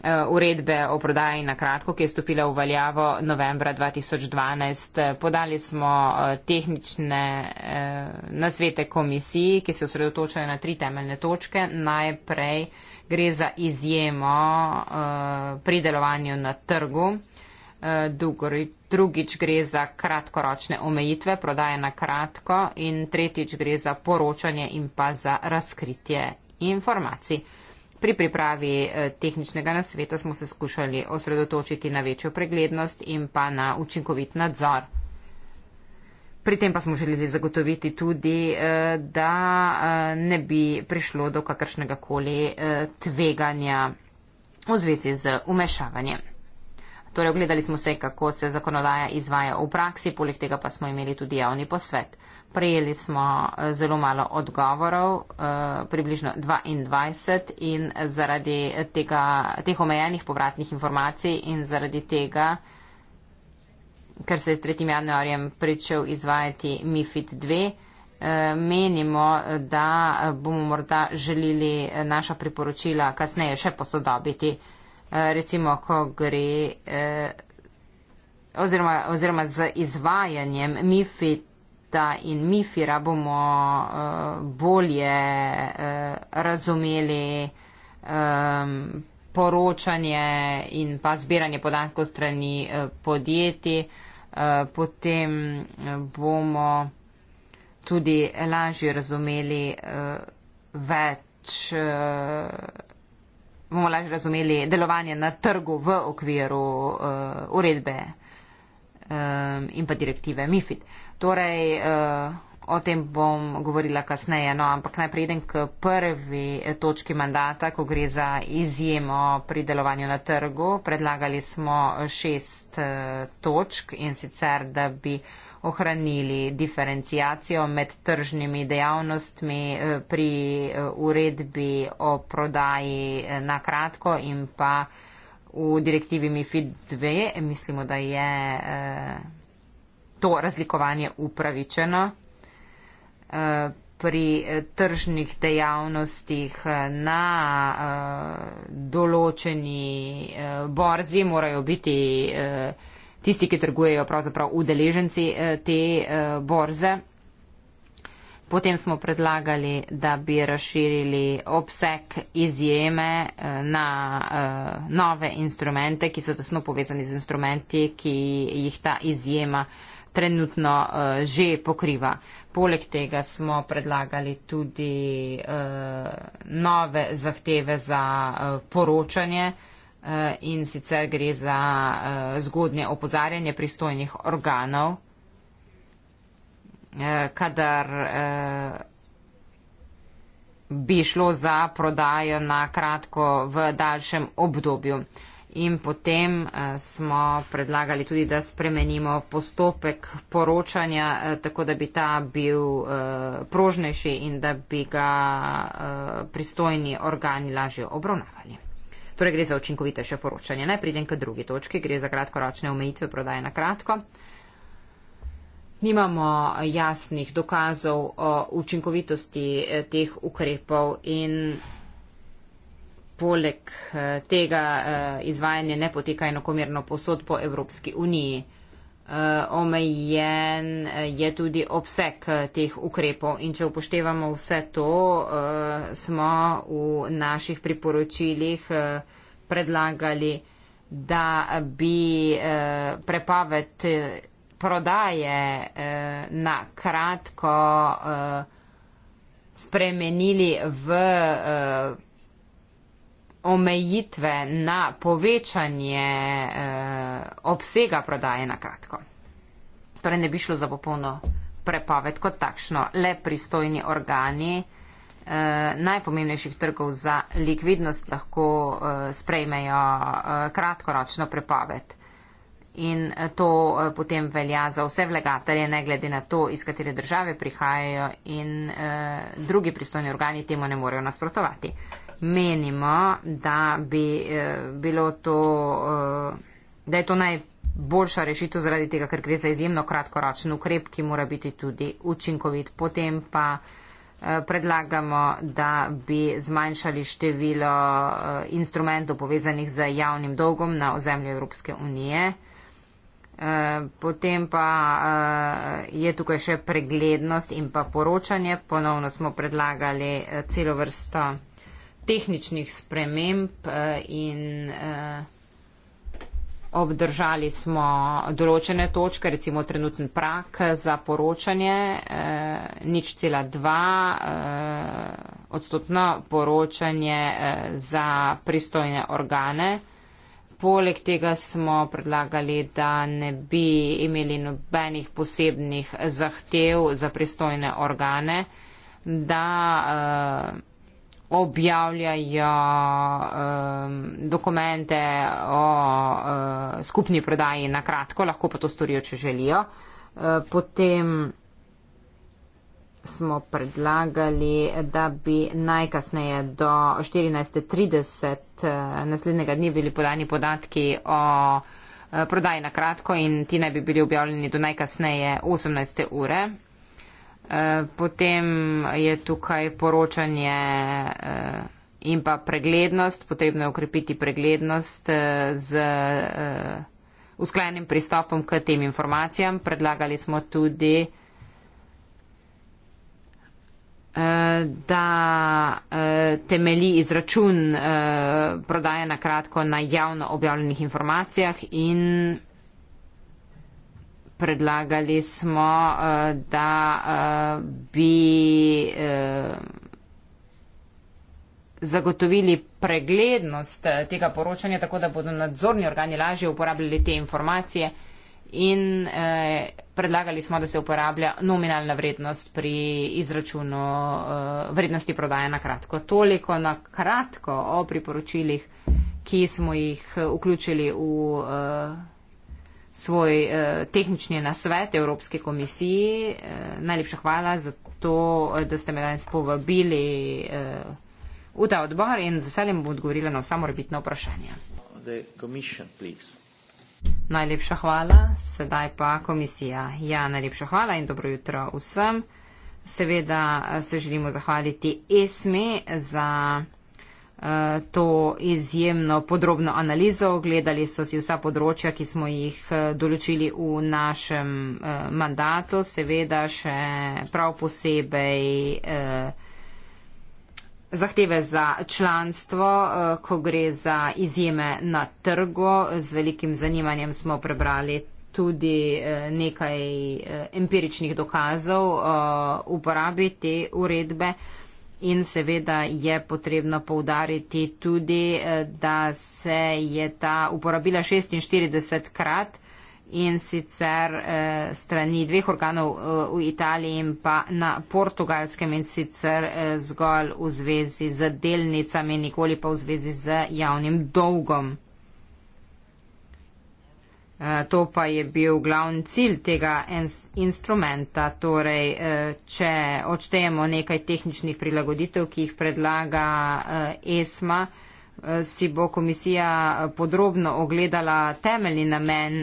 Eh, uredbe o prodaji na kratko, ki je stopila v veljavo novembra 2012. Podali smo eh, tehnične eh, nasvete komisiji, ki se osredotočajo na tri temeljne točke. Najprej gre za izjemo pri delovanju na trgu. Drugič gre za kratkoročne omejitve, prodaje na kratko in tretjič gre za poročanje in pa za razkritje informacij. Pri pripravi eh, tehničnega nasveta smo se skušali osredotočiti na večjo preglednost in pa na učinkovit nadzor. Pri tem pa smo želeli zagotoviti tudi, eh, da eh, ne bi prišlo do kakršnega koli tveganja v zvezi z umešavanjem. Torej, ogledali smo se, kako se zakonodaja izvaja v praksi, poleg tega pa smo imeli tudi javni posvet. Prejeli smo eh, zelo malo odgovorov, eh, približno 22 in zaradi tega, teh omejenih povratnih informacij in zaradi tega, ker se je s 3. januarjem pričel izvajati MIFID 2, eh, menimo, da bomo morda želeli naša priporočila kasneje še posodobiti. Recimo, ko gre. Oziroma, oziroma z izvajanjem MIFID Mifta in Mifira bomo eh, bolje eh, razumeli ehm, poročanje in pa zbiranje podatkov strani eh, podjetij, potem bomo tudi lažje razumeli več bomo lažje razumeli delovanje na trgu v okviru uh, uredbe um, in pa direktive MIFID. Uh, Torej, eh, o tem bom govorila kasneje, no, ampak najprej idem k prvi eh, točki mandata, ko gre za izjemo pri delovanju na trgu. Predlagali smo eh, šest točk in sicer, da bi ohranili diferencijacijo med tržnimi dejavnostmi pri uredbi o prodaji na kratko in pa v direktivi MIFID 2. Mislimo, da je to razlikovanje upravičeno. Eh, pri eh, tržnih dejavnostih eh, na določeni borzi morajo biti tisti, ki trgujejo pravzaprav udeleženci te borze. Potem smo predlagali, da bi razširili obseg izjeme na nove instrumente, ki so tesno povezani z instrumenti, ki jih ta izjema trenutno uh, že pokriva. Poleg tega smo predlagali tudi uh, nove zahteve za uh, poročanje uh, in sicer gre za uh, zgodnje opozarjanje pristojnih organov, uh, kadar uh, bi šlo za prodajo na kratko v daljšem obdobju. Uh, in potem eh, smo predlagali tudi, da spremenimo postopek poročanja, eh, tako da bi ta bil eh, prožnejši in da bi ga pristojni organi lažje obravnavali. Torej gre za učinkovitejše poročanje. Naj pridem k drugi točki, gre za kratkoročne omejitve prodaje na kratko. Nimamo jasnih dokazov o učinkovitosti teh ukrepov in poleg eh, tega eh, izvajanje ne poteka enakomerno posod po Evropski uniji. Eh, omejen je tudi obseg teh ukrepov in če upoštevamo vse to, smo v naših priporočilih predlagali, da bi prepaved prodaje na kratko spremenili v omejitve na povečanje eh, obsega prodaje na kratko. Torej ne bi šlo za popolno prepoved kot takšno, le pristojni organi eh, najpomembnejših trgov za likvidnost lahko eh, sprejmejo eh, kratkoročno prepoved. In eh, to eh, potem velja za vse vlagatelje, ne glede na to, iz katere države prihajajo in eh, drugi pristojni organi temu ne morejo nasprotovati. Eh, menimo, da bi eh, bilo to, eh, da je to najboljša rešitev zaradi tega, ker gre za izjemno kratkoročen ukrep, ki mora biti tudi učinkovit. Potem pa eh, predlagamo, da bi zmanjšali število eh, instrumentov povezanih z javnim dolgom na ozemlju Evropske unije. Eh, potem pa eh, je tukaj še preglednost in pa poročanje. Ponovno smo predlagali eh, celo vrsto tehničnih sprememb eh, in eh, obdržali smo določene točke, recimo trenutni prak za poročanje, eh, nič cela dva odstotno poročanje za pristojne organe. Poleg tega smo predlagali, da ne bi imeli nobenih posebnih zahtev za pristojne organe, da eh, objavljajo um, dokumente o uh, skupni prodaji na kratko, lahko pa to storijo, če želijo. Uh, potem smo predlagali, da bi najkasneje do 14.30 eh, naslednjega dne bili podani podatki o prodaji na kratko in ti naj bi bili objavljeni do najkasneje 18. ure. Eh, potem je tukaj poročanje eh, in pa preglednost. Potrebno je ukrepiti preglednost eh, z usklajenim pristopom k tem informacijam. Predlagali smo tudi, da temelji izračun prodaje na kratko na javno objavljenih informacijah in predlagali smo, eh, da eh, bi eh, zagotovili preglednost tega poročanja, tako da bodo nadzorni organi lažje uporabljali te informacije in predlagali smo, da se uporablja nominalna vrednost pri izračunu vrednosti prodaje na kratko. Toliko na kratko o priporočilih, ki smo jih vključili v svoj eh, tehnični nasvet Evropske komisiji. Eh, najlepša hvala za to, eh, da ste me danes povabili eh, v ta odbor in z veseljem bom odgovorila na vsa morbitna vprašanja. Najlepša hvala, sedaj pa komisija. Ja, najlepša hvala in dobro jutro vsem. Seveda eh, se želimo zahvaliti ESME za. Eh, to izjemno podrobno analizo, gledali so si vsa področja, ki smo jih eh, določili v našem eh, mandatu, seveda še prav posebej zahteve za članstvo, ko gre za izjeme na trgu. Z velikim zanimanjem smo prebrali tudi nekaj empiričnih dokazov uporabi te uredbe. In seveda je potrebno poudariti tudi, eh, da se je ta uporabila 46 krat in sicer eh, strani dveh organov eh, v Italiji in pa na portugalskem in sicer eh, zgolj v zvezi z delnicami, nikoli pa v zvezi z javnim dolgom. Eh, to pa je bil glavni cilj tega instrumenta, torej eh, če odštejemo nekaj tehničnih prilagoditev, ki jih predlaga eh, ESMA, si bo komisija podrobno ogledala temeljni namen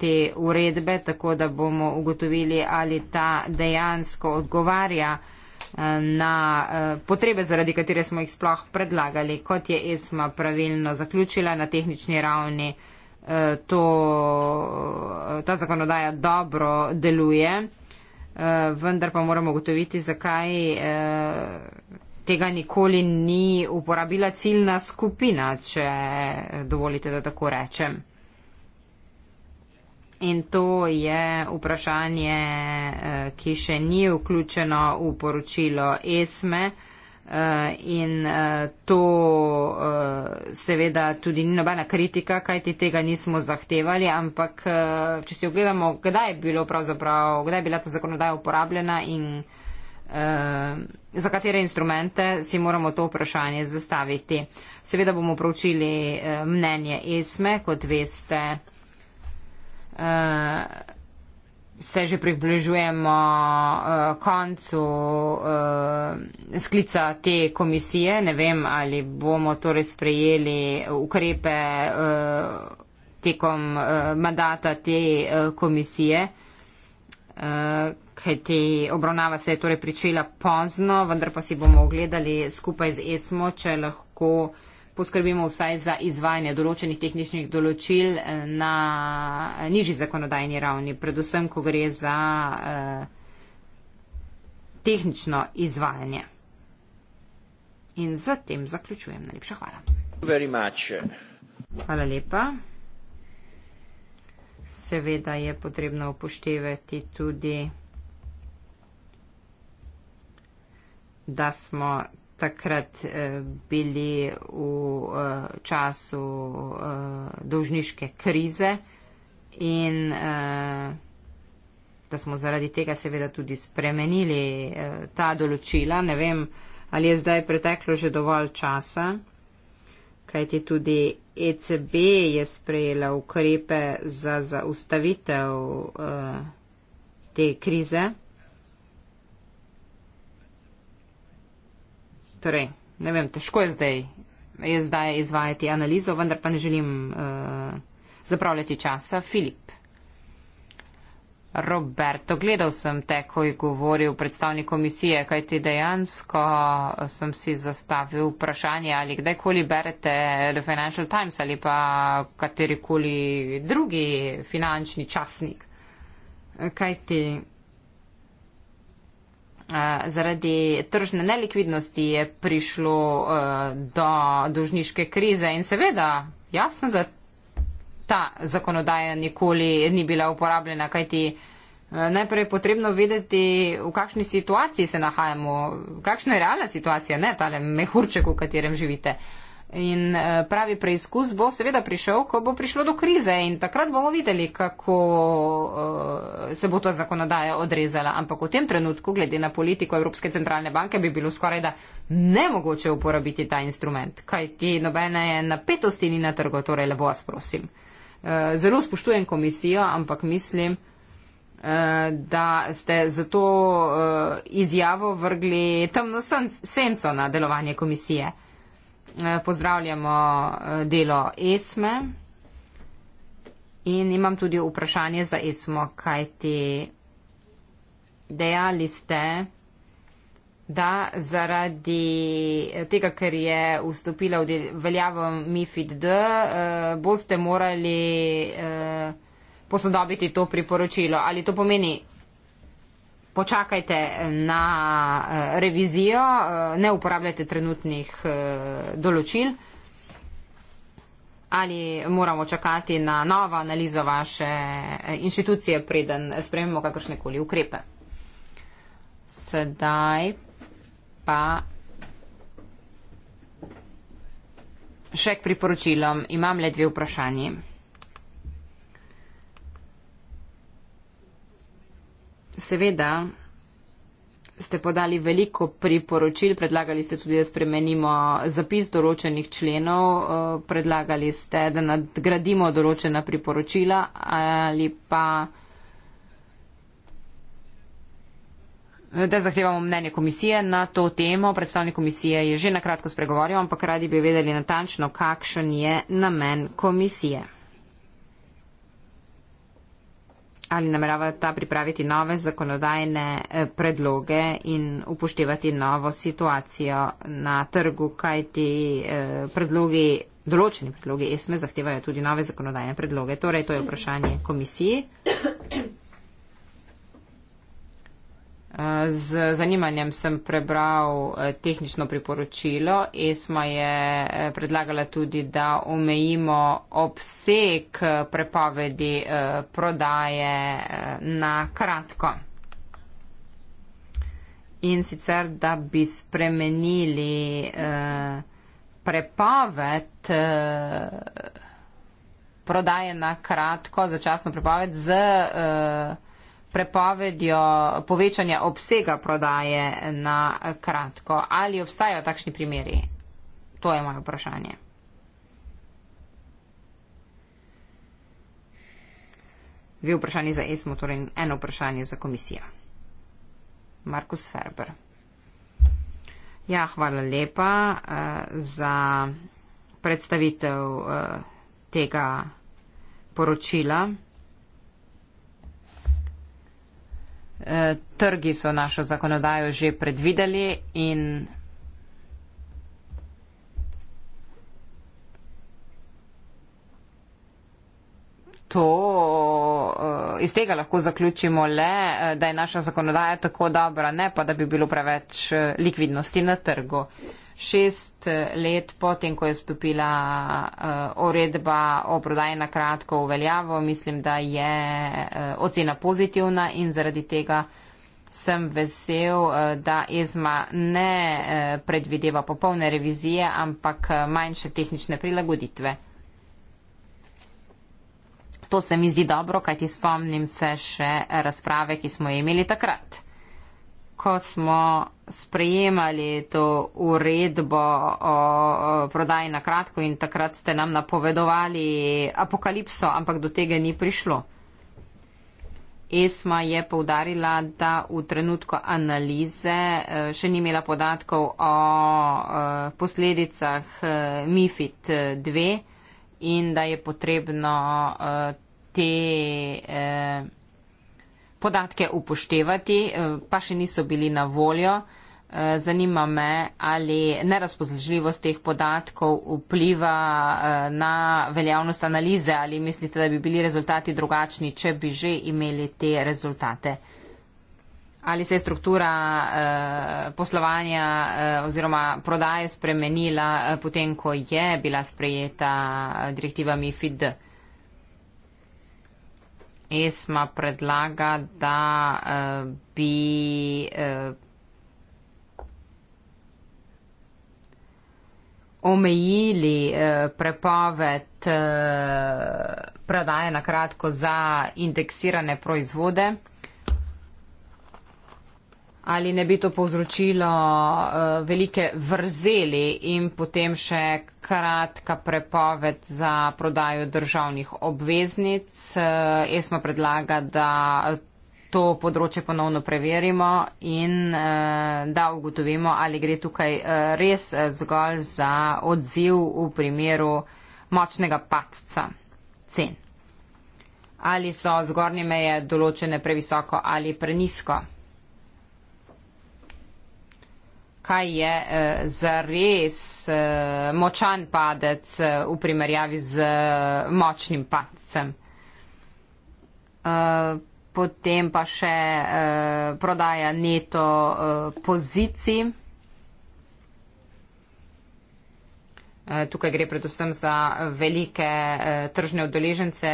te uredbe, tako da bomo ugotovili, ali ta dejansko odgovarja na potrebe, zaradi katere smo jih sploh predlagali, kot je ESMA pravilno zaključila na tehnični ravni Eh, to, ta zakonodaja dobro deluje, eh, vendar pa moramo ugotoviti, zakaj eh, tega nikoli ni uporabila ciljna skupina, če dovolite, da tako rečem. In to je vprašanje, ki še ni vključeno v poročilo ESME. Uh, in uh, to uh, seveda tudi ni nobena kritika, kajti tega nismo zahtevali, ampak uh, če si ogledamo, kdaj je, bilo kdaj je bila to zakonodaja uporabljena in uh, za katere instrumente si moramo to vprašanje zastaviti. Seveda bomo proučili uh, mnenje ESME, kot veste. Uh, se že približujemo uh, koncu uh, sklica te komisije. Ne vem, ali bomo torej sprejeli ukrepe uh, tekom uh, mandata te uh, komisije. Uh, te obravnava se je torej pričela pozno, vendar pa si bomo ogledali skupaj z ESMO, če lahko. Uh, poskrbimo vsaj za izvajanje določenih tehničnih določil eh, na nižji zakonodajni ravni, predvsem, ko gre za eh, tehnično izvajanje. In za tem zaključujem. Najlepša hvala. Hvala lepa. Seveda je potrebno upoštevati tudi, da smo takrat eh, bili v eh, času eh, dolžniške krize in da smo zaradi tega seveda tudi spremenili ta določila. Ne vem, ali je zdaj preteklo že dovolj časa, kajti tudi ECB je sprejela ukrepe za zaustavitev te krize. Torej, ne vem, težko je zdaj, je zdaj izvajati analizo, vendar pa ne želim uh, zapravljati časa. Filip. Roberto, gledal sem te, ko je govoril predstavnik komisije, kaj ti dejansko sem si zastavil vprašanje, ali kdajkoli berete The Financial Times ali pa katerikoli drugi finančni časnik. Kaj ti? Eh, zaradi tržne nelikvidnosti je prišlo eh, do dolžniške krize in seveda jasno, da ta zakonodaja nikoli ni bila uporabljena, kajti eh, najprej je potrebno vedeti, v kakšni situaciji se nahajamo, kakšna je realna situacija, ne tale mehurček, v katerem živite. In eh, pravi preizkus bo seveda prišel, ko bo prišlo do krize in takrat bomo videli, kako eh, se bo ta zakonodaja odrezala. Ampak v tem trenutku, glede na politiko Evropske centralne banke, bi bilo skoraj da nemogoče uporabiti ta instrument, kaj ti nobene napetosti ni na trgu, torej lepo vas prosim. Eh, zelo spoštujem komisijo, ampak mislim, da ste zato izjavo vrgli temno senco na delovanje komisije. Eh, pozdravljamo eh, delo Esme in imam tudi vprašanje za Esmo, kaj ti dejali ste, da zaradi tega, ker je vstopila v veljavo MIFID D, eh, boste morali posodobiti to priporočilo. Ali to pomeni, počakajte na eh, revizijo, eh, ne uporabljajte trenutnih eh, določil. Ali moramo čakati na novo analizo vaše inštitucije, preden sprememo kakršne koli ukrepe? Sedaj pa še k priporočilom. Imam le dve vprašanje. seveda ste podali veliko priporočil, predlagali ste tudi, da spremenimo zapis določenih členov, eh, predlagali ste, da nadgradimo določena priporočila ali pa da zahtevamo mnenje komisije na to temo. Predstavnik komisije je že nakratko spregovoril, ampak radi bi vedeli natančno, kakšen je namen komisije. ali nameravata pripraviti nove zakonodajne eh, predloge in upoštevati novo situacijo na trgu, kajti eh, predlogi, določeni predlogi ESME zahtevajo tudi nove zakonodajne predloge. Torej, to je vprašanje komisiji. Z zanimanjem sem prebral e, tehnično priporočilo. ESMA je e, predlagala tudi, da omejimo obseg e, prepovedi prodaje na kratko. In sicer, da bi spremenili prepoved prodaje na kratko, začasno prepoved z prepovedjo povečanja obsega prodaje na kratko. Ali obstajajo takšni primeri? To je moje vprašanje. Dve vprašanje za ESMO, torej eno vprašanje za komisijo. Markus Ferber. Ja, hvala lepa uh, za predstavitev uh, tega poročila. Eh, trgi so našo zakonodajo že predvideli in to, eh, iz tega lahko zaključimo le, eh, da je naša zakonodaja tako dobra, ne pa da bi bilo preveč eh, likvidnosti na trgu. Šest let potem, ko je stopila uredba o prodaji na kratko v veljavo, mislim, da je ocena pozitivna in zaradi tega sem vesel, da ESMA ne predvideva popolne revizije, ampak manjše tehnične prilagoditve to se mi zdi dobro, kajti spomnim se še razprave, ki smo imeli takrat, ko smo sprejemali to uredbo o prodaji na kratko in takrat ste nam napovedovali apokalipso, ampak do tega ni prišlo. ESMA je povdarila, da v trenutku analize e, še ni imela podatkov o e, posledicah e, MIFID 2 in da je potrebno eh, te eh, podatke upoštevati, eh, pa še niso bili na voljo. Zanima me, ali nerazpozložljivost teh podatkov vpliva na veljavnost analize, ali mislite, da bi bili rezultati drugačni, če bi že imeli te rezultate. Ali se je struktura eh, poslovanja eh, oziroma prodaje spremenila eh, potem, ko je bila sprejeta eh, direktiva MIFID? ESMA predlaga, da eh, bi. Eh, omejili eh, prepoved eh, predaje na kratko za indeksirane proizvode ali ne bi to povzročilo uh, velike vrzeli in potem še kratka prepoved za prodajo državnih obveznic. Uh, ESMA predlaga, da to področje ponovno preverimo in uh, da ugotovimo, ali gre tukaj uh, res zgolj za odziv v primeru močnega padca cen. Ali so zgornje meje določene previsoko ali prenisko? zakaj je eh, zares eh, močan padec eh, v primerjavi z močnim padcem. Potem pa še prodaja neto pozicij. Tukaj gre predvsem za velike tržne odoležence,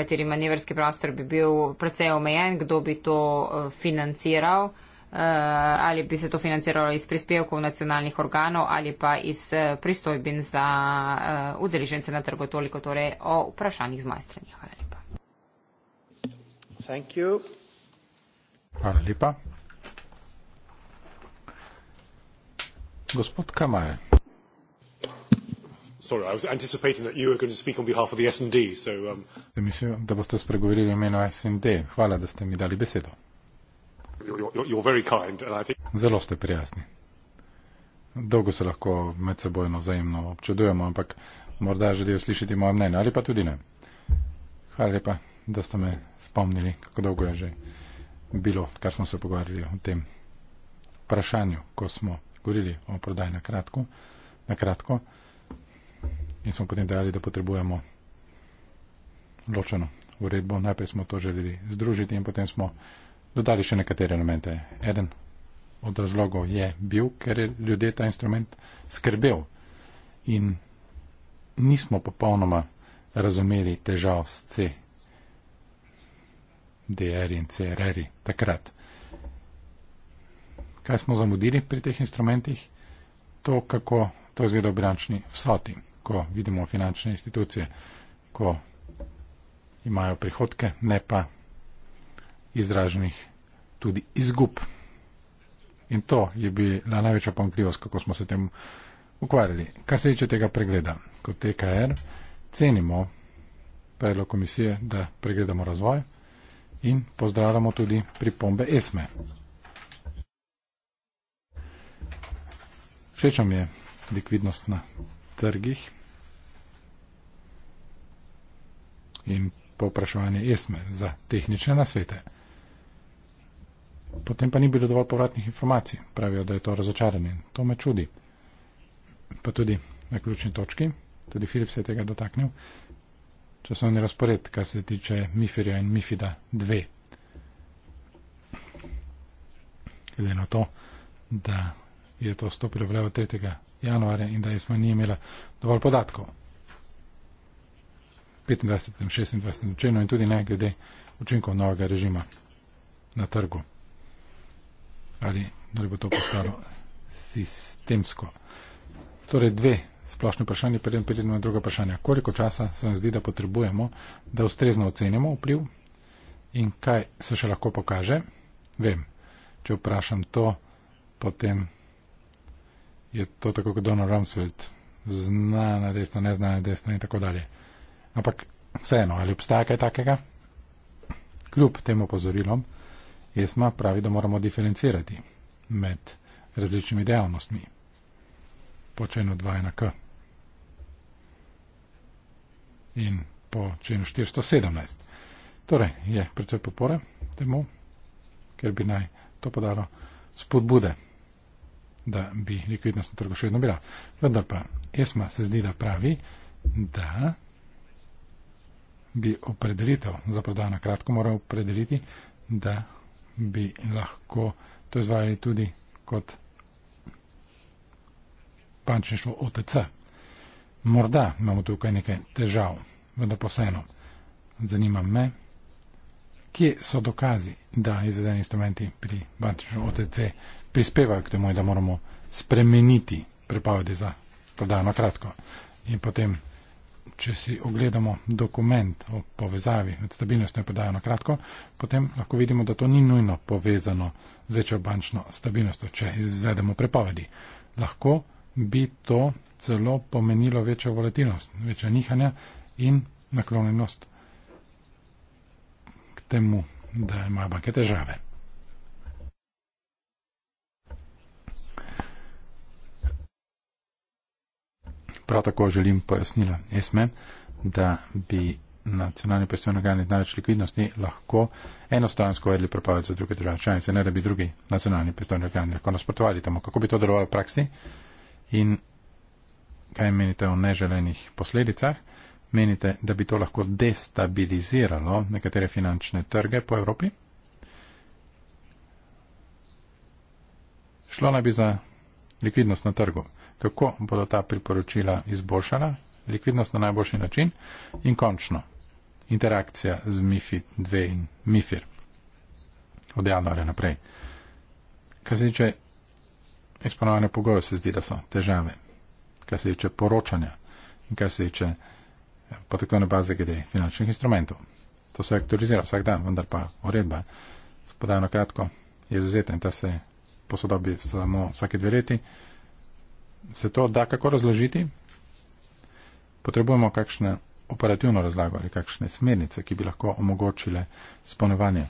kateri manevrski prostor bi bil precej omejen, kdo bi to financiral. Eh, ali bi se to financiralo iz prispevkov nacionalnih organov ali pa iz eh, pristojbin za eh, udeležence na trgu. Toliko torej o vprašanjih z moje strani. Hvala lepa. Thank you. Hvala lepa. Gospod Kamal. Um, Mislim, da boste spregovorili o imenu SND. Hvala, da ste mi dali besedo. Zelo ste prijazni. Dolgo se lahko med sebojno vzajemno občudujemo, ampak morda želijo slišati moje mnenje ali pa tudi ne. Hvala lepa, da ste me spomnili, kako dolgo je že bilo, kar smo se pogovarjali o tem vprašanju, ko smo govorili o prodaji na kratko, na kratko in smo potem dejali, da potrebujemo ločeno uredbo. Najprej smo to želeli združiti in potem smo dodali še nekatere elemente. Eden od razlogov je bil, ker je ljudje ta instrument skrbel in nismo popolnoma razumeli težav s C, DR in CRR takrat. Kaj smo zamudili pri teh instrumentih? To, kako to izgleda v bilančni vsoti, ko vidimo finančne institucije, ko imajo prihodke, ne pa izraženih tudi izgub. In to je bila največja pomkljivost, kako smo se tem ukvarjali. Kar se tiče tega pregleda, kot TKR, cenimo predlog komisije, da pregledamo razvoj in pozdravljamo tudi pripombe ESME. Všeč mi je likvidnost na trgih in povpraševanje ESME za tehnične nasvete. Potem pa ni bilo dovolj povratnih informacij. Pravijo, da je to razočaranje. To me čudi. Pa tudi na ključni točki, tudi Filip se je tega dotaknil, časovni razpored, kar se tiče Mifirja in Mifida 2. Glede na to, da je to stopilo vlevo 3. januarja in da je smo ni imela dovolj podatkov. 25. 26. členu in tudi ne glede učinkov novega režima na trgu ali da bo to postalo sistemsko. Torej, dve splošni vprašanje, preden pridemo na druga vprašanja. Koliko časa se nam zdi, da potrebujemo, da ustrezno ocenimo vpliv in kaj se še lahko pokaže? Vem, če vprašam to, potem je to tako kot Donald Rumsfeld, znana desna, neznana desna in tako dalje. Ampak vseeno, ali obstaja kaj takega? Kljub tem opozorilom. ESMA pravi, da moramo diferencirati med različnimi dejavnostmi. Po členu 2 na K in po členu 417. Torej je predvsej podpore temu, ker bi naj to podalo spodbude, da bi likvidnost na trgu še vedno bila. Vendar pa ESMA se zdi, da pravi, da bi opredelitev za prodajo na kratko moral opredeliti, da bi lahko to izvajali tudi kot pančništvo OTC. Morda imamo tukaj nekaj težav, vendar pa vseeno zanima me, kje so dokazi, da izvedeni instrumenti pri bančništvu OTC prispevajo k temu, da moramo spremeniti prepovedi za prodajo na kratko in potem če si ogledamo dokument o povezavi med stabilnostjo in podajo na kratko, potem lahko vidimo, da to ni nujno povezano z večjo bančno stabilnostjo, če izvedemo prepovedi. Lahko bi to celo pomenilo večjo volatilnost, večja nihanja in naklonjenost k temu, da imajo banke težave. Prav tako želim pojasnila ESME, da bi nacionalni pristojni organi največ likvidnosti lahko enostransko uvedli prepoved za druge države članice, ne da bi drugi nacionalni pristojni organi lahko nasprotovali temu. Kako bi to delovalo v praksi in kaj menite o neželenih posledicah? Menite, da bi to lahko destabiliziralo nekatere finančne trge po Evropi? Šlo naj bi za likvidnost na trgu. Kako bodo ta priporočila izboljšala likvidnost na najboljši način in končno interakcija z MIFI 2 in MIFIR od januarja naprej. Kar se tiče izpolnjevanja pogojev, se zdi, da so težave. Kar se tiče poročanja in kar se tiče eh, potekovne baze glede finančnih instrumentov. To se aktualizira vsak dan, vendar pa uredba, spodajno kratko, je zazeta in ta se posodobi samo vsake dve leti. Se to da kako razložiti? Potrebujemo kakšne operativno razlago ali kakšne smernice, ki bi lahko omogočile spolnovanje,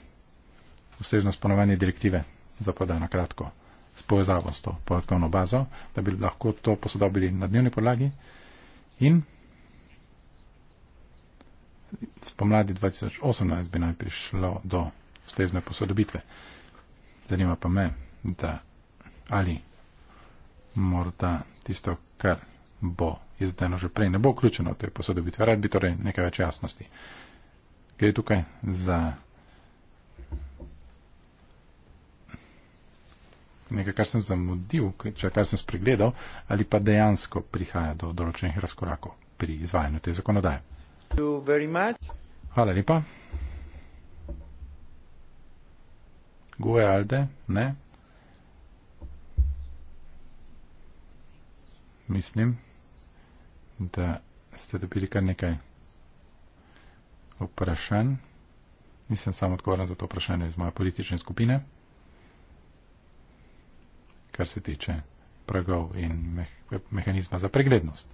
vsežno spolnovanje direktive, zapodajno kratko, s povezavo s to podatkovno bazo, da bi lahko to posodobili na dnevni podlagi in spomladi 2018 bi naj prišlo do ustrezne posodobitve. Zanima pa me, da ali morda tisto, kar bo izdano že prej, ne bo vključeno v te posodobitve. Rad bi torej nekaj več jasnosti. Gre tukaj za nekaj, kar sem zamudil, kar sem spregledal, ali pa dejansko prihaja do določenih razkorakov pri izvajanju te zakonodaje. Hvala lepa. Goe Alde, ne? mislim, da ste dobili kar nekaj vprašanj. Nisem samo odgovoren za to vprašanje iz moje politične skupine, kar se tiče pragov in mehanizma za preglednost.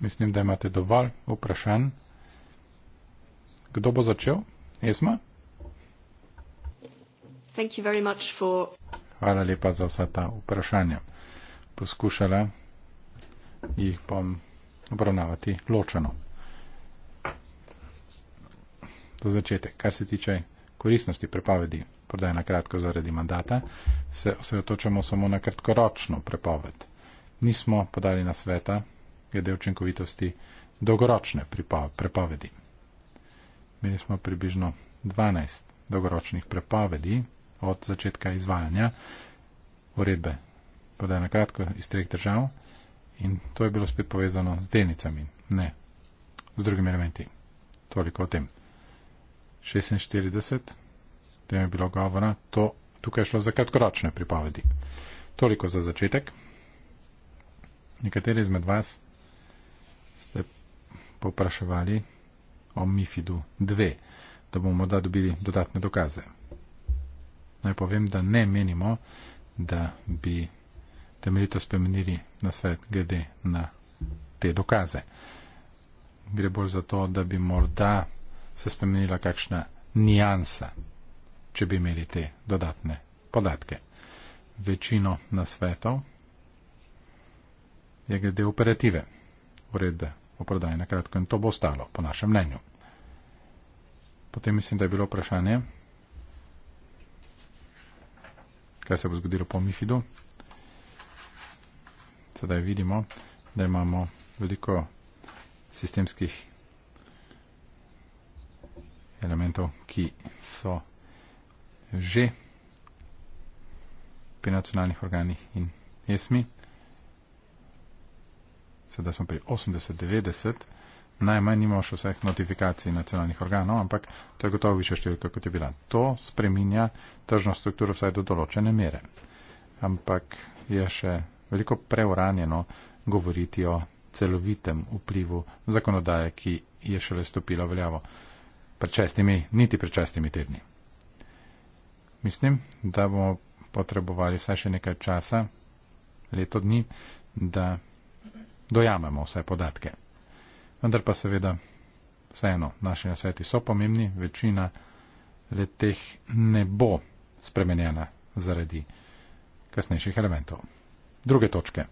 Mislim, da imate dovolj vprašanj. Kdo bo začel? Esma? Hvala lepa za vsa ta vprašanja poskušala, jih bom obravnavati ločeno. Za začetek, kar se tiče koristnosti prepovedi prodaje na kratko zaradi mandata, se osredotočamo samo na kratkoročno prepoved. Nismo podali na sveta glede učinkovitosti dolgoročne prepovedi. Imeli smo približno 12 dolgoročnih prepovedi od začetka izvajanja uredbe pa da je nakratko iz treh držav in to je bilo spet povezano z denicami, ne z drugimi elementi. Toliko o tem. 46, tem je bilo govora, to tukaj je šlo za kratkoročne pripovedi. Toliko za začetek. Nekateri izmed vas ste popraševali o Mifidu 2, da bomo morda dobili dodatne dokaze. Naj povem, da ne menimo, da bi temeljito spremenili na svet, glede na te dokaze. Gre bolj za to, da bi morda se spremenila kakšna nijansa, če bi imeli te dodatne podatke. Večino na svetov je glede operative uredbe o prodaji na kratko in to bo ostalo, po našem mnenju. Potem mislim, da je bilo vprašanje, kaj se bo zgodilo po Mifidu sedaj vidimo, da imamo veliko sistemskih elementov, ki so že pri nacionalnih organih in esmi. Sedaj smo pri 80-90. Najmanj imamo še vseh notifikacij nacionalnih organov, ampak to je gotovo više številka, kot je bila. To spreminja tržno strukturo vsaj do določene mere. Ampak je še veliko preuranjeno govoriti o celovitem vplivu zakonodaje, ki je šele stopila v veljavo pred šestimi, niti pred šestimi tedni. Mislim, da bomo potrebovali vsaj še nekaj časa, leto dni, da dojamemo vse podatke. Vendar pa seveda vseeno naši nasveti so pomembni, večina le teh ne bo spremenjena zaradi kasnejših elementov druge točke.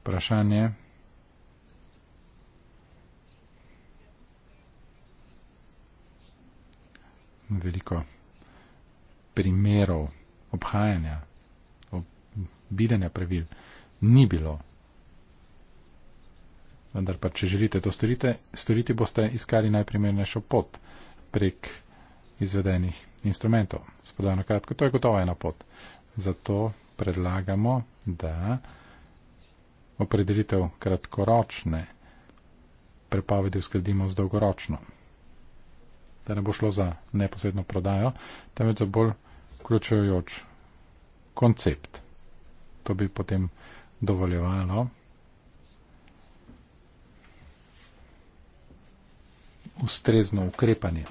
Vprašanje. Veliko primerov obhajanja, videnja pravil ni bilo. Vendar pa, če želite to storiti, storiti boste iskali najprimernejšo pot prek izvedenih instrumentov. Spodajno kratko, to je gotovo ena pot. Zato predlagamo, da opredelitev kratkoročne prepovedi uskladimo z dolgoročno. Da ne bo šlo za neposredno prodajo, temveč za bolj vključujoč koncept. To bi potem dovoljevalo ustrezno ukrepanje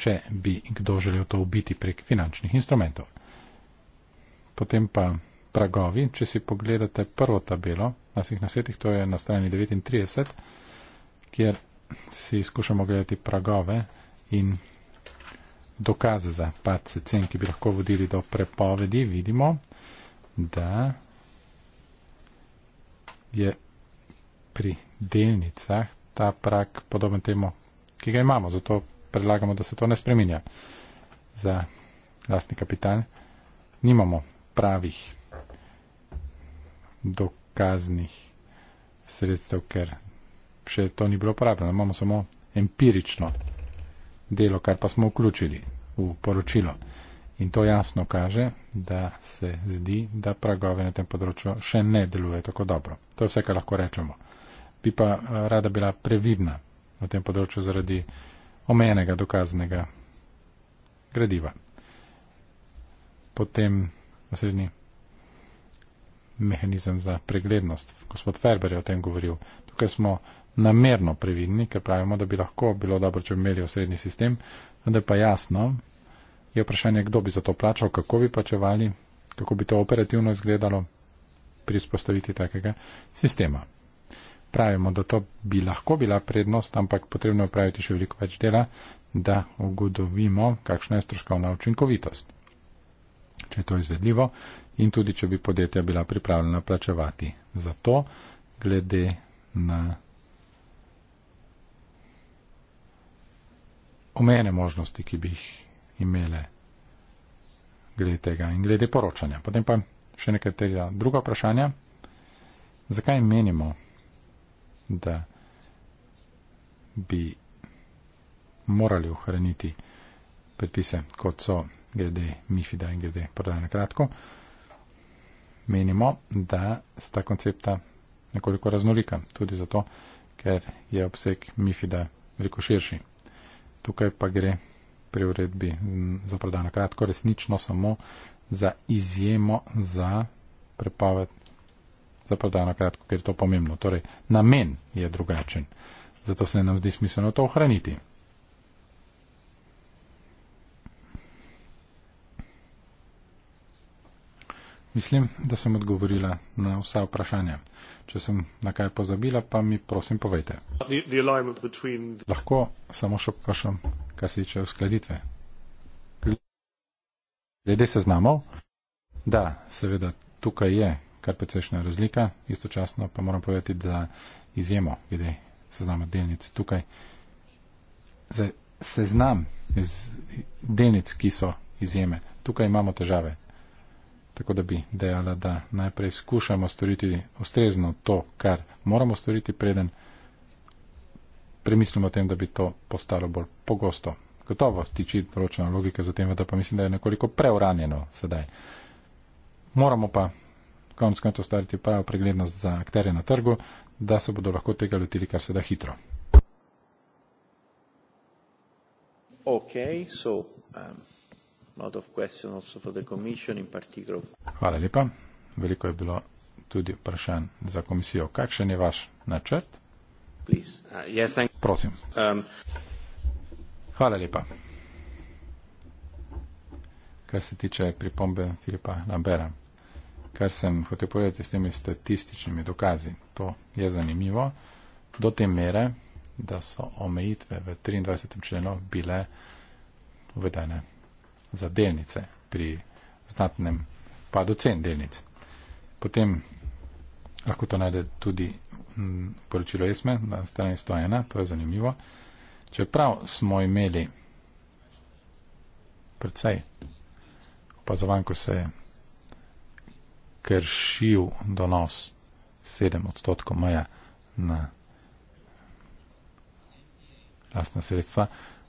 če bi kdo želel to ubiti prek finančnih instrumentov. Potem pa pragovi, če si pogledate prvo tabelo na vseh nasetih, to je na strani 39, kjer si skušamo gledati pragove in dokaze za padce cen, ki bi lahko vodili do prepovedi, vidimo, da je pri delnicah ta prak podoben temu, ki ga imamo. Zato predlagamo, da se to ne spremenja. Za lastni kapital nimamo pravih dokaznih sredstev, ker še to ni bilo uporabljeno. Imamo samo empirično delo, kar pa smo vključili v poročilo. In to jasno kaže, da se zdi, da pragove na tem področju še ne delujejo tako dobro. To je vse, kar lahko rečemo. Bi pa eh, rada bila previdna na tem področju zaradi omejenega dokaznega gradiva. Potem osrednji mehanizem za preglednost. Gospod Ferber je o tem govoril. Tukaj smo namerno previdni, ker pravimo, da bi lahko bilo dobro, če bi imeli osrednji sistem, vendar pa jasno je vprašanje, kdo bi za to plačal, kako bi plačevali, kako bi to operativno izgledalo pri spostavitvi takega sistema pravimo, da to bi lahko bila prednost, ampak potrebno je upraviti še veliko več dela, da ugodovimo, kakšna je stroškovna učinkovitost, če je to izvedljivo in tudi, če bi podjetja bila pripravljena plačevati za to, glede na omejene možnosti, ki bi jih imele glede tega in glede poročanja. Potem pa še nekatera druga vprašanja. Zakaj menimo, da bi morali ohraniti predpise, kot so glede Mifida in glede prodaje na kratko. Menimo, da sta koncepta nekoliko raznolika, tudi zato, ker je obseg Mifida veliko širši. Tukaj pa gre pri uredbi za prodajo na kratko resnično samo za izjemo za prepoved za prodajo na kratko, ker je to pomembno. Torej, namen je drugačen. Zato se nam zdi smiselno to ohraniti. Mislim, da sem odgovorila na vsa vprašanja. Če sem na kaj pozabila, pa mi prosim povejte. The, the between... Lahko samo še vprašam, kaj se tiče uskladitve. Glede seznamov, da, seveda, tukaj je kar precejšnja razlika. Istočasno pa moram povedati, da izjemo glede seznama delnic tukaj. Zdaj, seznam iz delnic, ki so izjeme, tukaj imamo težave. Tako da bi dejala, da najprej skušamo storiti ustrezno to, kar moramo storiti, preden premislimo o tem, da bi to postalo bolj pogosto. Gotovo tiči določena logika za tem, da pa mislim, da je nekoliko preuranjeno sedaj. Moramo pa konec koncev ustvariti pa preglednost za akterje na trgu, da se bodo lahko tega lotili kar se da hitro. Okay, so, um, Hvala lepa. Veliko je bilo tudi vprašanj za komisijo. Kakšen je vaš načrt? Uh, yes, Prosim. Um, Hvala lepa. Kar se tiče pripombe Filipa Lambera kar sem hotel povedati s temi statističnimi dokazi. To je zanimivo. Do te mere, da so omejitve v 23. členu bile uvedene za delnice pri znatnem padu cen delnic. Potem lahko to najde tudi mm, poročilo ESME na strani 101, to je zanimivo. Čeprav smo imeli precej opazovanj, ko se je kršil donos 7 odstotkov meja na lastna sredstva,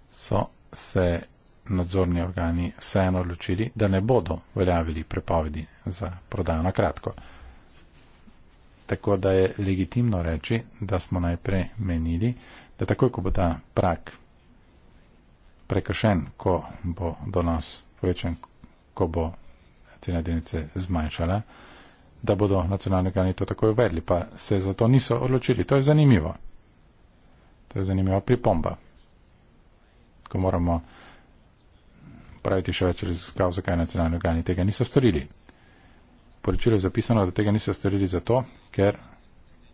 so se nadzorni organi vseeno odločili, da ne bodo veljavili prepovedi za prodajo na kratko. Tako da je legitimno reči, da smo najprej menili, da takoj, ko bo ta prak prekršen, ko bo donos povečen, ko bo cena delnice zmanjšala, da bodo nacionalni organi to takoj uvedli, pa se za to niso odločili. To je zanimivo. To je zanimiva pripomba. Ko moramo praviti še več raziskav, zakaj nacionalni organi tega niso storili. Poročilo je zapisano, da tega niso storili zato, ker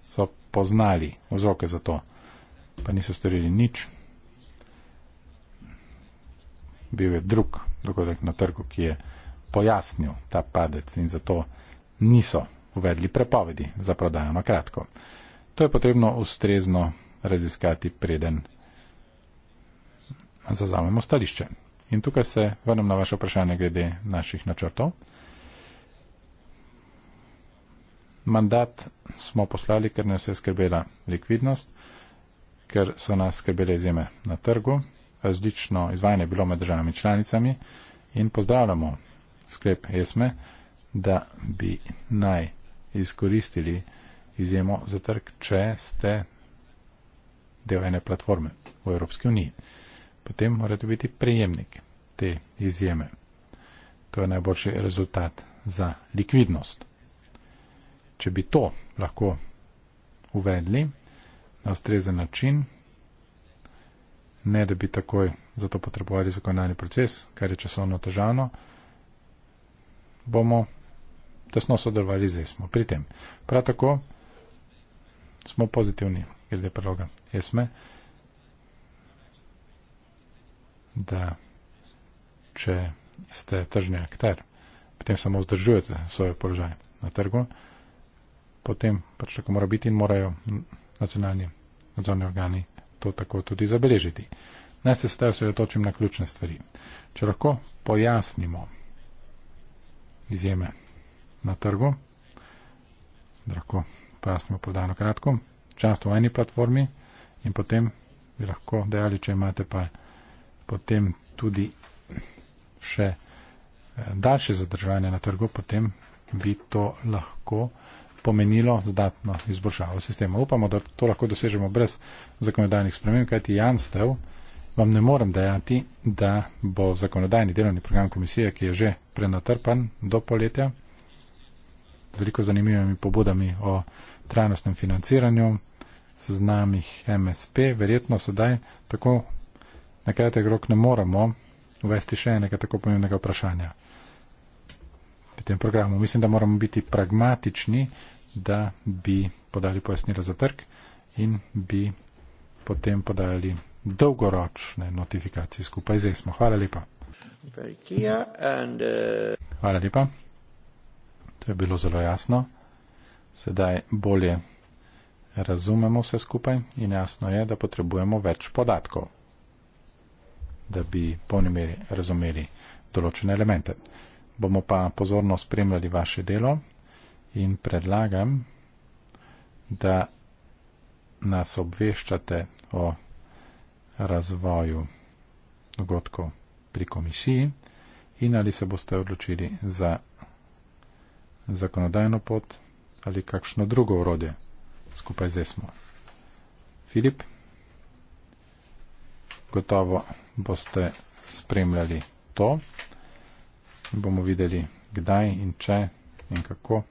so poznali vzroke za to, pa niso storili nič. Bil je drug dogodek na trgu, ki je pojasnil ta padec in zato niso uvedli prepovedi za prodajo na kratko. To je potrebno ustrezno raziskati preden zazamemo stališče. In tukaj se vrnem na vaše vprašanje glede naših načrtov. Mandat smo poslali, ker nas je skrbela likvidnost, ker so nas skrbele izjeme na trgu. Različno izvajanje je bilo med državami članicami in pozdravljamo sklep Esme, da bi naj izkoristili izjemo za trg, če ste del ene platforme v Evropski uniji. Potem morate biti prejemnik te izjeme. To je najboljši rezultat za likvidnost. Če bi to lahko uvedli na ustrezen način, ne da bi takoj za to potrebovali zakonodajni proces, kar je časovno težano, bomo tesno sodelovali z ESMO. Pri tem, prav tako smo pozitivni glede preloga ESME, da če ste tržni akter, potem samo vzdržujete svoj položaj na trgu, potem pač tako mora biti in morajo nacionalni nadzorni organi to tako tudi zabeležiti. Naj se sedaj osredotočim na ključne stvari. Če lahko pojasnimo, izjeme na trgu. Lahko pojasnimo podano kratko. Čast v eni platformi in potem bi lahko dejali, če imate pa potem tudi še eh, daljše zadržanje na trgu, potem bi to lahko pomenilo zdatno izboljšavo sistema. Upamo, da to lahko dosežemo brez zakonodajnih sprememb, kajti jamstev vam ne morem dejati, da bo zakonodajni delovni program komisije, ki je že prenatrpan do poletja, veliko zanimivimi pobudami o trajnostnem financiranju, seznamih MSP, verjetno sedaj tako na kratek rok ne moremo uvesti še enega tako pomembnega vprašanja v tem programu. Mislim, da moramo biti pragmatični, da bi podali pojasnila za trg in bi potem podali dolgoročne notifikacije skupaj z ESMO. Hvala lepa. Uh, Hvala lepa. To je bilo zelo jasno. Sedaj bolje razumemo vse skupaj in jasno je, da potrebujemo več podatkov, da bi polni meri razumeli določene elemente. Bomo pa pozorno spremljali vaše delo in predlagam, da nas obveščate o razvoju dogodkov pri komisiji in ali se boste odločili za zakonodajno pot ali kakšno drugo urode skupaj z ESMO. Filip, gotovo boste spremljali to in bomo videli, kdaj in če in kako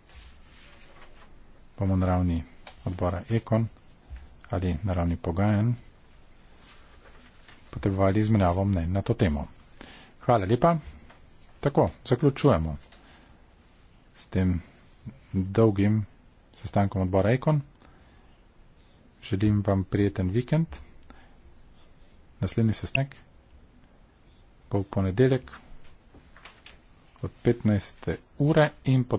bomo na ravni odbora Ekon ali na ravni pogajanj potrebovali izmenjavo mnen na to temo. Hvala lepa. Tako, zaključujemo s tem dolgim sestankom odbora Ekon. Želim vam prijeten vikend. Naslednji sestanek bo v ponedeljek od 15. ure in potem.